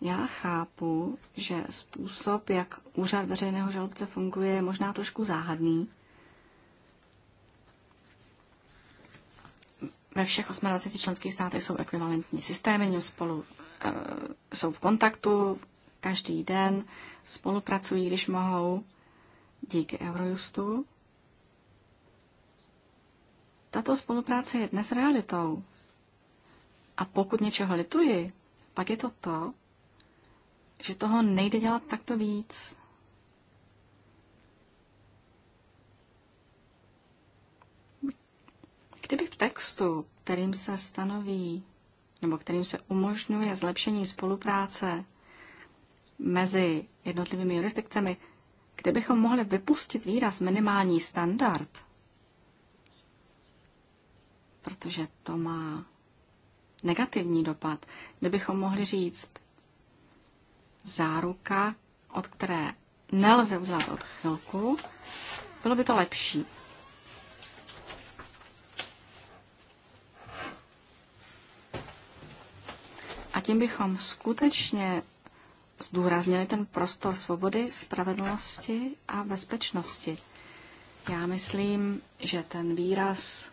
Já chápu, že způsob, jak úřad veřejného žalobce funguje, je možná trošku záhadný, Ve všech 28 členských státech jsou ekvivalentní systémy, oni spolu e, jsou v kontaktu každý den, spolupracují, když mohou, díky Eurojustu. Tato spolupráce je dnes realitou. A pokud něčeho lituji, pak je to to, že toho nejde dělat takto víc. Kdyby v textu, kterým se stanoví nebo kterým se umožňuje zlepšení spolupráce mezi jednotlivými jurisdikcemi, kdybychom mohli vypustit výraz minimální standard, protože to má negativní dopad, kdybychom mohli říct záruka, od které nelze udělat odchylku, bylo by to lepší. tím bychom skutečně zdůraznili ten prostor svobody, spravedlnosti a bezpečnosti. Já myslím, že ten výraz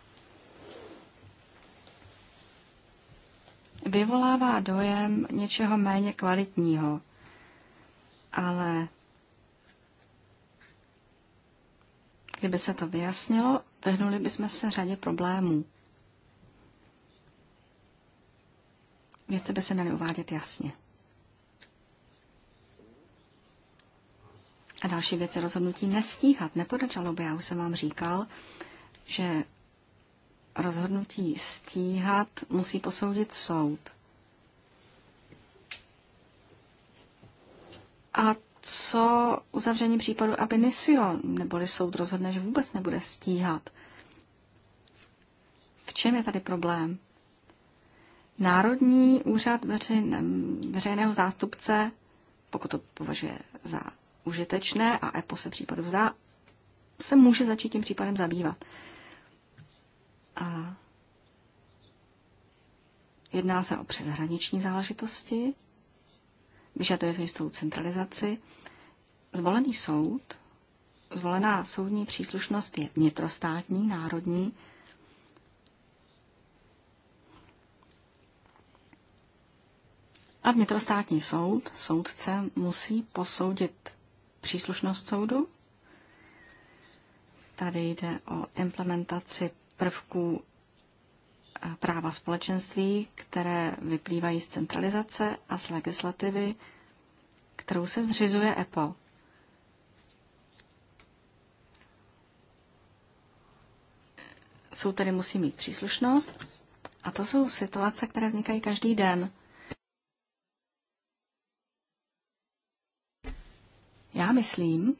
vyvolává dojem něčeho méně kvalitního, ale kdyby se to vyjasnilo, vyhnuli bychom se řadě problémů. Věci by se měly uvádět jasně. A další věc je rozhodnutí nestíhat, nepodat žaloby. Já už jsem vám říkal, že rozhodnutí stíhat musí posoudit soud. A co uzavření případu abinisio, neboli soud rozhodne, že vůbec nebude stíhat? V čem je tady problém? Národní úřad veřejné, veřejného zástupce, pokud to považuje za užitečné a EPO se případu vzdá, se může začít tím případem zabývat. A jedná se o přeshraniční záležitosti, vyžaduje to jistou centralizaci. Zvolený soud, zvolená soudní příslušnost je vnitrostátní, národní, A vnitrostátní soud, soudce, musí posoudit příslušnost soudu. Tady jde o implementaci prvků eh, práva společenství, které vyplývají z centralizace a z legislativy, kterou se zřizuje EPO. Soud tedy musí mít příslušnost a to jsou situace, které vznikají každý den – Já myslím,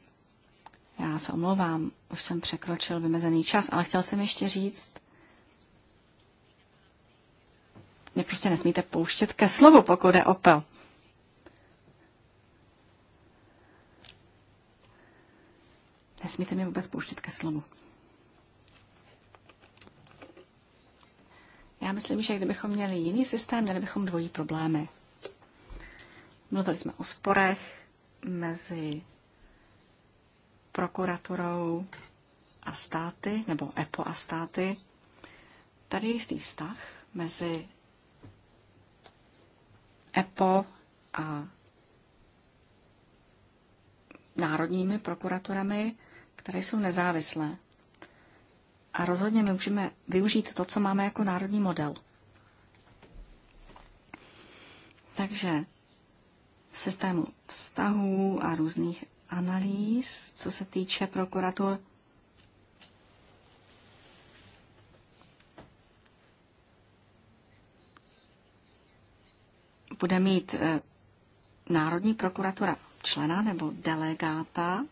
já se omlouvám, už jsem překročil vymezený čas, ale chtěl jsem ještě říct, mě prostě nesmíte pouštět ke slovu, pokud je Opel. Nesmíte mě vůbec pouštět ke slovu. Já myslím, že kdybychom měli jiný systém, měli bychom dvojí problémy. Mluvili jsme o sporech, mezi prokuraturou a státy, nebo EPO a státy. Tady je jistý vztah mezi EPO a národními prokuraturami, které jsou nezávislé. A rozhodně my můžeme využít to, co máme jako národní model. Takže systému vztahů a různých analýz, co se týče prokuratur. Bude mít eh, Národní prokuratura člena nebo delegáta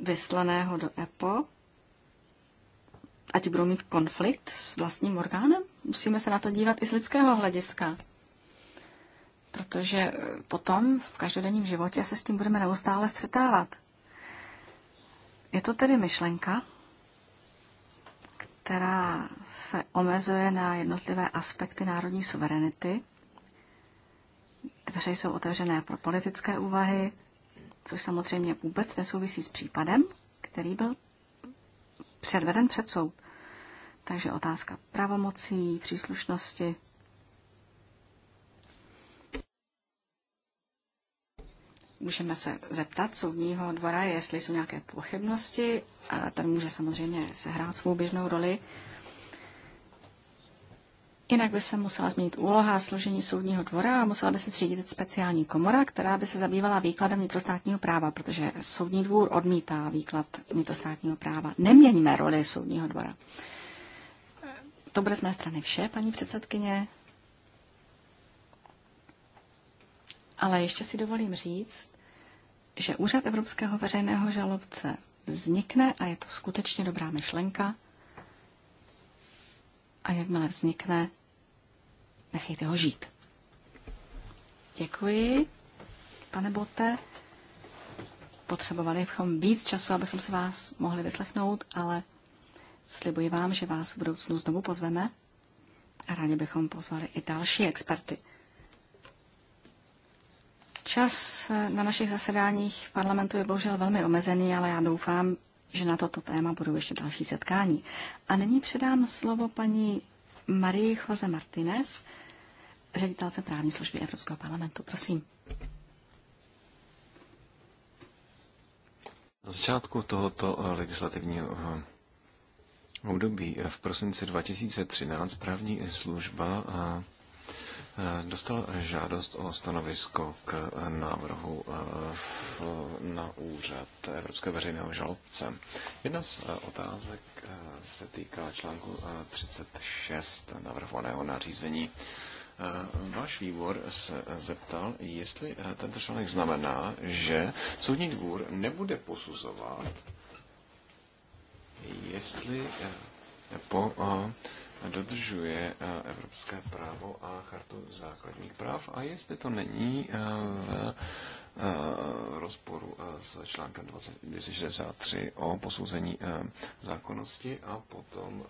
vyslaného do EPO a budou mít konflikt s vlastním orgánem? Musíme se na to dívat i z lidského hlediska protože eh, potom v každodenním životě se s tím budeme neustále střetávat. Je to tedy myšlenka, která se omezuje na jednotlivé aspekty národní suverenity. Dveře jsou otevřené pro politické úvahy, což samozřejmě vůbec nesouvisí s případem, který byl předveden před soud. Takže otázka pravomocí, příslušnosti, Můžeme se zeptat soudního dvora, jestli jsou nějaké pochybnosti a ten může samozřejmě sehrát svou běžnou roli. Jinak by se musela změnit úloha a složení soudního dvora a musela by se zřídit speciální komora, která by se zabývala výkladem vnitrostátního práva, protože soudní dvůr odmítá výklad vnitrostátního práva. Neměníme roli soudního dvora. To bude z mé strany vše, paní předsedkyně. Ale ještě si dovolím říct, že úřad Evropského veřejného žalobce vznikne a je to skutečně dobrá myšlenka. A jakmile vznikne, nechejte ho žít. Děkuji, pane Bote. Potřebovali bychom víc času, abychom se vás mohli vyslechnout, ale slibuji vám, že vás v budoucnu znovu pozveme a rádi bychom pozvali i další experty. Čas eh, na našich zasedáních parlamentu je bohužel velmi omezený, ale já doufám, že na toto téma budou ještě další setkání. A nyní předám slovo paní Marie Jose Martinez, ředitelce právní služby Evropského parlamentu. Prosím. Na začátku tohoto eh, legislativního eh, období v prosinci 2013 právní služba a Eh, dostal žádost o stanovisko k eh, návrhu eh, na úřad Evropské veřejného žalobce. Jedna z otázek se týká článku 36 navrhovaného nařízení. Váš výbor se zeptal, jestli tento článek znamená, že soudní dvůr nebude posuzovat, jestli po dodržuje eh, evropské právo a chartu základních práv a jestli to není eh, v eh, rozporu s článkem 263 o posouzení zákonnosti a potom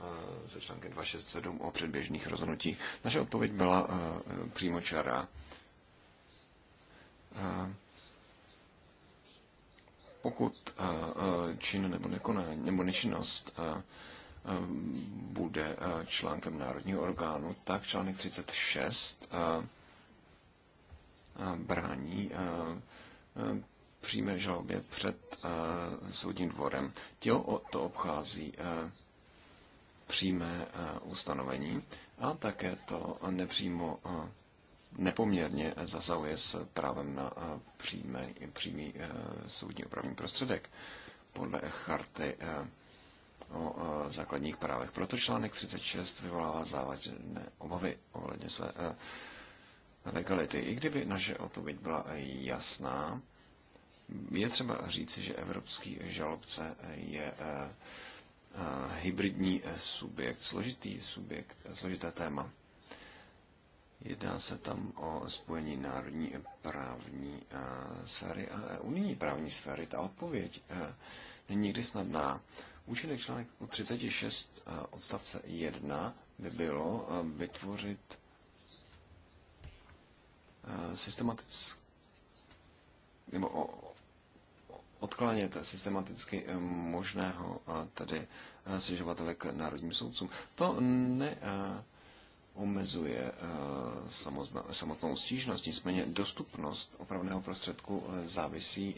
se článkem 267 o předběžných rozhodnutí. Naše odpověď byla čará. Pokud čin nebo nekonání nebo nečinnost bude eh, článkem národního orgánu, tak článek 36 eh, eh, brání přímé žalobě před soudním dvorem. Tělo to obchází přímé ustanovení a také to nepřímo nepoměrně zasahuje s právem na přímý, přímý soudní opravní prostředek podle charty o základních právech. Proto článek 36 vyvolává závažné obavy ohledně své e, legality. I kdyby naše odpověď byla jasná, je třeba říci, že evropský žalobce je e, e, hybridní subjekt, složitý subjekt, složité téma. Jedná se tam o spojení národní právní sféry a unijní právní sféry. Ta odpověď není nikdy snadná. Účinek článek 36 eh, odstavce 1 by bylo eh, vytvořit eh, systematicky nebo odklánět systematicky možného tedy stěžovatele k národním soudcům. To ne omezuje samotnou stížnost, nicméně dostupnost opravného prostředku závisí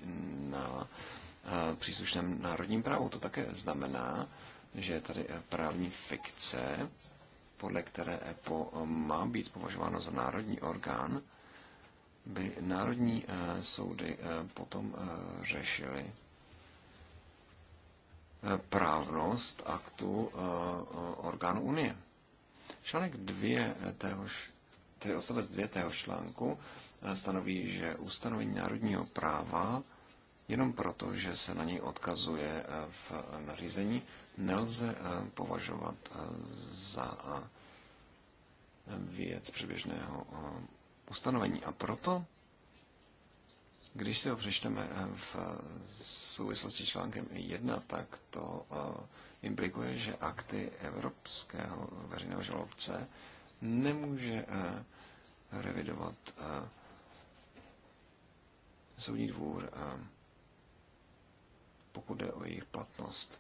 na Eh, příslušném národním právu. To také znamená, že je tady eh, právní fikce, podle které EPO eh, má být považováno za národní orgán, by národní soudy potom řešily právnost aktu orgánu Unie. Článek 2 téhož, tedy osobec 2 téhož článku stanoví, že ustanovení národního práva Jenom proto, že se na něj odkazuje eh, v nařízení, nelze eh, považovat eh, za věc předběžného ustanovení. A proto, když si ho přečteme v souvislosti článkem 1, tak to implikuje, že akty evropského veřejného žalobce nemůže revidovat soudní dvůr pokud jde o jejich platnost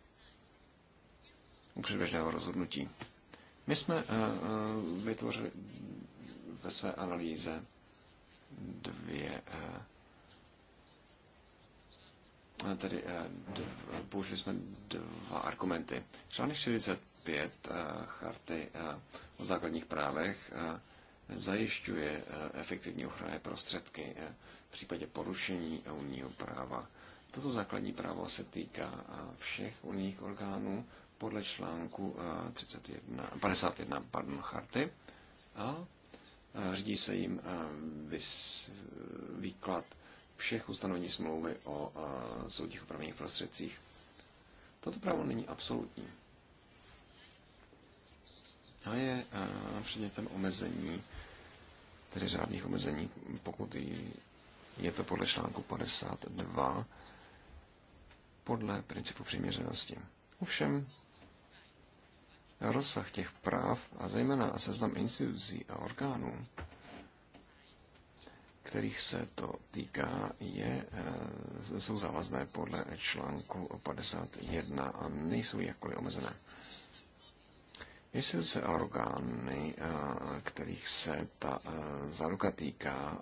u předběžného rozhodnutí. My jsme eh, eh, vytvořili ve své analýze dvě eh, tedy použili jsme dva argumenty. Článek 45 charty o základních právech zajišťuje efektivní ochranné prostředky v případě porušení unijního práva Toto základní právo se týká všech unijních orgánů podle článku 31, 51 pardon, charty a řídí se jim vys, výklad všech ustanovení smlouvy o soudních opravných prostředcích. Toto právo není absolutní a je předmětem omezení, tedy řádných omezení, pokud je to podle článku 52 podle principu přiměřenosti. Ovšem, rozsah těch práv a zejména seznam institucí a orgánů, kterých se to týká, je, eh, jsou závazné podle článku 51 a nejsou jakkoliv omezené. Instituce a orgány, eh, kterých se ta eh, záruka týká,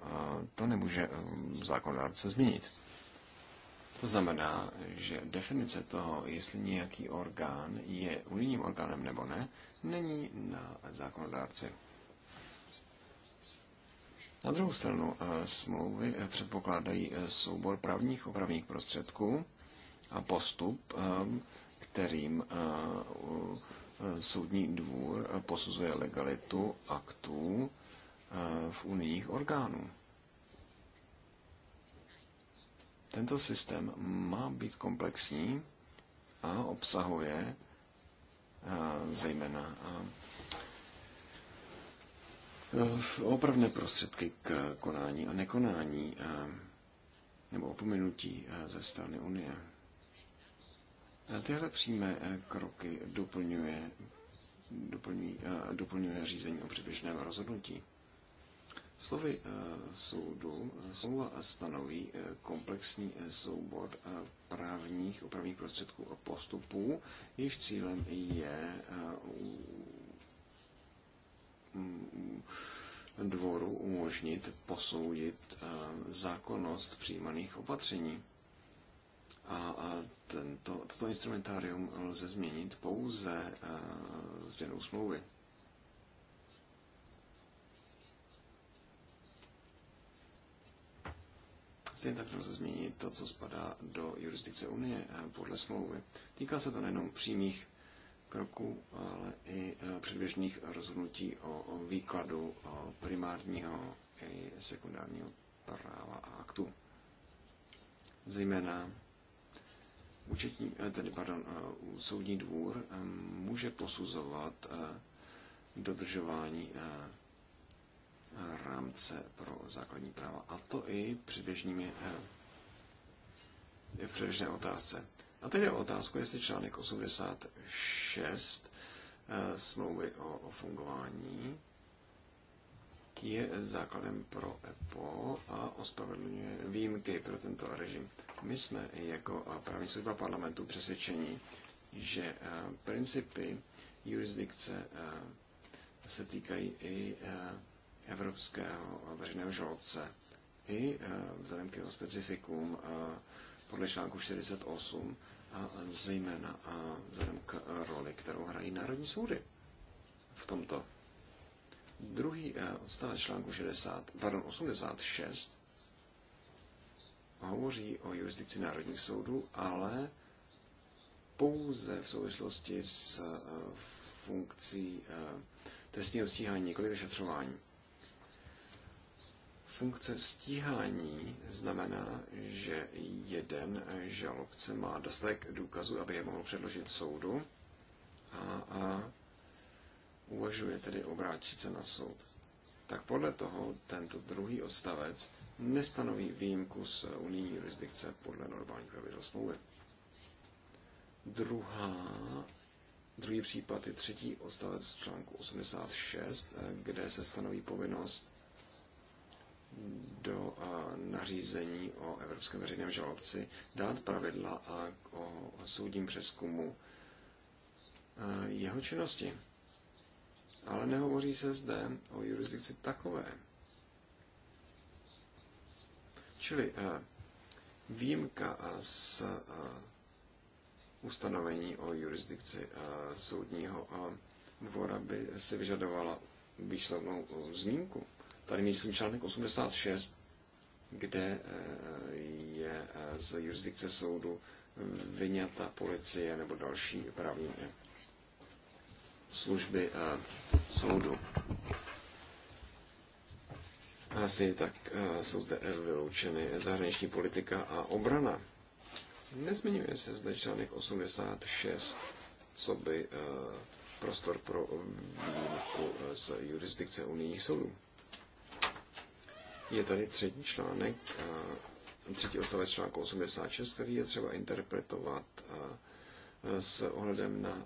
to nemůže zákonodárce změnit. To znamená, že definice toho, jestli nějaký orgán je unijním orgánem nebo ne, není na zákonodárci. Na druhou stranu eh, smlouvy eh, předpokládají eh, soubor právních opravných prostředků a postup, kterým soudní dvůr posuzuje legalitu aktů v unijních orgánů. Tento systém má být komplexní a obsahuje zejména opravné prostředky k konání a nekonání nebo opomenutí ze strany Unie. Tyhle přímé kroky doplňuje, doplňuje, doplňuje řízení o předběžném rozhodnutí. Slovy eh, soudu eh, slova stanoví eh, komplexní soubor právních opravných prostředků a postupů. Jejich cílem je dvoru umožnit posoudit zákonnost přijímaných opatření. A tento, toto instrumentárium lze změnit pouze změnou smlouvy. Stejně tak lze zmínit to, co spadá do jurisdikce Unie eh, podle smlouvy. Týká se to nejenom přímých kroků, ale i eh, předběžných rozhodnutí o výkladu primárního i sekundárního práva a aktu. Zejména účetní, eh, tedy pardon, soudní dvůr může posuzovat dodržování rámce pro základní práva. A to i předběžnými, eh, v předběžné otázce. A teď je otázku, jestli článek 86 eh, smlouvy o, o fungování je základem pro EPO a ospravedlňuje výjimky pro tento režim. My jsme jako právní služba parlamentu přesvědčení, že eh, principy jurisdikce se týkají i evropského veřejného žalobce i eh, vzhledem k jeho specifikům eh, podle článku 48 a zejména eh, vzhledem k roli, kterou hrají národní soudy v tomto. Druhý odstavec článku 60, pardon, 86 hovoří o jurisdikci národních soudů, ale pouze v souvislosti s funkcí trestního stíhání, několik vyšetřování funkce stíhání znamená, že jeden žalobce má dostatek důkazů, aby je mohl předložit soudu a, a uvažuje tedy obrátit se na soud. Tak podle toho tento druhý odstavec nestanoví výjimku z unijní jurisdikce podle normálních pravidel smlouvy. Druhá, druhý případ je třetí odstavec článku 86, kde se stanoví povinnost do nařízení o Evropském veřejném žalobci dát pravidla a o soudním přeskumu jeho činnosti. Ale nehovoří se zde o jurisdikci takové. Čili výjimka z ustanovení o jurisdikci soudního dvora by si vyžadovala výslovnou zmínku. Tady myslím článek 86, kde eh, je eh, z jurisdikce soudu eh, vyňata policie nebo další právní služby soudu. Asi tak jsou zde vyloučeny zahraniční politika a obrana. Nezmiňuje se zde článek 86, co by prostor pro výjimku z jurisdikce unijních soudů. Je tady třetí článek, třetí odstavec článku 86, který je třeba interpretovat s ohledem na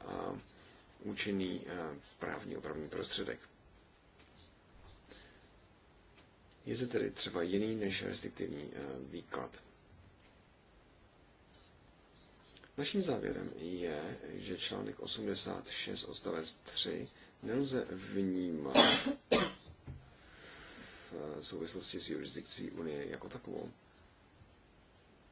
účinný právní opravný prostředek. Je zde tedy třeba jiný než restriktivní výklad. Naším závěrem je, že článek 86 odstavec 3 nelze vnímat souvislosti s jurisdikcí Unie jako takovou.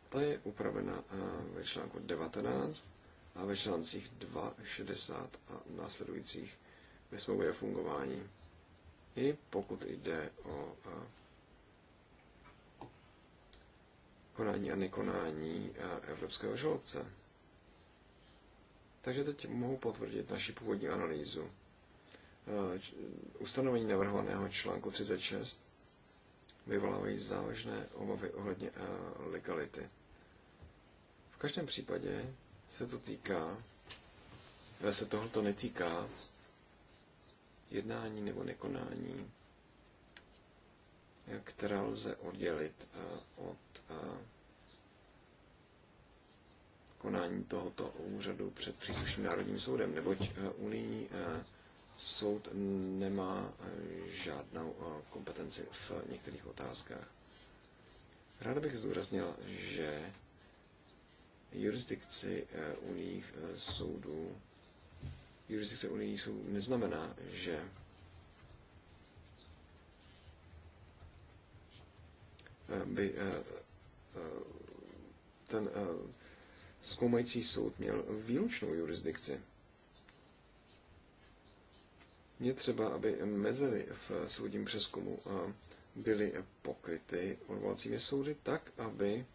Ta je upravena eh, ve článku 19 a ve článcích 2, 60 a následujících ve smlouvě fungování. I pokud jde o eh, konání a nekonání eh, evropského žalobce. Takže teď mohu potvrdit naši původní analýzu. Ustanovení navrhovaného článku 36 vyvolávají závažné obavy ohledně eh, legality. V každém případě se to týká, ale se tohoto netýká jednání nebo nekonání, eh, která lze oddělit eh, od konání tohoto úřadu před příslušným národním soudem, neboť unijní soud nemá eh, žádnou eh, kompetenci v některých otázkách. Ráda bych zdůraznil, že jurisdikci eh, unijních soudů jurisdikce unijních soudů neznamená, že by ten zkoumající soud měl výlučnou jurisdikci. Je třeba, aby mezery v soudním přeskumu eh, byly pokryty odvolacími soudy tak, aby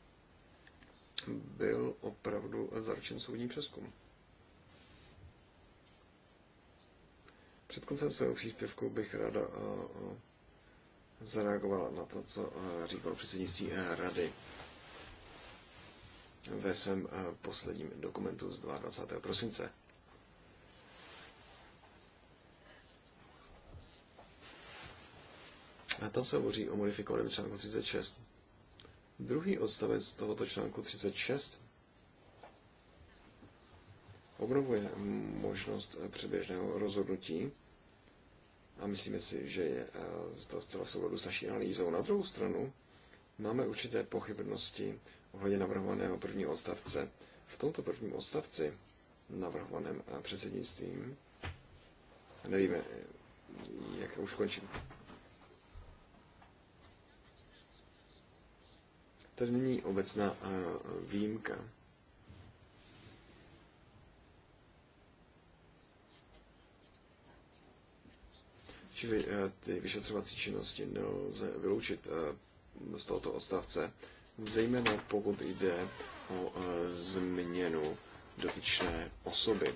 byl opravdu zaručen soudní přeskum. Před koncem svého příspěvku bych ráda eh, zareagovala na to, co eh, říkal předsednictví rady ve svém posledním dokumentu z 22. prosince. Tam se hovoří o modifikovaném článku 36. Druhý odstavec tohoto článku 36 obnovuje možnost předběžného rozhodnutí a myslíme si, že je eh, to zcela v souladu s naší analýzou. Na druhou stranu máme určité pochybnosti ohledně navrhovaného prvního odstavce. V tomto prvním odstavci navrhovaném eh, předsednictvím nevíme, eh, jak už končím, Tady není obecná eh, výjimka. Čili eh, ty vyšetřovací činnosti nelze vyloučit eh, z tohoto odstavce, zejména pokud jde o změnu dotyčné osoby.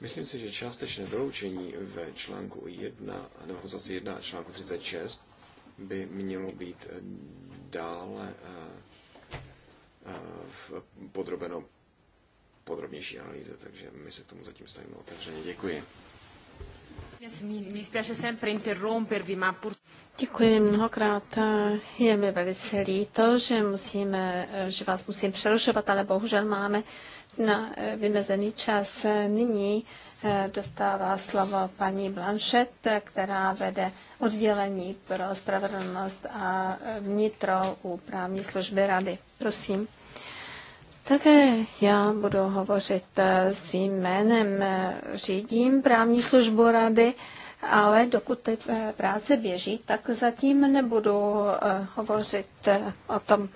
Myslím si, že částečné vyloučení ve článku 1, nebo v 1 článku 36 by mělo být eh, dále eh, eh, podrobeno podrobnější analýze, takže my se k tomu zatím stavíme otevřeně. Děkuji. Děkuji mnohokrát. Je mi velice líto, že, musíme, že vás musím přerušovat, ale bohužel máme na vymezený čas. Nyní Eh, dostává slovo paní Blanchet, která vede oddělení pro spravedlnost a eh, vnitro u právní služby rady. Prosím. Také já budu hovořit eh, s jménem. Řídím právní službu rady, ale dokud ty práce běží, tak zatím nebudu hovořit o tom,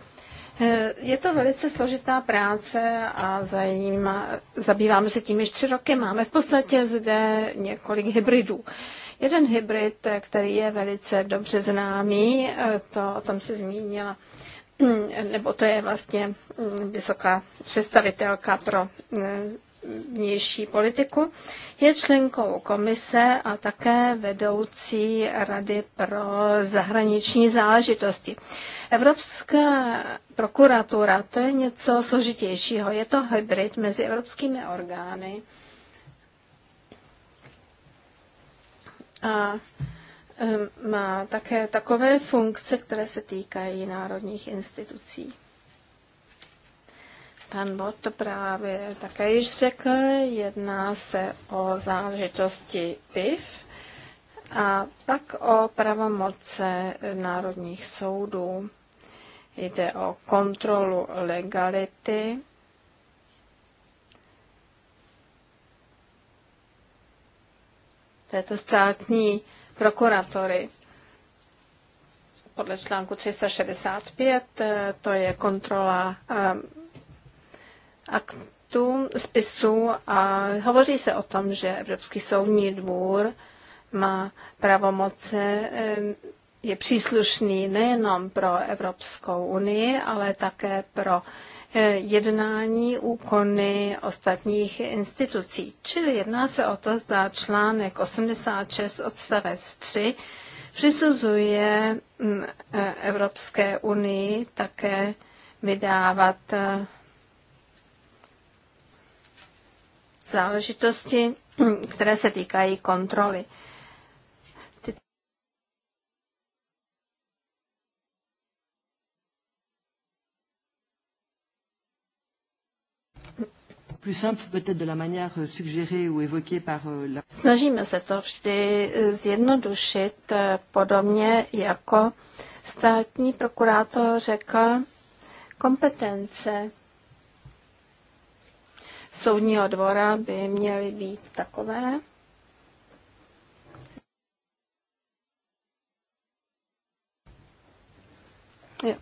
Eh, je to velice složitá práce a zajímá, zabýváme se tím již tři roky. Máme v podstatě zde několik hybridů. Jeden hybrid, eh, který je velice dobře známý, eh, to o tom se zmínila, mm, nebo to je vlastně mm, vysoká představitelka pro mm, vnější politiku. Je členkou komise a také vedoucí Rady pro zahraniční záležitosti. Evropská prokuratura, to je něco složitějšího. Je to hybrid mezi evropskými orgány. A má také takové funkce, které se týkají národních institucí. Pan Bot to právě také již řekl, jedná se o záležitosti PIV a pak o pravomoce národních soudů. Jde o kontrolu legality této státní prokuratory. Podle článku 365 eh, to je kontrola eh, aktu, spisu a hovoří se o tom, že Evropský soudní dvůr má pravomoce, eh, je příslušný nejenom pro Evropskou unii, ale také pro eh, jednání, úkony ostatních institucí. Čili jedná se o to, zda článek 86 odstavec 3 přisuzuje mm, eh, Evropské unii také vydávat záležitosti, které se týkají kontroly. Euh, euh, Snažíme se to vždy eh, zjednodušit, eh, podobně jako státní prokurátor řekl, kompetence soudního dvora by měly být takové, Jo.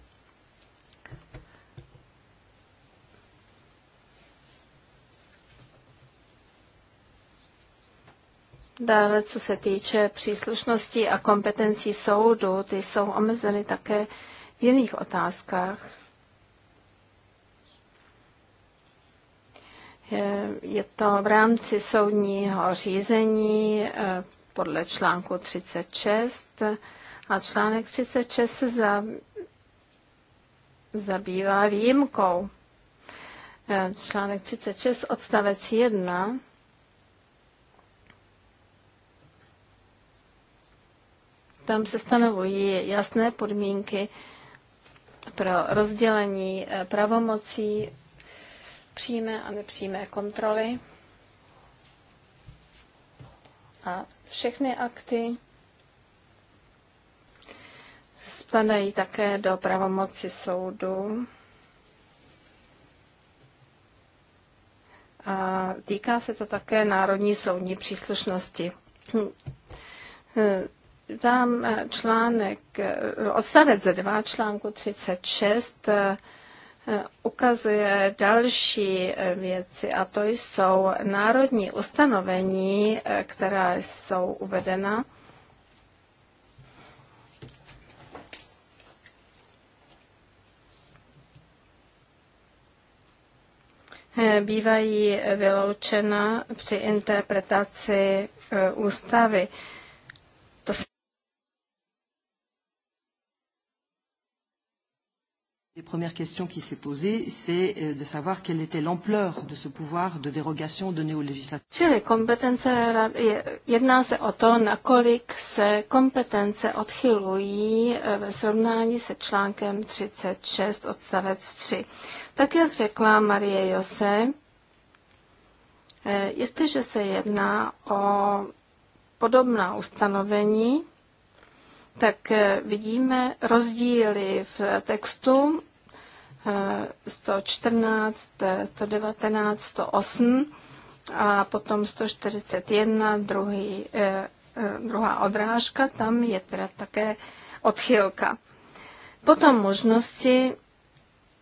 Dále, co se týče příslušnosti a kompetencí soudu, ty jsou omezeny také v jiných otázkách. Je to v rámci soudního řízení eh, podle článku 36 a článek 36 se za, zabývá výjimkou. Eh, článek 36 odstavec 1 Tam se stanovují jasné podmínky pro rozdělení eh, pravomocí přímé a nepřímé kontroly a všechny akty spadají také do pravomoci soudu a týká se to také národní soudní příslušnosti. Dám článek, odstavec 2 článku 36 ukazuje další eh, věci a to jsou národní ustanovení, eh, která jsou uvedena. Eh, bývají vyloučena při interpretaci ústavy. Les premières questions qui s'est posée, c'est euh, de savoir quelle était l'ampleur de ce pouvoir de dérogation donné aux législateurs. Čili kompetence, jedná se o to, nakolik se kompetence odchylují eh, ve srovnání se článkem 36 odstavec 3. Tak jak řekla Marie Jose, eh, jestliže se jedná o podobná ustanovení, tak eh, vidíme rozdíly v textu 114, 119, 108 a potom 141, druhý, eh, eh, druhá odrážka, tam je teda také odchylka. Potom možnosti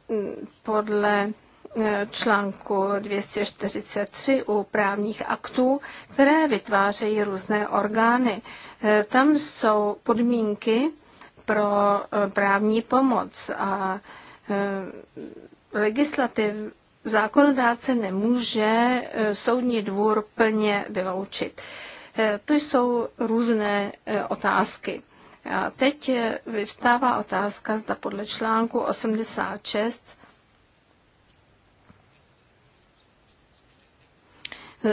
mm, podle eh, článku 243 u právních aktů, které vytvářejí různé orgány. Tam jsou podmínky pro právní pomoc a Eh, legislativ, zákonodáce nemůže eh, soudní dvůr plně vyloučit. Eh, to jsou různé otázky. A teď vyvstává otázka, zda podle článku 86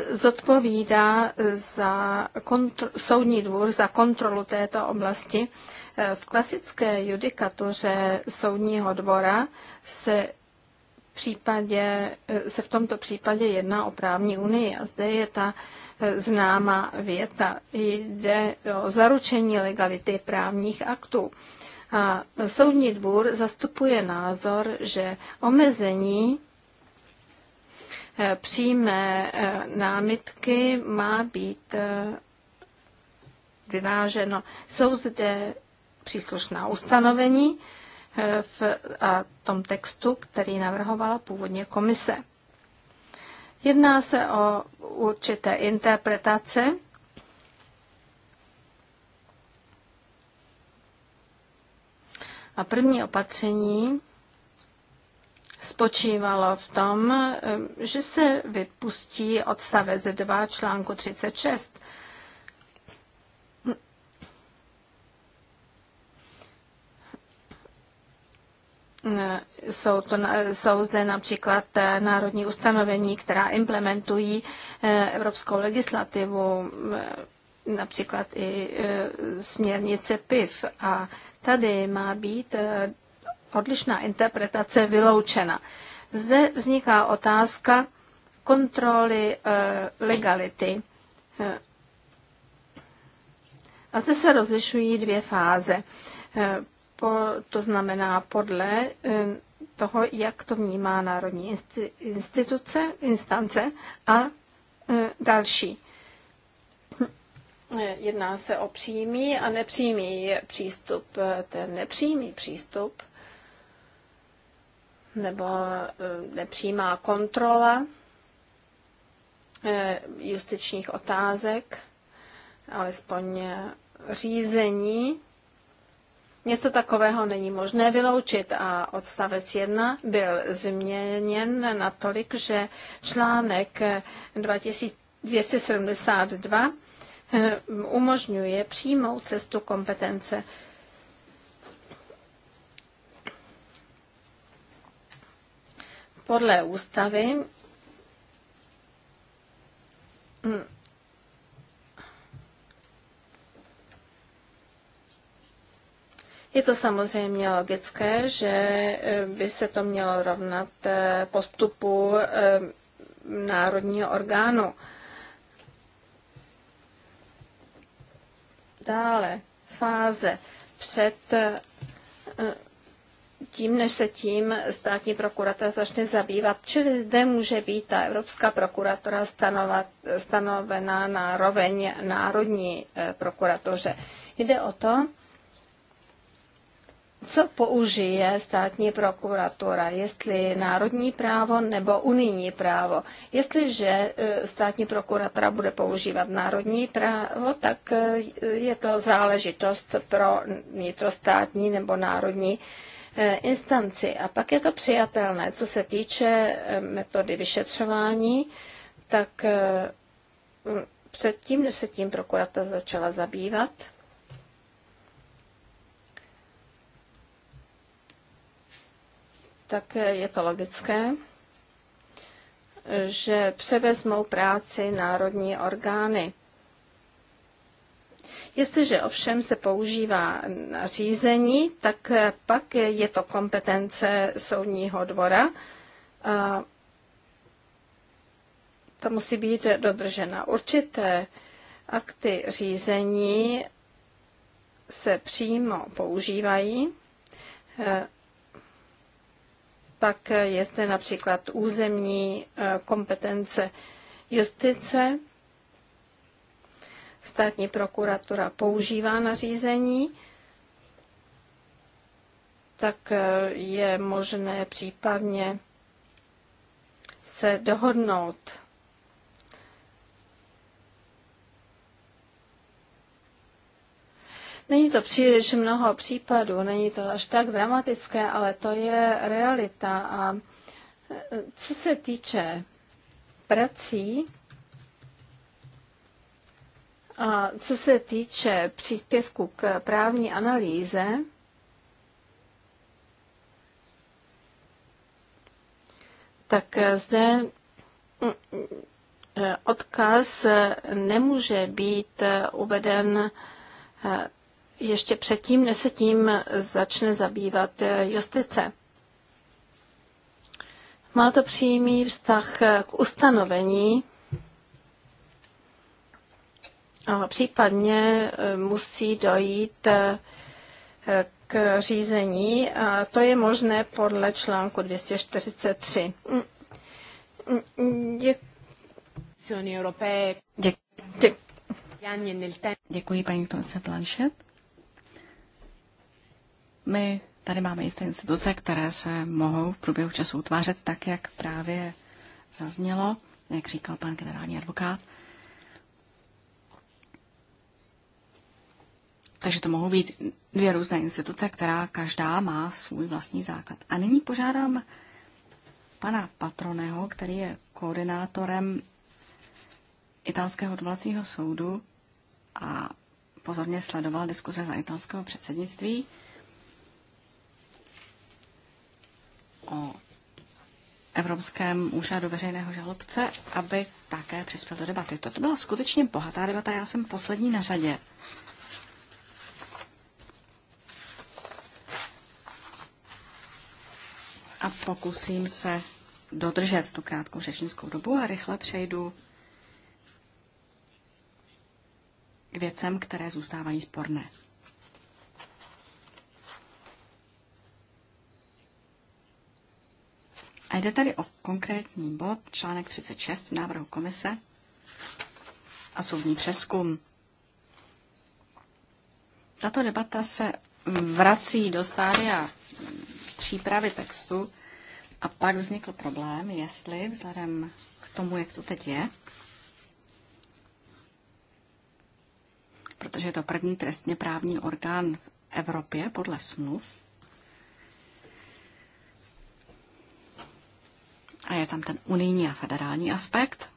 zodpovídá za kontro, soudní dvůr za kontrolu této oblasti. V klasické judikatuře soudního dvora se případě, se v tomto případě jedná o právní unii a zde je ta známá věta. Jde o zaručení legality právních aktů. A soudní dvůr zastupuje názor, že omezení Eh, přímé eh, námitky má být eh, vyváženo. Jsou zde příslušná ustanovení v tom textu, který navrhovala původně komise. Jedná se o určité interpretace. A první opatření spočívalo v tom, eh, že se vypustí odstavec 2 článku 36. Jsou, to, jsou zde například eh, národní ustanovení, která implementují eh, evropskou legislativu, například i směrnice PIV. A tady má být odlišná interpretace vyloučena. Zde vzniká otázka kontroly eh, legality. Eh, a zde se rozlišují dvě fáze. Eh, po, to znamená podle toho, jak to vnímá Národní instituce, instance a další. Jedná se o přímý a nepřímý přístup. Ten nepřímý přístup nebo nepřímá eh, kontrola eh, justičních otázek, alespoň eh, řízení. Něco takového není možné vyloučit a odstavec 1 byl změněn natolik, že článek 2272 umožňuje přímou cestu kompetence Podle ústavy mm, Je to samozřejmě logické, že eh, by se to mělo rovnat eh, postupu eh, národního orgánu. Dále fáze před tím, než se tím státní prokuratura začne zabývat. Čili zde může být ta Evropská prokuratura stanovat, stanovená na roveň národní eh, prokuratoře. Jde o to, co použije státní prokuratura, jestli národní právo nebo unijní právo. Jestliže eh, státní prokuratura bude používat národní právo, tak eh, je to záležitost pro vnitrostátní nebo národní E, instanci. A pak je to přijatelné. Co se týče e, metody vyšetřování, tak e, předtím, než se tím prokuratura začala zabývat, tak je to logické, že převezmou práci národní orgány. Jestliže ovšem se používá řízení, tak pak je to kompetence soudního dvora. To musí být dodržena. Určité akty řízení se přímo používají. Pak je zde například územní eh, kompetence justice státní prokuratura používá nařízení, tak eh, je možné případně se dohodnout. Není to příliš mnoho případů, není to až tak dramatické, ale to je realita. A eh, co se týče prací, a co se týče příspěvku k právní analýze, tak zde eh, odkaz nemůže být uveden eh, ještě předtím, než se tím začne zabývat eh, justice. Má to přímý vztah k ustanovení a případně e, musí dojít e, k řízení a to je možné podle článku 243. Děkuji. Děkuji. Děkuji paní Tomce Blanchet. My tady máme jisté instituce, které se mohou v průběhu času utvářet tak, jak právě zaznělo, jak říkal pan generální advokát. Takže to mohou být dvě různé instituce, která každá má svůj vlastní základ. A nyní požádám pana Patroneho, který je koordinátorem italského odvolacího soudu a pozorně sledoval diskuze za italského předsednictví o Evropském úřadu veřejného žalobce, aby také přispěl do debaty. Toto byla skutečně bohatá debata, já jsem poslední na řadě. a pokusím se dodržet tu krátkou řečnickou dobu a rychle přejdu k věcem, které zůstávají sporné. A jde tady o konkrétní bod, článek 36 v návrhu komise a soudní přeskum. Tato debata se vrací do stádia přípravy textu a pak vznikl problém, jestli vzhledem k tomu, jak to teď je, protože je to první trestně právní orgán v Evropě podle smluv, a je tam ten unijní a federální aspekt,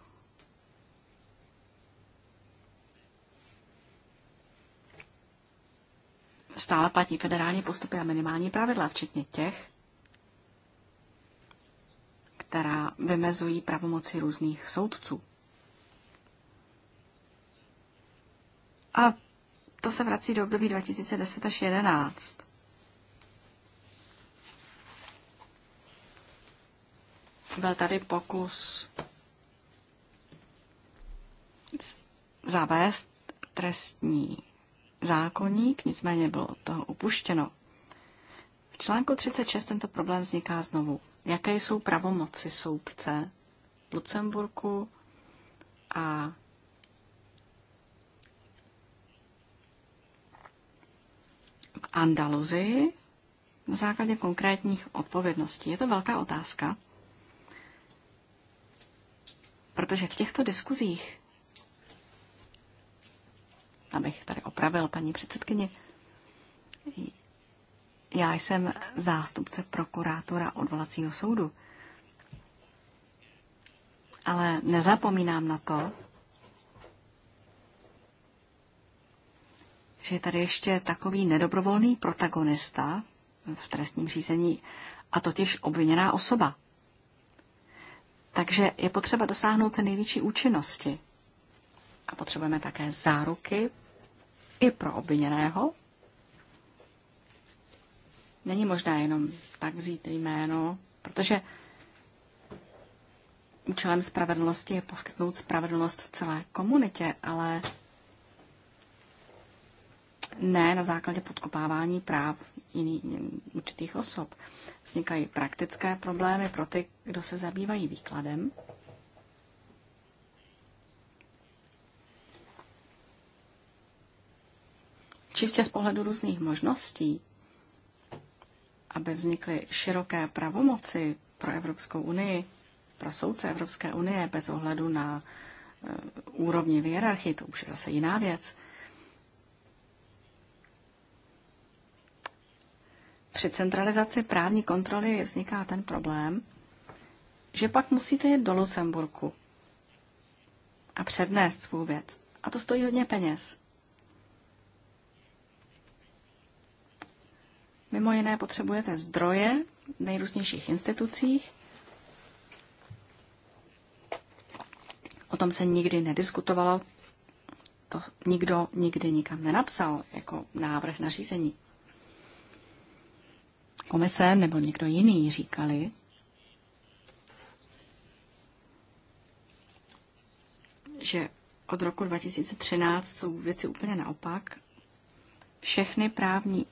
stále platí federální postupy a minimální pravidla, včetně těch, která vymezují pravomoci různých soudců. A to se vrací do období 2010 až 2011. Byl tady pokus zavést trestní zákoník, nicméně bylo od toho upuštěno. V článku 36 tento problém vzniká znovu. Jaké jsou pravomoci soudce v Lucemburku a v Andaluzii na základě konkrétních odpovědností? Je to velká otázka, protože v těchto diskuzích abych tady opravil paní předsedkyni. Já jsem zástupce prokurátora odvolacího soudu. Ale nezapomínám na to, že tady ještě takový nedobrovolný protagonista v trestním řízení, a totiž obviněná osoba. Takže je potřeba dosáhnout se největší účinnosti. A potřebujeme také záruky i pro obviněného. Není možné jenom tak vzít jméno, protože účelem spravedlnosti je poskytnout spravedlnost celé komunitě, ale ne na základě podkopávání práv jiných určitých osob. Vznikají praktické problémy pro ty, kdo se zabývají výkladem Čistě z pohledu různých možností, aby vznikly široké pravomoci pro Evropskou unii, pro soudce Evropské unie bez ohledu na e, úrovni v hierarchii, to už je zase jiná věc. Při centralizaci právní kontroly vzniká ten problém, že pak musíte jít do Lucemburku a přednést svou věc. A to stojí hodně peněz. Mimo jiné potřebujete zdroje v nejrůznějších institucích. O tom se nikdy nediskutovalo, to nikdo nikdy nikam nenapsal jako návrh na řízení. Komise nebo někdo jiný říkali, že od roku 2013 jsou věci úplně naopak. Všechny právní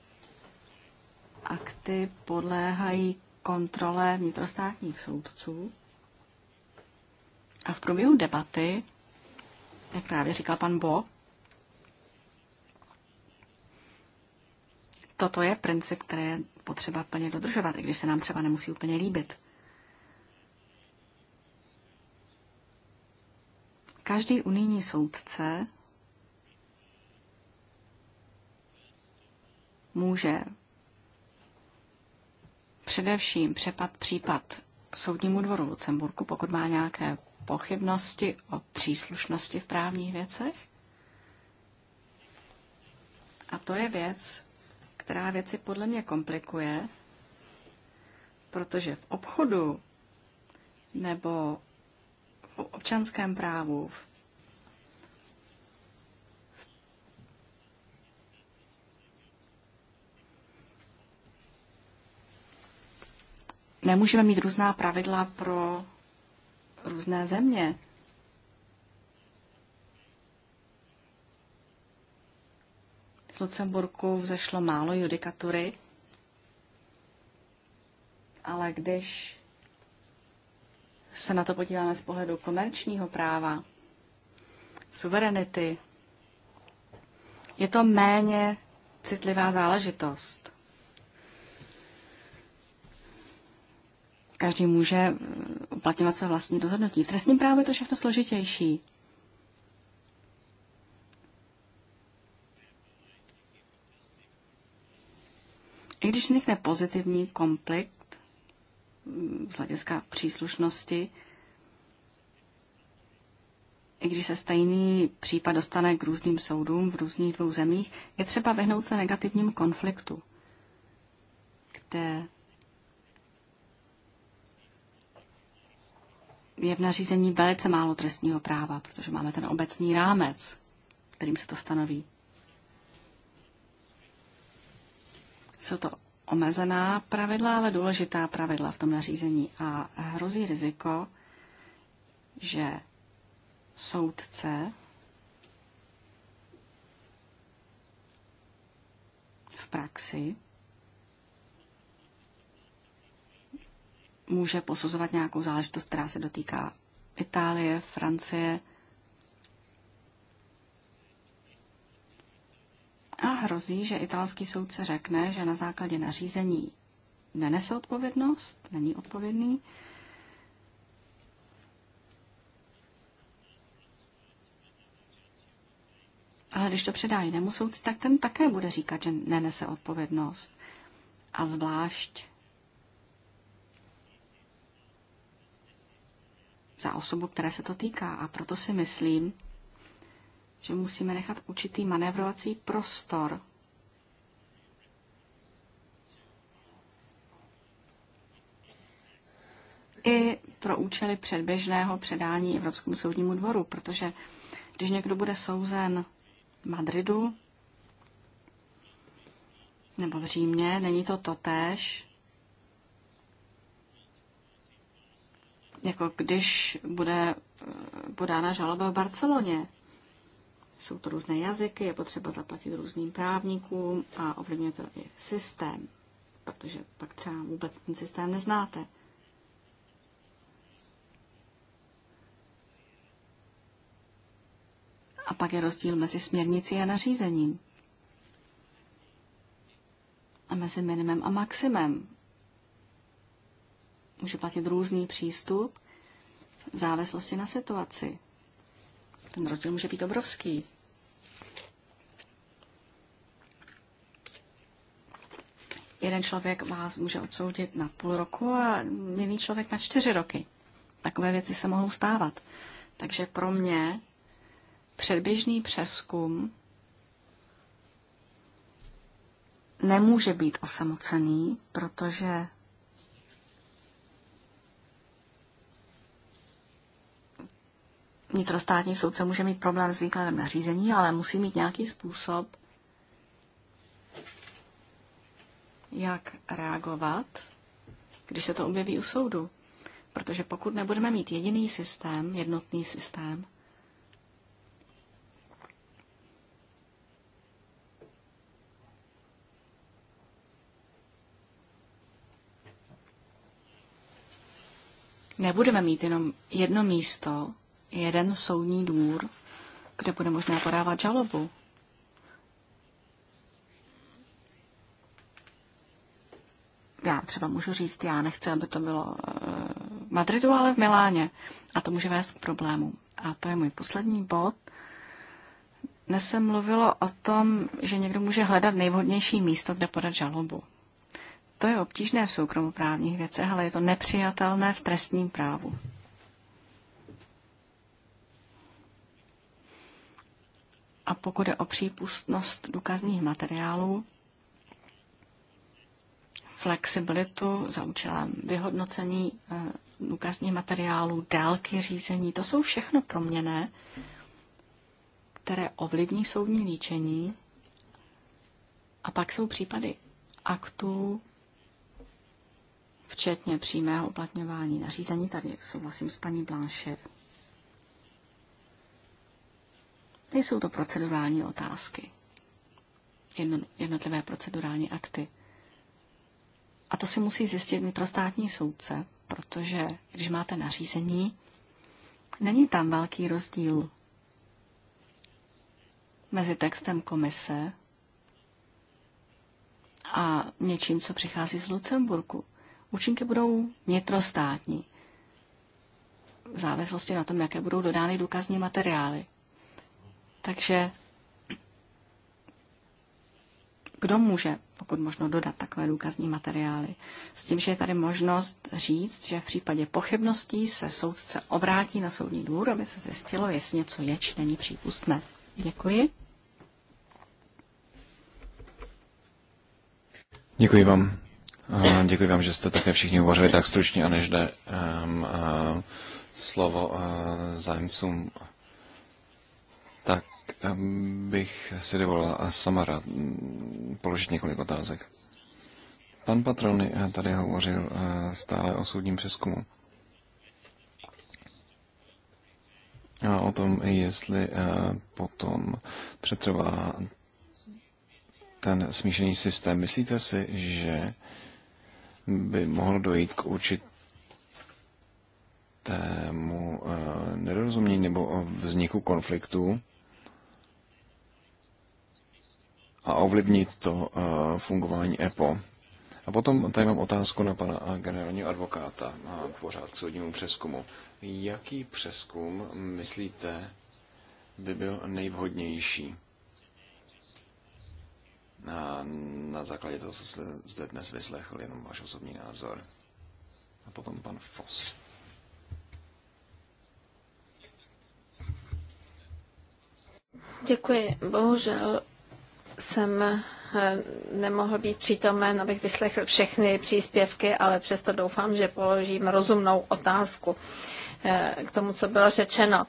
akty podléhají kontrole vnitrostátních soudců. A v průběhu debaty, jak právě říkal pan Bo, toto je princip, který je potřeba plně dodržovat, i když se nám třeba nemusí úplně líbit. Každý unijní soudce může především přepad případ Soudnímu dvoru Lucemburku, pokud má nějaké pochybnosti o příslušnosti v právních věcech. A to je věc, která věci podle mě komplikuje, protože v obchodu nebo v občanském právu, v nemůžeme mít různá pravidla pro různé země. V Lucemburku vzešlo málo judikatury, ale když se na to podíváme z pohledu komerčního práva, suverenity, je to méně citlivá záležitost. každý může eh, uplatňovat své vlastní rozhodnutí. V trestním právu je to všechno složitější. I když vznikne pozitivní konflikt mm, z hlediska příslušnosti, i když se stejný případ dostane k různým soudům v různých dvou zemích, je třeba vyhnout se negativním konfliktu, kde je v nařízení velice málo trestního práva, protože máme ten obecný rámec, kterým se to stanoví. Jsou to omezená pravidla, ale důležitá pravidla v tom nařízení a hrozí riziko, že soudce v praxi může posuzovat nějakou záležitost, která se dotýká Itálie, Francie. A hrozí, že italský soudce řekne, že na základě nařízení nenese odpovědnost, není odpovědný. Ale když to předá jinému soudci, tak ten také bude říkat, že nenese odpovědnost. A zvlášť za osobu, které se to týká. A proto si myslím, že musíme nechat určitý manévrovací prostor i pro účely předběžného předání Evropskému soudnímu dvoru, protože když někdo bude souzen v Madridu nebo v Římě, není to totéž, jako když bude eh, podána žaloba v Barceloně. Jsou to různé jazyky, je potřeba zaplatit různým právníkům a ovlivňuje to i systém, protože pak třeba vůbec ten systém neznáte. A pak je rozdíl mezi směrnicí a nařízením. A mezi minimem a maximem. Může platit různý přístup v závislosti na situaci. Ten rozdíl může být obrovský. Jeden člověk vás může odsoudit na půl roku a jiný člověk na čtyři roky. Takové věci se mohou stávat. Takže pro mě předběžný přeskum nemůže být osamocený, protože vnitrostátní soudce může mít problém s výkladem nařízení, ale musí mít nějaký způsob, jak reagovat, když se to objeví u soudu. Protože pokud nebudeme mít jediný systém, jednotný systém, nebudeme mít jenom jedno místo, jeden soudní dvůr, kde bude možné podávat žalobu. Já třeba můžu říct, já nechci, aby to bylo eh, v Madridu, ale v Miláně. A to může vést k problému. A to je můj poslední bod. Dnes se mluvilo o tom, že někdo může hledat nejvhodnější místo, kde podat žalobu. To je obtížné v soukromoprávních věcech, ale je to nepřijatelné v trestním právu. A pokud je o přípustnost důkazních materiálů, flexibilitu za účelem vyhodnocení eh, důkazních materiálů, délky řízení, to jsou všechno proměné, které ovlivní soudní líčení. A pak jsou případy aktů, včetně přímého uplatňování nařízení. Tady souhlasím s paní Blanchet. Nejsou to procedurální otázky, jednotlivé procedurální akty. A to si musí zjistit vnitrostátní soudce, protože když máte nařízení, není tam velký rozdíl mezi textem komise a něčím, co přichází z Lucemburku. Účinky budou vnitrostátní v závislosti na tom, jaké budou dodány důkazní materiály. Takže kdo může, pokud možno, dodat takové důkazní materiály. S tím, že je tady možnost říct, že v případě pochybností se soudce obrátí na soudní dvůr, aby se zjistilo, jestli něco je či není přípustné. Děkuji. Děkuji vám. Děkuji vám, že jste také všichni hovořili tak stručně a než jde um, uh, eh, slovo uh, zájemcům tak ehm, bych si dovolila a sama rád mm, položit několik otázek. Pan Patrony eh, tady hovořil eh, stále o soudním přeskumu. A o tom, jestli eh, potom přetrvá ten smíšený systém. Myslíte si, že by mohl dojít k určitému nedorozumění nebo vzniku konfliktu a ovlivnit to eh, fungování EPO. A potom tady mám otázku na pana eh, generálního advokáta a eh, pořád k soudnímu přeskumu. Jaký přeskum myslíte by byl nejvhodnější? Na, na základě toho, co jste zde dnes vyslechl, jenom váš osobní názor. A potom pan Fos. Děkuji. Bohužel jsem eh, nemohl být přítomen, abych vyslechl všechny příspěvky, ale přesto doufám, že položím rozumnou otázku eh, k tomu, co bylo řečeno.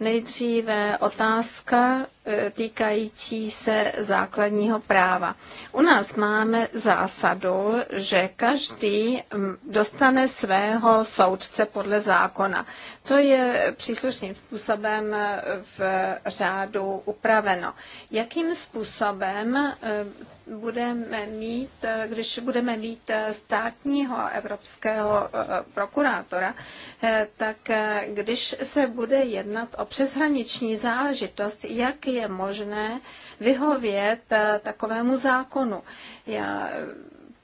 Nejdříve otázka E, týkající se základního práva. U nás máme zásadu, že každý dostane svého soudce podle zákona. To je příslušným způsobem e, v řádu upraveno. Jakým způsobem e, budeme mít, když budeme mít státního evropského prokurátora, tak když se bude jednat o přeshraniční záležitost, jak je možné vyhovět eh, takovému zákonu. Já eh,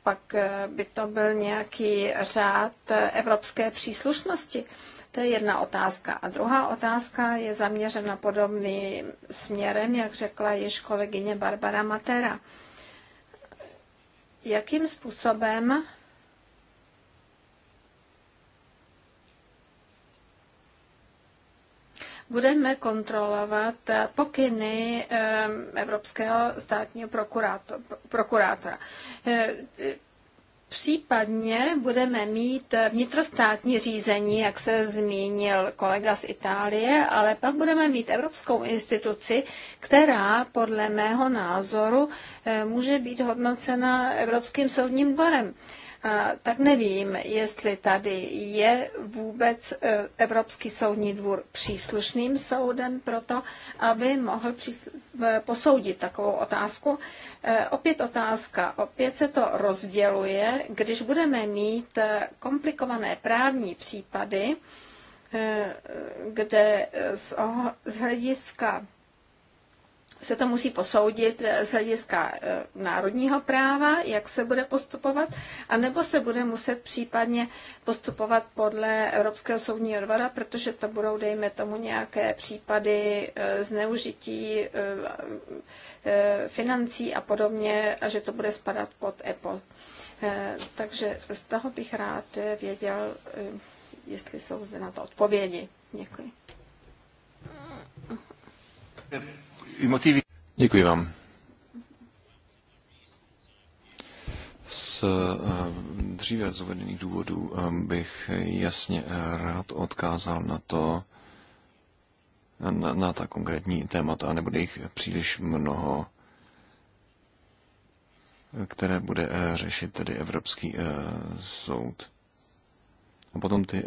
pak eh, by to byl nějaký řád evropské příslušnosti. To je jedna otázka. A druhá otázka je zaměřena podobným směrem, jak řekla již kolegyně Barbara Matera. Jakým způsobem budeme kontrolovat pokyny ehm, Evropského státního prokurátora. Ehm, případně budeme mít vnitrostátní řízení, jak se zmínil kolega z Itálie, ale pak budeme mít evropskou instituci, která podle mého názoru ehm, může být hodnocena Evropským soudním dvorem tak nevím, jestli tady je vůbec e, Evropský soudní dvůr příslušným soudem pro to, aby mohl e, posoudit takovou otázku. E, opět otázka, opět se to rozděluje, když budeme mít komplikované právní případy, kde z hlediska se to musí posoudit eh, z hlediska eh, národního práva, jak se bude postupovat, anebo se bude muset případně postupovat podle Evropského soudního dvora, protože to budou, dejme tomu, nějaké případy eh, zneužití financí a podobně, a že to bude spadat pod EPO. Takže z toho bych rád věděl, jestli jsou zde na to odpovědi. Děkuji. Děkuji vám. Z eh, dříve z uvedených důvodů eh, bych jasně eh, rád odkázal na to, na, na ta konkrétní témata, a nebude jich příliš mnoho, které bude řešit tedy Evropský soud. A potom ty, eh,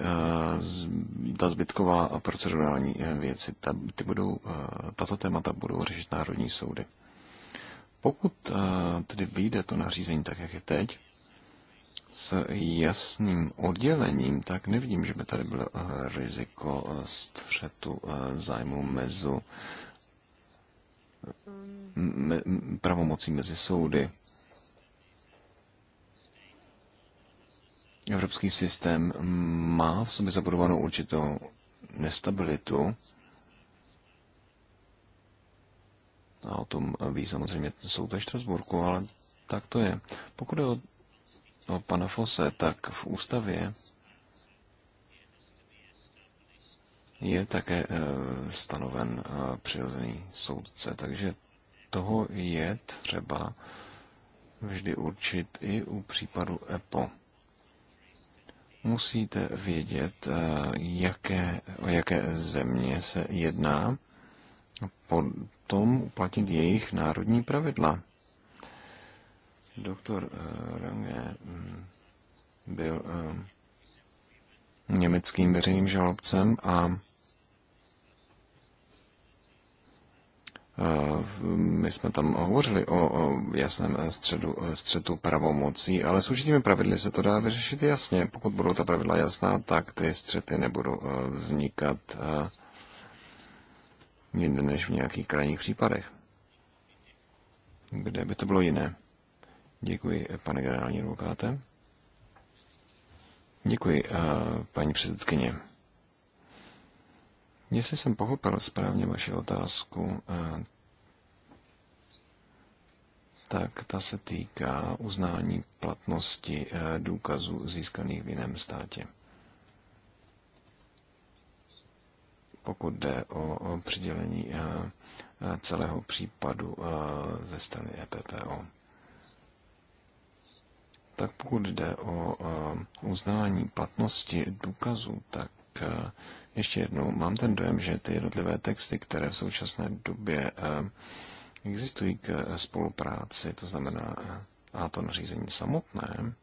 ta zbytková a procedurální eh, věci, ta, ty budou, eh, tato témata budou řešit národní soudy. Pokud tedy vyjde to nařízení tak, jak je teď, s jasným oddělením, tak nevidím, že by tady bylo riziko střetu zájmu mezi pravomocí mezi soudy. evropský systém má v sobě zabudovanou určitou nestabilitu. A o tom ví samozřejmě soud ve Štrasburku, ale tak to je. Pokud je o, o pana Fose, tak v ústavě je také e, stanoven e, přirozený soudce, takže toho je třeba vždy určit i u případu EPO musíte vědět, eh, jaké, o jaké země se jedná, potom uplatnit jejich národní pravidla. Doktor eh, Range mm, byl eh, německým veřejným žalobcem a Eh, my jsme tam hovořili o jasném středu, střetu pravomocí, ale s určitými pravidly se to dá vyřešit jasně. Pokud budou ta pravidla jasná, tak ty střety nebudou eh, vznikat eh, jinde než v nějakých krajních případech. Kde by to bylo jiné? Děkuji, pane generální advokáte. Děkuji, paní předsedkyně. Jestli jsem pochopil správně vaši otázku, eh, tak ta se týká uznání platnosti eh, důkazů získaných v jiném státě. Pokud jde o přidělení eh, celého případu ze strany EPPO. Tak pokud jde o uznání platnosti důkazů, tak ještě jednou, mám ten dojem, že ty jednotlivé texty, které v současné době eh, existují k eh, spolupráci, to znamená eh, a to nařízení samotné,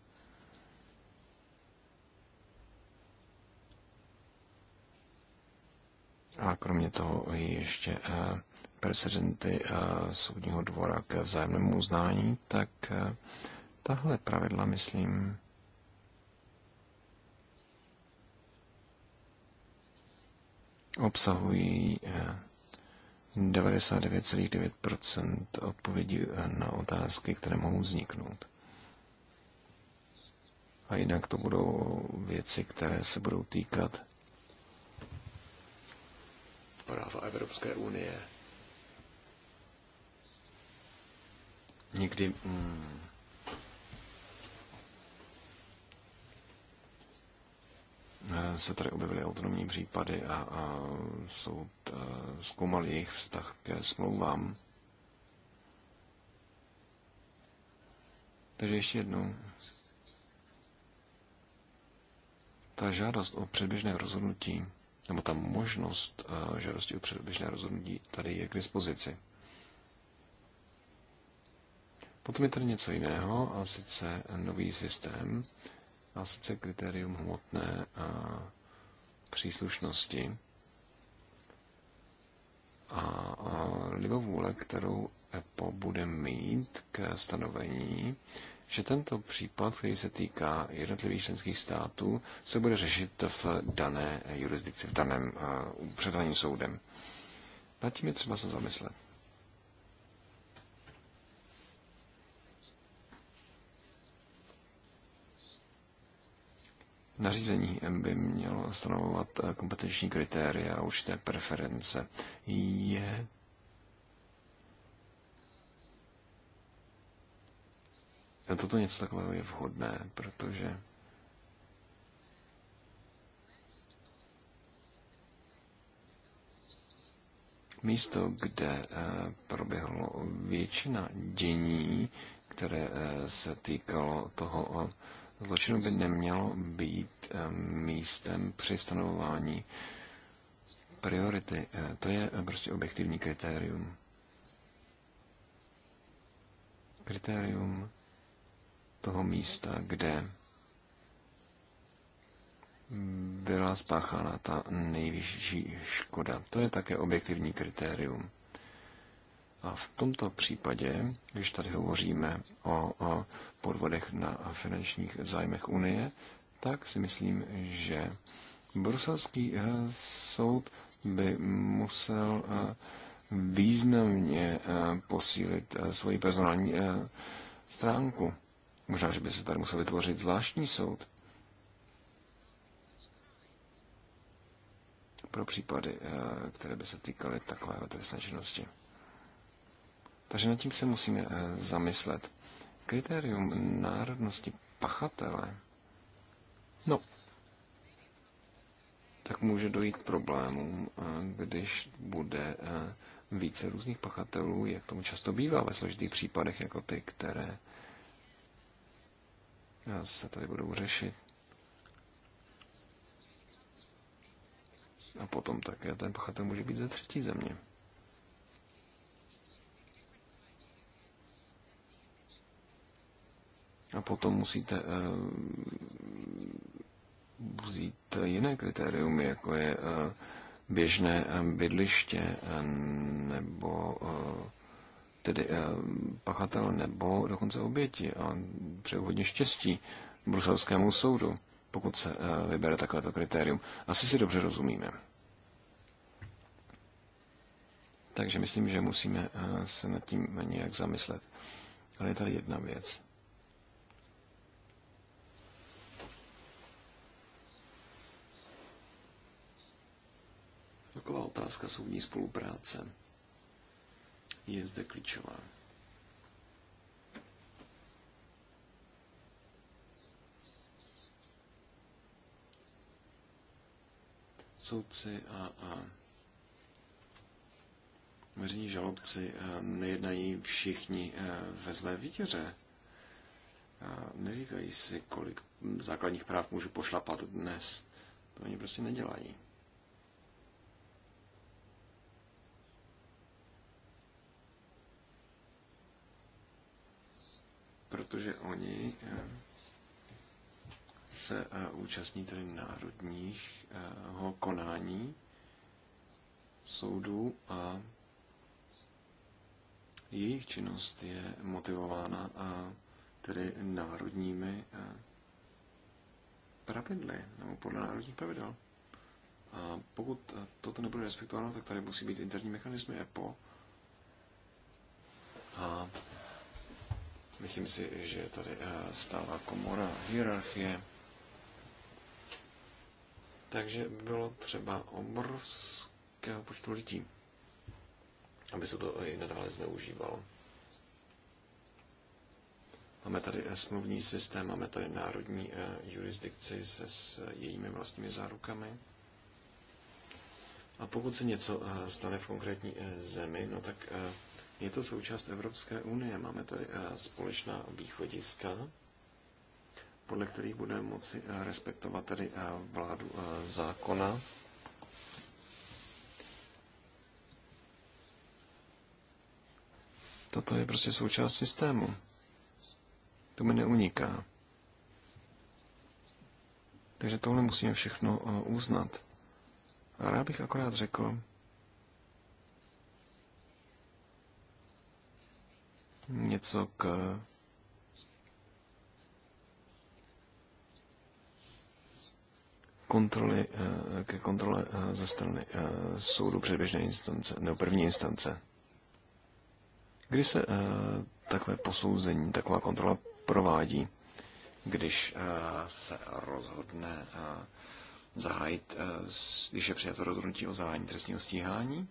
a kromě toho ještě precedenty soudního dvora k vzájemnému uznání, tak tahle pravidla, myslím, obsahují 99,9 eh, odpovědí eh, na otázky, které mohou vzniknout. A jinak to budou věci, které se budou týkat práva Evropské unie. Nikdy. Hmm, Eh, se tady objevily autonomní případy a, a soud a eh, zkoumal jejich vztah ke smlouvám. Takže ještě jednou. Ta žádost o předběžné rozhodnutí, nebo ta možnost eh, žádosti o předběžné rozhodnutí tady je k dispozici. Potom je tady něco jiného, a sice nový systém, a sice kritérium hmotné a příslušnosti a, a libovůle, kterou EPO bude mít k stanovení, že tento případ, který se týká jednotlivých členských států, se bude řešit v dané jurisdikci, v daném uh, soudem. Nad tím je třeba se zamyslet. Nařízení by mělo stanovovat eh, kompetenční kritéria a určité preference. Je toto něco takového je vhodné, protože místo, kde eh, proběhlo většina dění, které eh, se týkalo toho zločinu by nemělo být eh, místem při stanovování priority. Eh, to je prostě objektivní kritérium. Kritérium toho místa, kde byla spáchána ta nejvyšší škoda. To je také objektivní kritérium. A v tomto případě, když tady hovoříme o, o podvodech na finančních zájmech Unie, tak si myslím, že bruselský eh, soud by musel eh, významně eh, posílit svoji personální stránku. Možná, že by se tady musel vytvořit zvláštní soud pro případy, které by se týkaly takové trestné činnosti. Takže nad tím se musíme zamyslet kritérium národnosti pachatele, no, tak může dojít k problémům, když bude více různých pachatelů, jak tomu často bývá ve složitých případech, jako ty, které se tady budou řešit. A potom také ten pachatel může být ze třetí země. A potom musíte eh, vzít jiné kritérium, jako je eh, běžné eh, bydliště nebo tedy pachatel nebo dokonce oběti a přeju hodně štěstí bruselskému soudu, pokud se vybere takovéto kritérium. Asi si dobře rozumíme. Takže myslím, že musíme se nad tím nějak zamyslet. Ale je tady jedna věc. Taková otázka soudní spolupráce je zde klíčová. Soudci a, a veřejní žalobci eh, nejednají všichni eh, ve zlé víře. Neříkají si, kolik základních práv můžu pošlapat dnes. To oni prostě nedělají. protože oni eh, se eh, účastní tedy národního konání soudů a jejich činnost je motivována a eh, tedy národními pravidly, nebo podle národních pravidel. A pokud toto nebude respektováno, tak tady musí být interní mechanismy EPO. A Myslím si, že je tady eh, stála komora hierarchie. Takže bylo třeba obrovského počtu lidí, aby se to i nadále zneužívalo. Máme tady eh, smluvní systém, máme tady národní eh, jurisdikci se s jejími vlastními zárukami. A pokud se něco stane v konkrétní zemi, no tak je to součást Evropské unie. Máme tady eh, společná východiska, podle kterých budeme moci eh, respektovat tady eh, vládu zákona. Toto je prostě součást systému. To mi neuniká. Takže tohle musíme všechno uznat. A rád bych akorát řekl, něco k kontroly, eh, ke kontrole eh, ze strany eh, soudu předběžné instance nebo první instance. Kdy se takové posouzení, taková kontrola provádí, když se rozhodne zahájit, když je přijato rozhodnutí o zahájení trestního stíhání,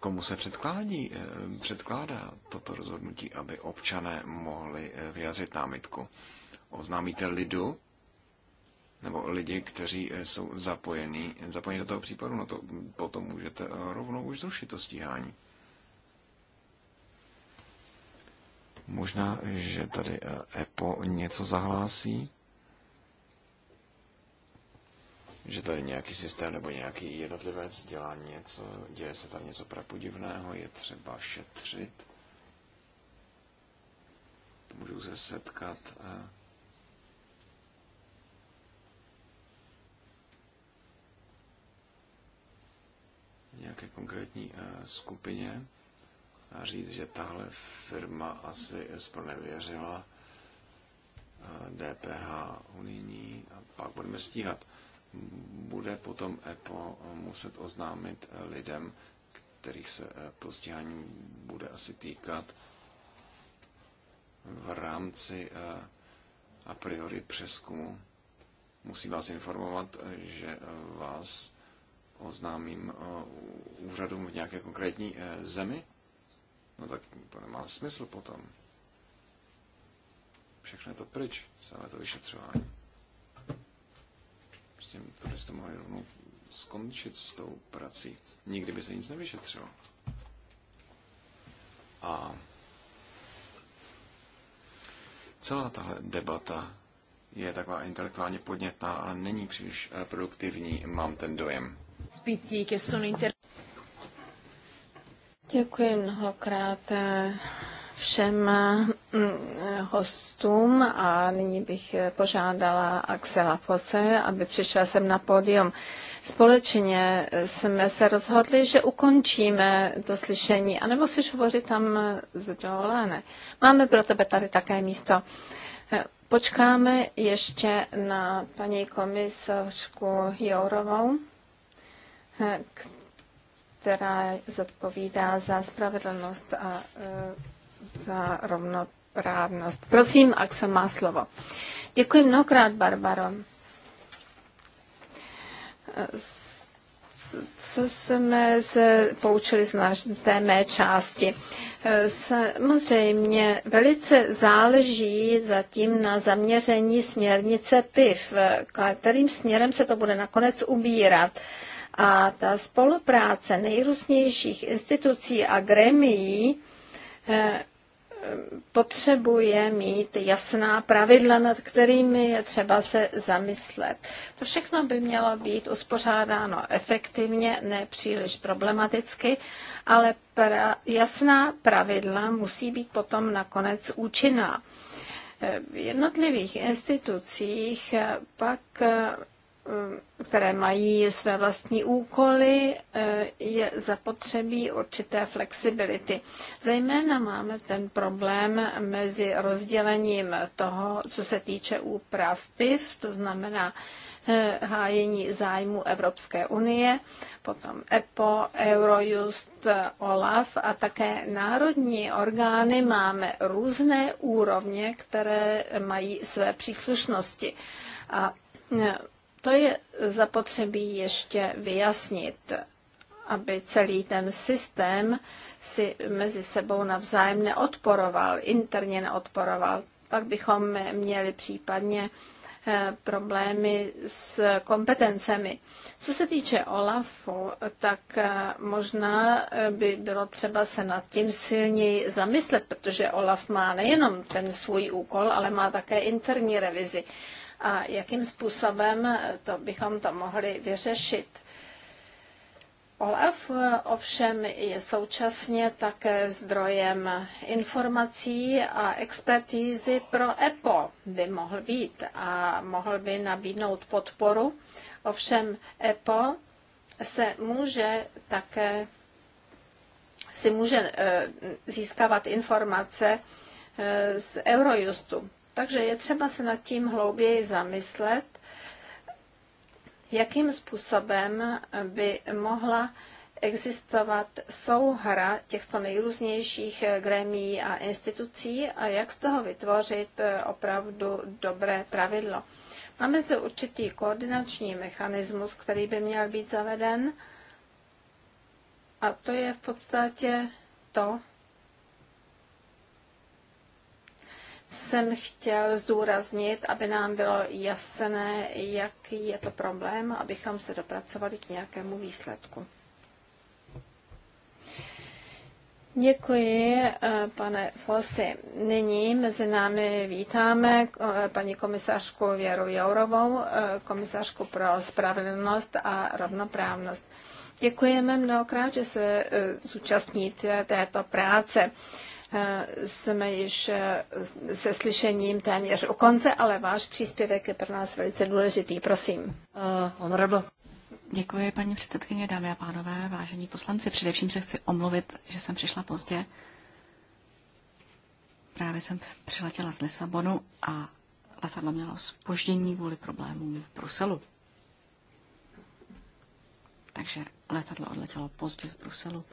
komu se předkládí, eh, předkládá toto rozhodnutí, aby občané mohli eh, vyjádřit námitku. Oznámíte lidu, nebo lidi, kteří eh, jsou zapojení, zapojení do toho případu, no to potom můžete rovnou už zrušit to stíhání. Možná, že tady EPO něco zahlásí. že tady nějaký systém nebo nějaký jednotlivec dělá něco, děje se tam něco prapodivného, je třeba šetřit. Můžu se setkat eh. nějaké konkrétní eh, skupině a říct, že tahle firma asi spronevěřila DPH eh, unijní a pak budeme stíhat bude potom EPO muset oznámit lidem, kterých se eh, to stíhání bude asi týkat v rámci eh, a priori přeskumu. musí vás informovat, že eh, vás oznámím úřadům v nějaké konkrétní zemi. No tak to nemá smysl potom. Všechno je to pryč, celé to vyšetřování prostě to byste mohli rovnou skončit s tou prací. Nikdy by se nic nevyšetřilo. A celá tahle debata je taková intelektuálně podnětná, ale není příliš eh, produktivní, mám ten dojem. Děkuji mnohokrát eh, všem mm, hostům a nyní bych požádala Axela Fose, aby přišla sem na pódium. Společně jsme se rozhodli, že ukončíme to slyšení, anebo si hovořit tam z dolene. Máme pro tebe tady také místo. Počkáme ještě na paní komisařku Jourovou, která zodpovídá za spravedlnost a e, za rovnoprávnost. Prosím, Axel má slovo. Děkuji mnohokrát, Barbaro. Co jsme se poučili z té mé části? Samozřejmě velice záleží zatím na zaměření směrnice PIV, kterým směrem se to bude nakonec ubírat. A ta spolupráce nejrůznějších institucí a gremií eh, potřebuje mít jasná pravidla, nad kterými je třeba se zamyslet. To všechno by mělo být uspořádáno efektivně, ne příliš problematicky, ale pra, jasná pravidla musí být potom nakonec účinná. V jednotlivých institucích pak Eh, které mají své vlastní úkoly, eh, je zapotřebí určité flexibility. Zejména máme ten problém mezi rozdělením toho, co se týče úprav PIV, to znamená eh, hájení zájmu Evropské unie, potom EPO, Eurojust, OLAF a také národní orgány máme různé úrovně, které mají své příslušnosti. A to je zapotřebí ještě vyjasnit, aby celý ten systém si mezi sebou navzájem neodporoval, interně neodporoval. Pak bychom měli případně eh, problémy s kompetencemi. Co se týče OLAFu, tak eh, možná eh, by bylo třeba se nad tím silněji zamyslet, protože OLAF má nejenom ten svůj úkol, ale má také interní revizi a jakým způsobem to bychom to mohli vyřešit. OLAF ovšem je současně také zdrojem informací a expertízy pro EPO by mohl být a mohl by nabídnout podporu. Ovšem EPO se může také si může eh, získávat informace eh, z Eurojustu. Takže je třeba se nad tím hlouběji zamyslet, jakým způsobem by mohla existovat souhra těchto nejrůznějších grémí a institucí a jak z toho vytvořit opravdu dobré pravidlo. Máme zde určitý koordinační mechanismus, který by měl být zaveden a to je v podstatě to, jsem chtěl zdůraznit, aby nám bylo jasné, jaký je to problém, abychom se dopracovali k nějakému výsledku. Děkuji, eh, pane Fosy. Nyní mezi námi vítáme eh, paní komisařku Věru Jourovou, eh, komisařku pro spravedlnost a rovnoprávnost. Děkujeme mnohokrát, že se zúčastníte této práce jsme již eh, se slyšením téměř u konce, ale váš příspěvek je pro nás velice důležitý. Prosím. Uh, honorable. Děkuji, paní předsedkyně, dámy a pánové, vážení poslanci. Především se chci omluvit, že jsem přišla pozdě. Právě jsem přiletěla z Lisabonu a letadlo mělo spoždění kvůli problémům v Bruselu. Takže letadlo odletělo pozdě z Bruselu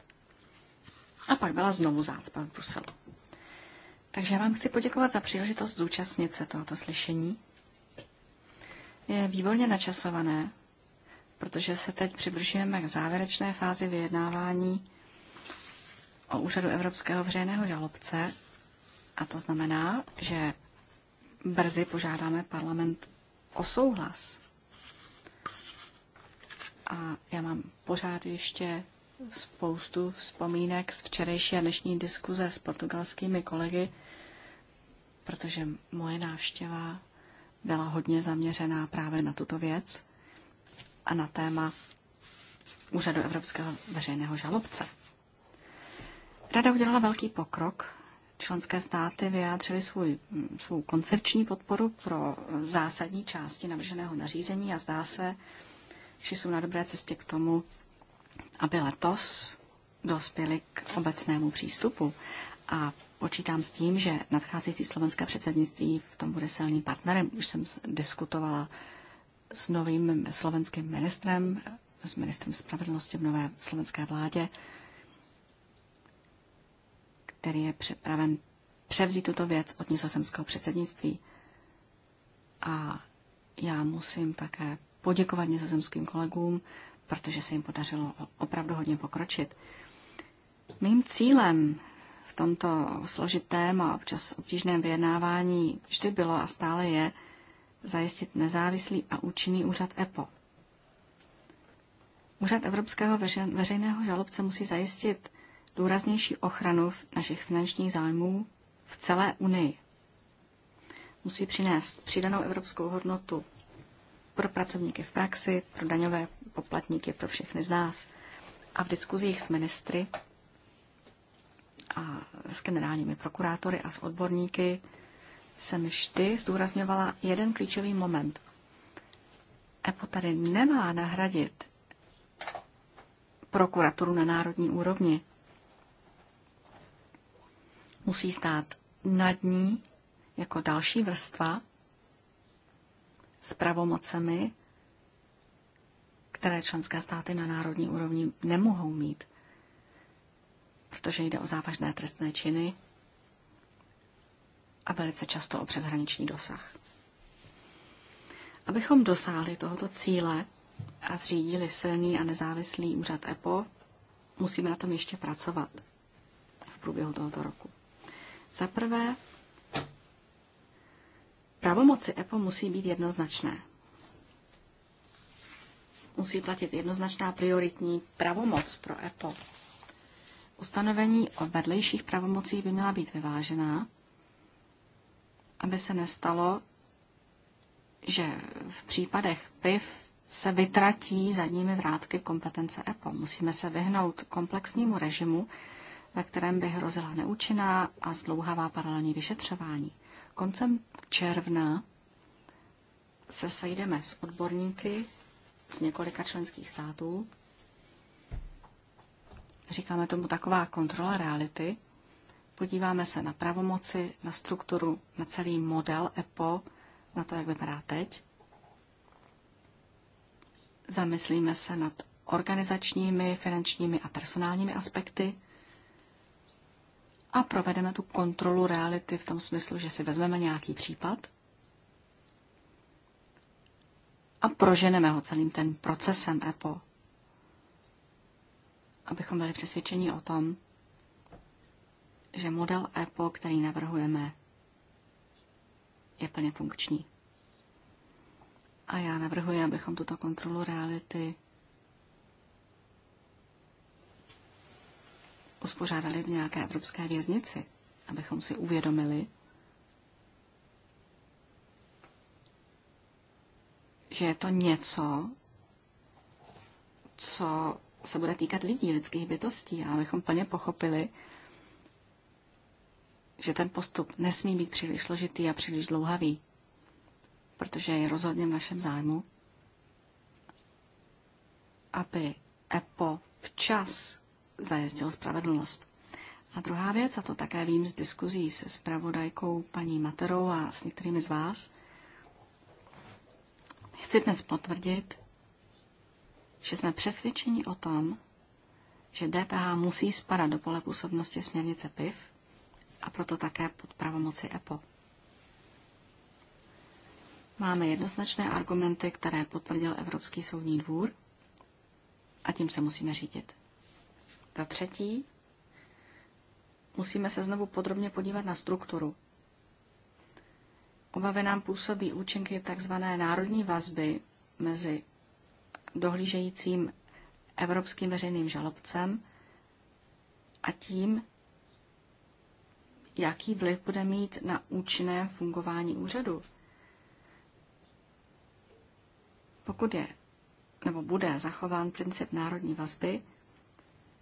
a pak byla znovu zácpa v Bruselu. Takže já vám chci poděkovat za příležitost zúčastnit se tohoto slyšení. Je výborně načasované, protože se teď přibližujeme k závěrečné fázi vyjednávání o úřadu Evropského veřejného žalobce a to znamená, že brzy požádáme parlament o souhlas. A já mám pořád ještě spoustu vzpomínek z včerejší a dnešní diskuze s portugalskými kolegy, protože moje návštěva byla hodně zaměřená právě na tuto věc a na téma Úřadu Evropského veřejného žalobce. Rada udělala velký pokrok. Členské státy vyjádřily svůj, svou koncepční podporu pro zásadní části navrženého nařízení a zdá se, že jsou na dobré cestě k tomu, aby letos dospěli k obecnému přístupu. A počítám s tím, že nadcházející slovenské předsednictví v tom bude silným partnerem. Už jsem diskutovala s novým slovenským ministrem, s ministrem spravedlnosti v nové slovenské vládě, který je připraven převzít tuto věc od nizozemského předsednictví. A já musím také poděkovat nizozemským kolegům protože se jim podařilo opravdu hodně pokročit. Mým cílem v tomto složitém a občas obtížném vyjednávání vždy bylo a stále je zajistit nezávislý a účinný úřad EPO. Úřad Evropského veřejného žalobce musí zajistit důraznější ochranu našich finančních zájmů v celé Unii. Musí přinést přidanou evropskou hodnotu pro pracovníky v praxi, pro daňové poplatník je pro všechny z nás. A v diskuzích s ministry a s generálními prokurátory a s odborníky jsem vždy zdůrazňovala jeden klíčový moment. EPO tady nemá nahradit prokuraturu na národní úrovni. Musí stát nad ní jako další vrstva s pravomocemi, které členské státy na národní úrovni nemohou mít, protože jde o závažné trestné činy a velice často o přeshraniční dosah. Abychom dosáhli tohoto cíle a zřídili silný a nezávislý úřad EPO, musíme na tom ještě pracovat v průběhu tohoto roku. Za prvé, pravomoci EPO musí být jednoznačné musí platit jednoznačná prioritní pravomoc pro Apple. Ustanovení o vedlejších pravomocí by měla být vyvážená, aby se nestalo, že v případech PIV se vytratí zadními vrátky kompetence EPO. Musíme se vyhnout komplexnímu režimu, ve kterém by hrozila neúčinná a zdlouhavá paralelní vyšetřování. Koncem června se sejdeme s odborníky z několika členských států. Říkáme tomu taková kontrola reality. Podíváme se na pravomoci, na strukturu, na celý model EPO, na to, jak vypadá teď. Zamyslíme se nad organizačními, finančními a personálními aspekty a provedeme tu kontrolu reality v tom smyslu, že si vezmeme nějaký případ – a proženeme ho celým ten procesem EPO, abychom byli přesvědčeni o tom, že model EPO, který navrhujeme, je plně funkční. A já navrhuji, abychom tuto kontrolu reality uspořádali v nějaké evropské věznici, abychom si uvědomili, že je to něco, co se bude týkat lidí, lidských bytostí, a abychom plně pochopili, že ten postup nesmí být příliš složitý a příliš dlouhavý, protože je rozhodně v našem zájmu, aby EPO včas zajezdil spravedlnost. A druhá věc, a to také vím z diskuzí se spravodajkou paní Materou a s některými z vás, Chci dnes potvrdit, že jsme přesvědčeni o tom, že DPH musí spadat do pole působnosti směrnice PIV a proto také pod pravomoci EPO. Máme jednoznačné argumenty, které potvrdil Evropský soudní dvůr a tím se musíme řídit. Za třetí, musíme se znovu podrobně podívat na strukturu Obavy nám působí účinky tzv. národní vazby mezi dohlížejícím evropským veřejným žalobcem a tím, jaký vliv bude mít na účinné fungování úřadu. Pokud je nebo bude zachován princip národní vazby,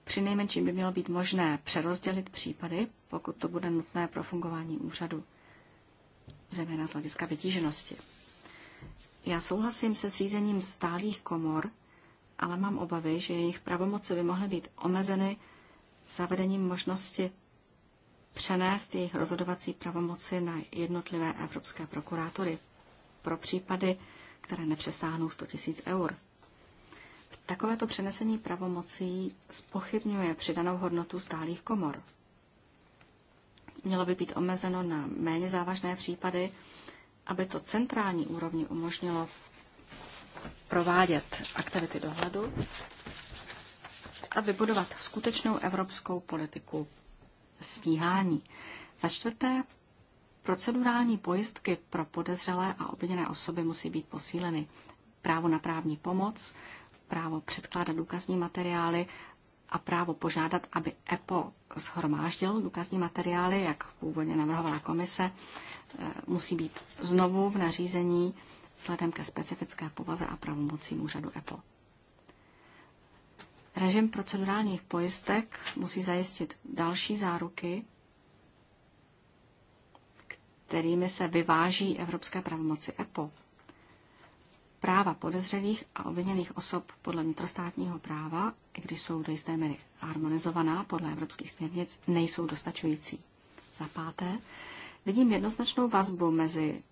při nejmenším by mělo být možné přerozdělit případy, pokud to bude nutné pro fungování úřadu zejména z hlediska vytíženosti. Já souhlasím se zřízením stálých komor, ale mám obavy, že jejich pravomoci by mohly být omezeny zavedením možnosti přenést jejich rozhodovací pravomoci na jednotlivé evropské prokurátory pro případy, které nepřesáhnou 100 000 eur. Takovéto přenesení pravomocí spochybňuje přidanou hodnotu stálých komor, mělo by být omezeno na méně závažné případy, aby to centrální úrovni umožnilo provádět aktivity dohledu a vybudovat skutečnou evropskou politiku stíhání. Za čtvrté, procedurální pojistky pro podezřelé a obviněné osoby musí být posíleny. Právo na právní pomoc, právo předkládat důkazní materiály a právo požádat, aby EPO zhromáždil důkazní materiály, jak původně navrhovala komise, e, musí být znovu v nařízení vzhledem ke specifické povaze a pravomocím úřadu EPO. Režim procedurálních pojistek musí zajistit další záruky, kterými se vyváží evropské pravomoci EPO práva podezřelých a obviněných osob podle vnitrostátního práva, i když jsou do jisté míry harmonizovaná podle evropských směrnic, nejsou dostačující. Za páté, vidím jednoznačnou vazbu mezi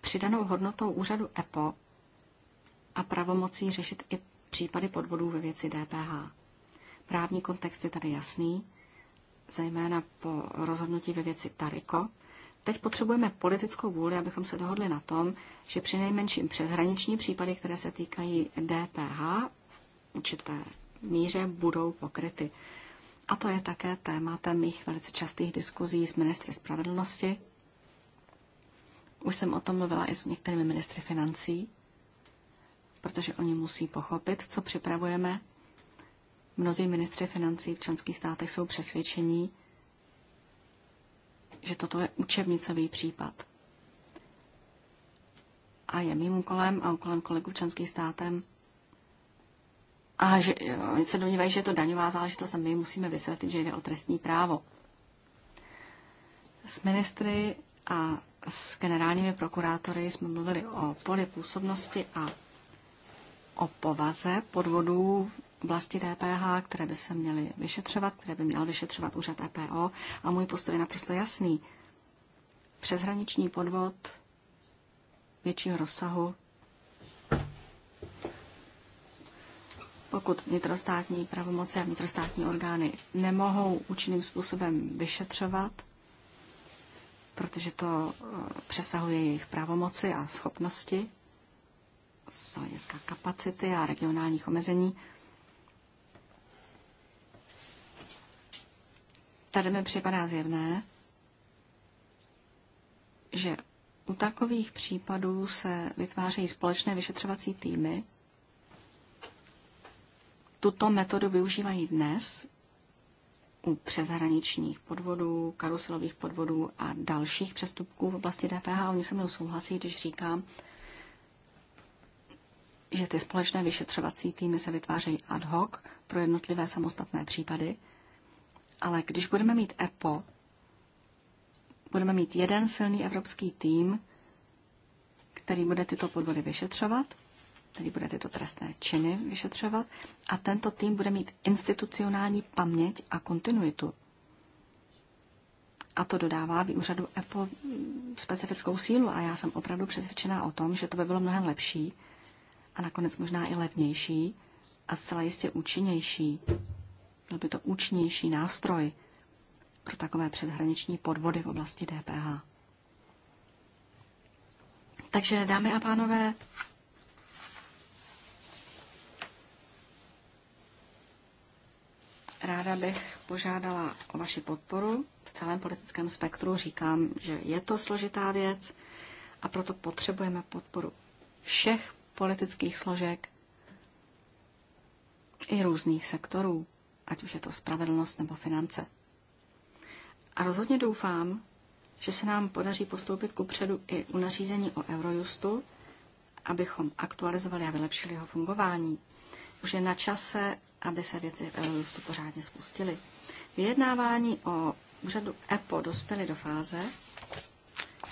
přidanou hodnotou úřadu EPO a pravomocí řešit i případy podvodů ve věci DPH. Právní kontext je tady jasný, zejména po rozhodnutí ve věci Tariko, Teď potřebujeme politickou vůli, abychom se dohodli na tom, že při nejmenším přeshraniční případy, které se týkají DPH, určité míře budou pokryty. A to je také tématem mých velice častých diskuzí s ministry spravedlnosti. Už jsem o tom mluvila i s některými ministry financí, protože oni musí pochopit, co připravujeme. Mnozí ministři financí v členských státech jsou přesvědčení, že toto je učebnicový případ. A je mým úkolem a úkolem kolegů členských státem, a že, oni se domnívají, že je to daňová záležitost a my musíme vysvětlit, že jde o trestní právo. S ministry a s generálními prokurátory jsme mluvili o poli působnosti a o povaze podvodů oblasti DPH, které by se měly vyšetřovat, které by měl vyšetřovat úřad EPO. A můj postoj je naprosto jasný. Přeshraniční podvod většího rozsahu, pokud vnitrostátní pravomoci a vnitrostátní orgány nemohou účinným způsobem vyšetřovat, protože to eh, přesahuje jejich pravomoci a schopnosti z hlediska kapacity a regionálních omezení, Tady mi připadá zjevné, že u takových případů se vytvářejí společné vyšetřovací týmy. Tuto metodu využívají dnes u přeshraničních podvodů, karuselových podvodů a dalších přestupků v oblasti DPH. Oni se mnou souhlasí, když říkám, že ty společné vyšetřovací týmy se vytvářejí ad hoc pro jednotlivé samostatné případy – ale když budeme mít EPO, budeme mít jeden silný evropský tým, který bude tyto podvody vyšetřovat, který bude tyto trestné činy vyšetřovat a tento tým bude mít institucionální paměť a kontinuitu. A to dodává úřadu EPO specifickou sílu a já jsem opravdu přesvědčená o tom, že to by bylo mnohem lepší a nakonec možná i levnější a zcela jistě účinnější byl by to účinnější nástroj pro takové přeshraniční podvody v oblasti DPH. Takže, dámy a pánové, ráda bych požádala o vaši podporu v celém politickém spektru. Říkám, že je to složitá věc a proto potřebujeme podporu všech politických složek i různých sektorů ať už je to spravedlnost nebo finance. A rozhodně doufám, že se nám podaří postoupit ku předu i u nařízení o Eurojustu, abychom aktualizovali a vylepšili jeho fungování. Už je na čase, aby se věci v Eurojustu pořádně spustily. Vyjednávání o úřadu EPO dospěly do fáze,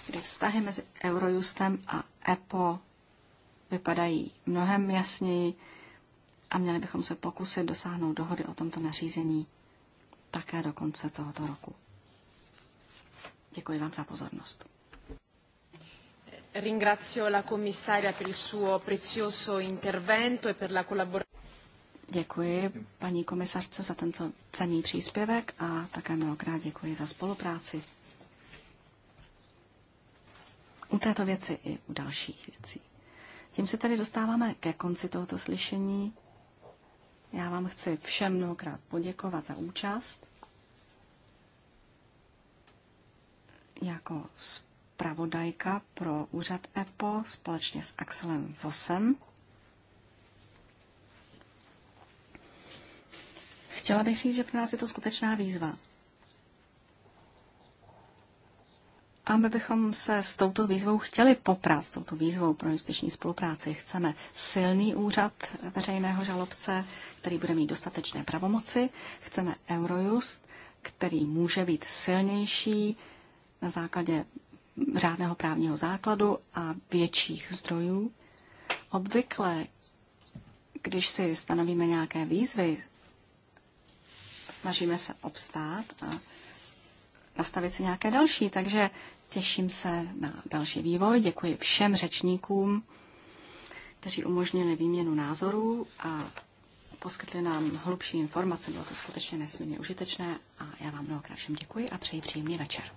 kdy vztahy mezi Eurojustem a EPO vypadají mnohem jasněji a měli bychom se pokusit dosáhnout dohody o tomto nařízení také do konce tohoto roku. Děkuji vám za pozornost. Ringrazio la commissaria per il suo prezioso intervento e per la collaborazione. Děkuji paní komisařce za tento cenný příspěvek a také mnohokrát děkuji za spolupráci. U této věci i u dalších věcí. Tím se tady dostáváme ke konci tohoto slyšení. Já vám chci všem mnohokrát poděkovat za účast. Jako zpravodajka pro úřad EPO společně s Axelem Vosem. Chtěla bych říct, že pro nás je to skutečná výzva. A my bychom se s touto výzvou chtěli poprat, s touto výzvou pro justiční spolupráci. Chceme silný úřad veřejného žalobce, který bude mít dostatečné pravomoci. Chceme Eurojust, který může být silnější na základě řádného právního základu a větších zdrojů. Obvykle, když si stanovíme nějaké výzvy, snažíme se obstát a nastavit si nějaké další. Takže těším se na další vývoj. Děkuji všem řečníkům, kteří umožnili výměnu názorů a poskytli nám hlubší informace. Bylo to skutečně nesmírně užitečné a já vám mnohokrát všem děkuji a přeji příjemný večer.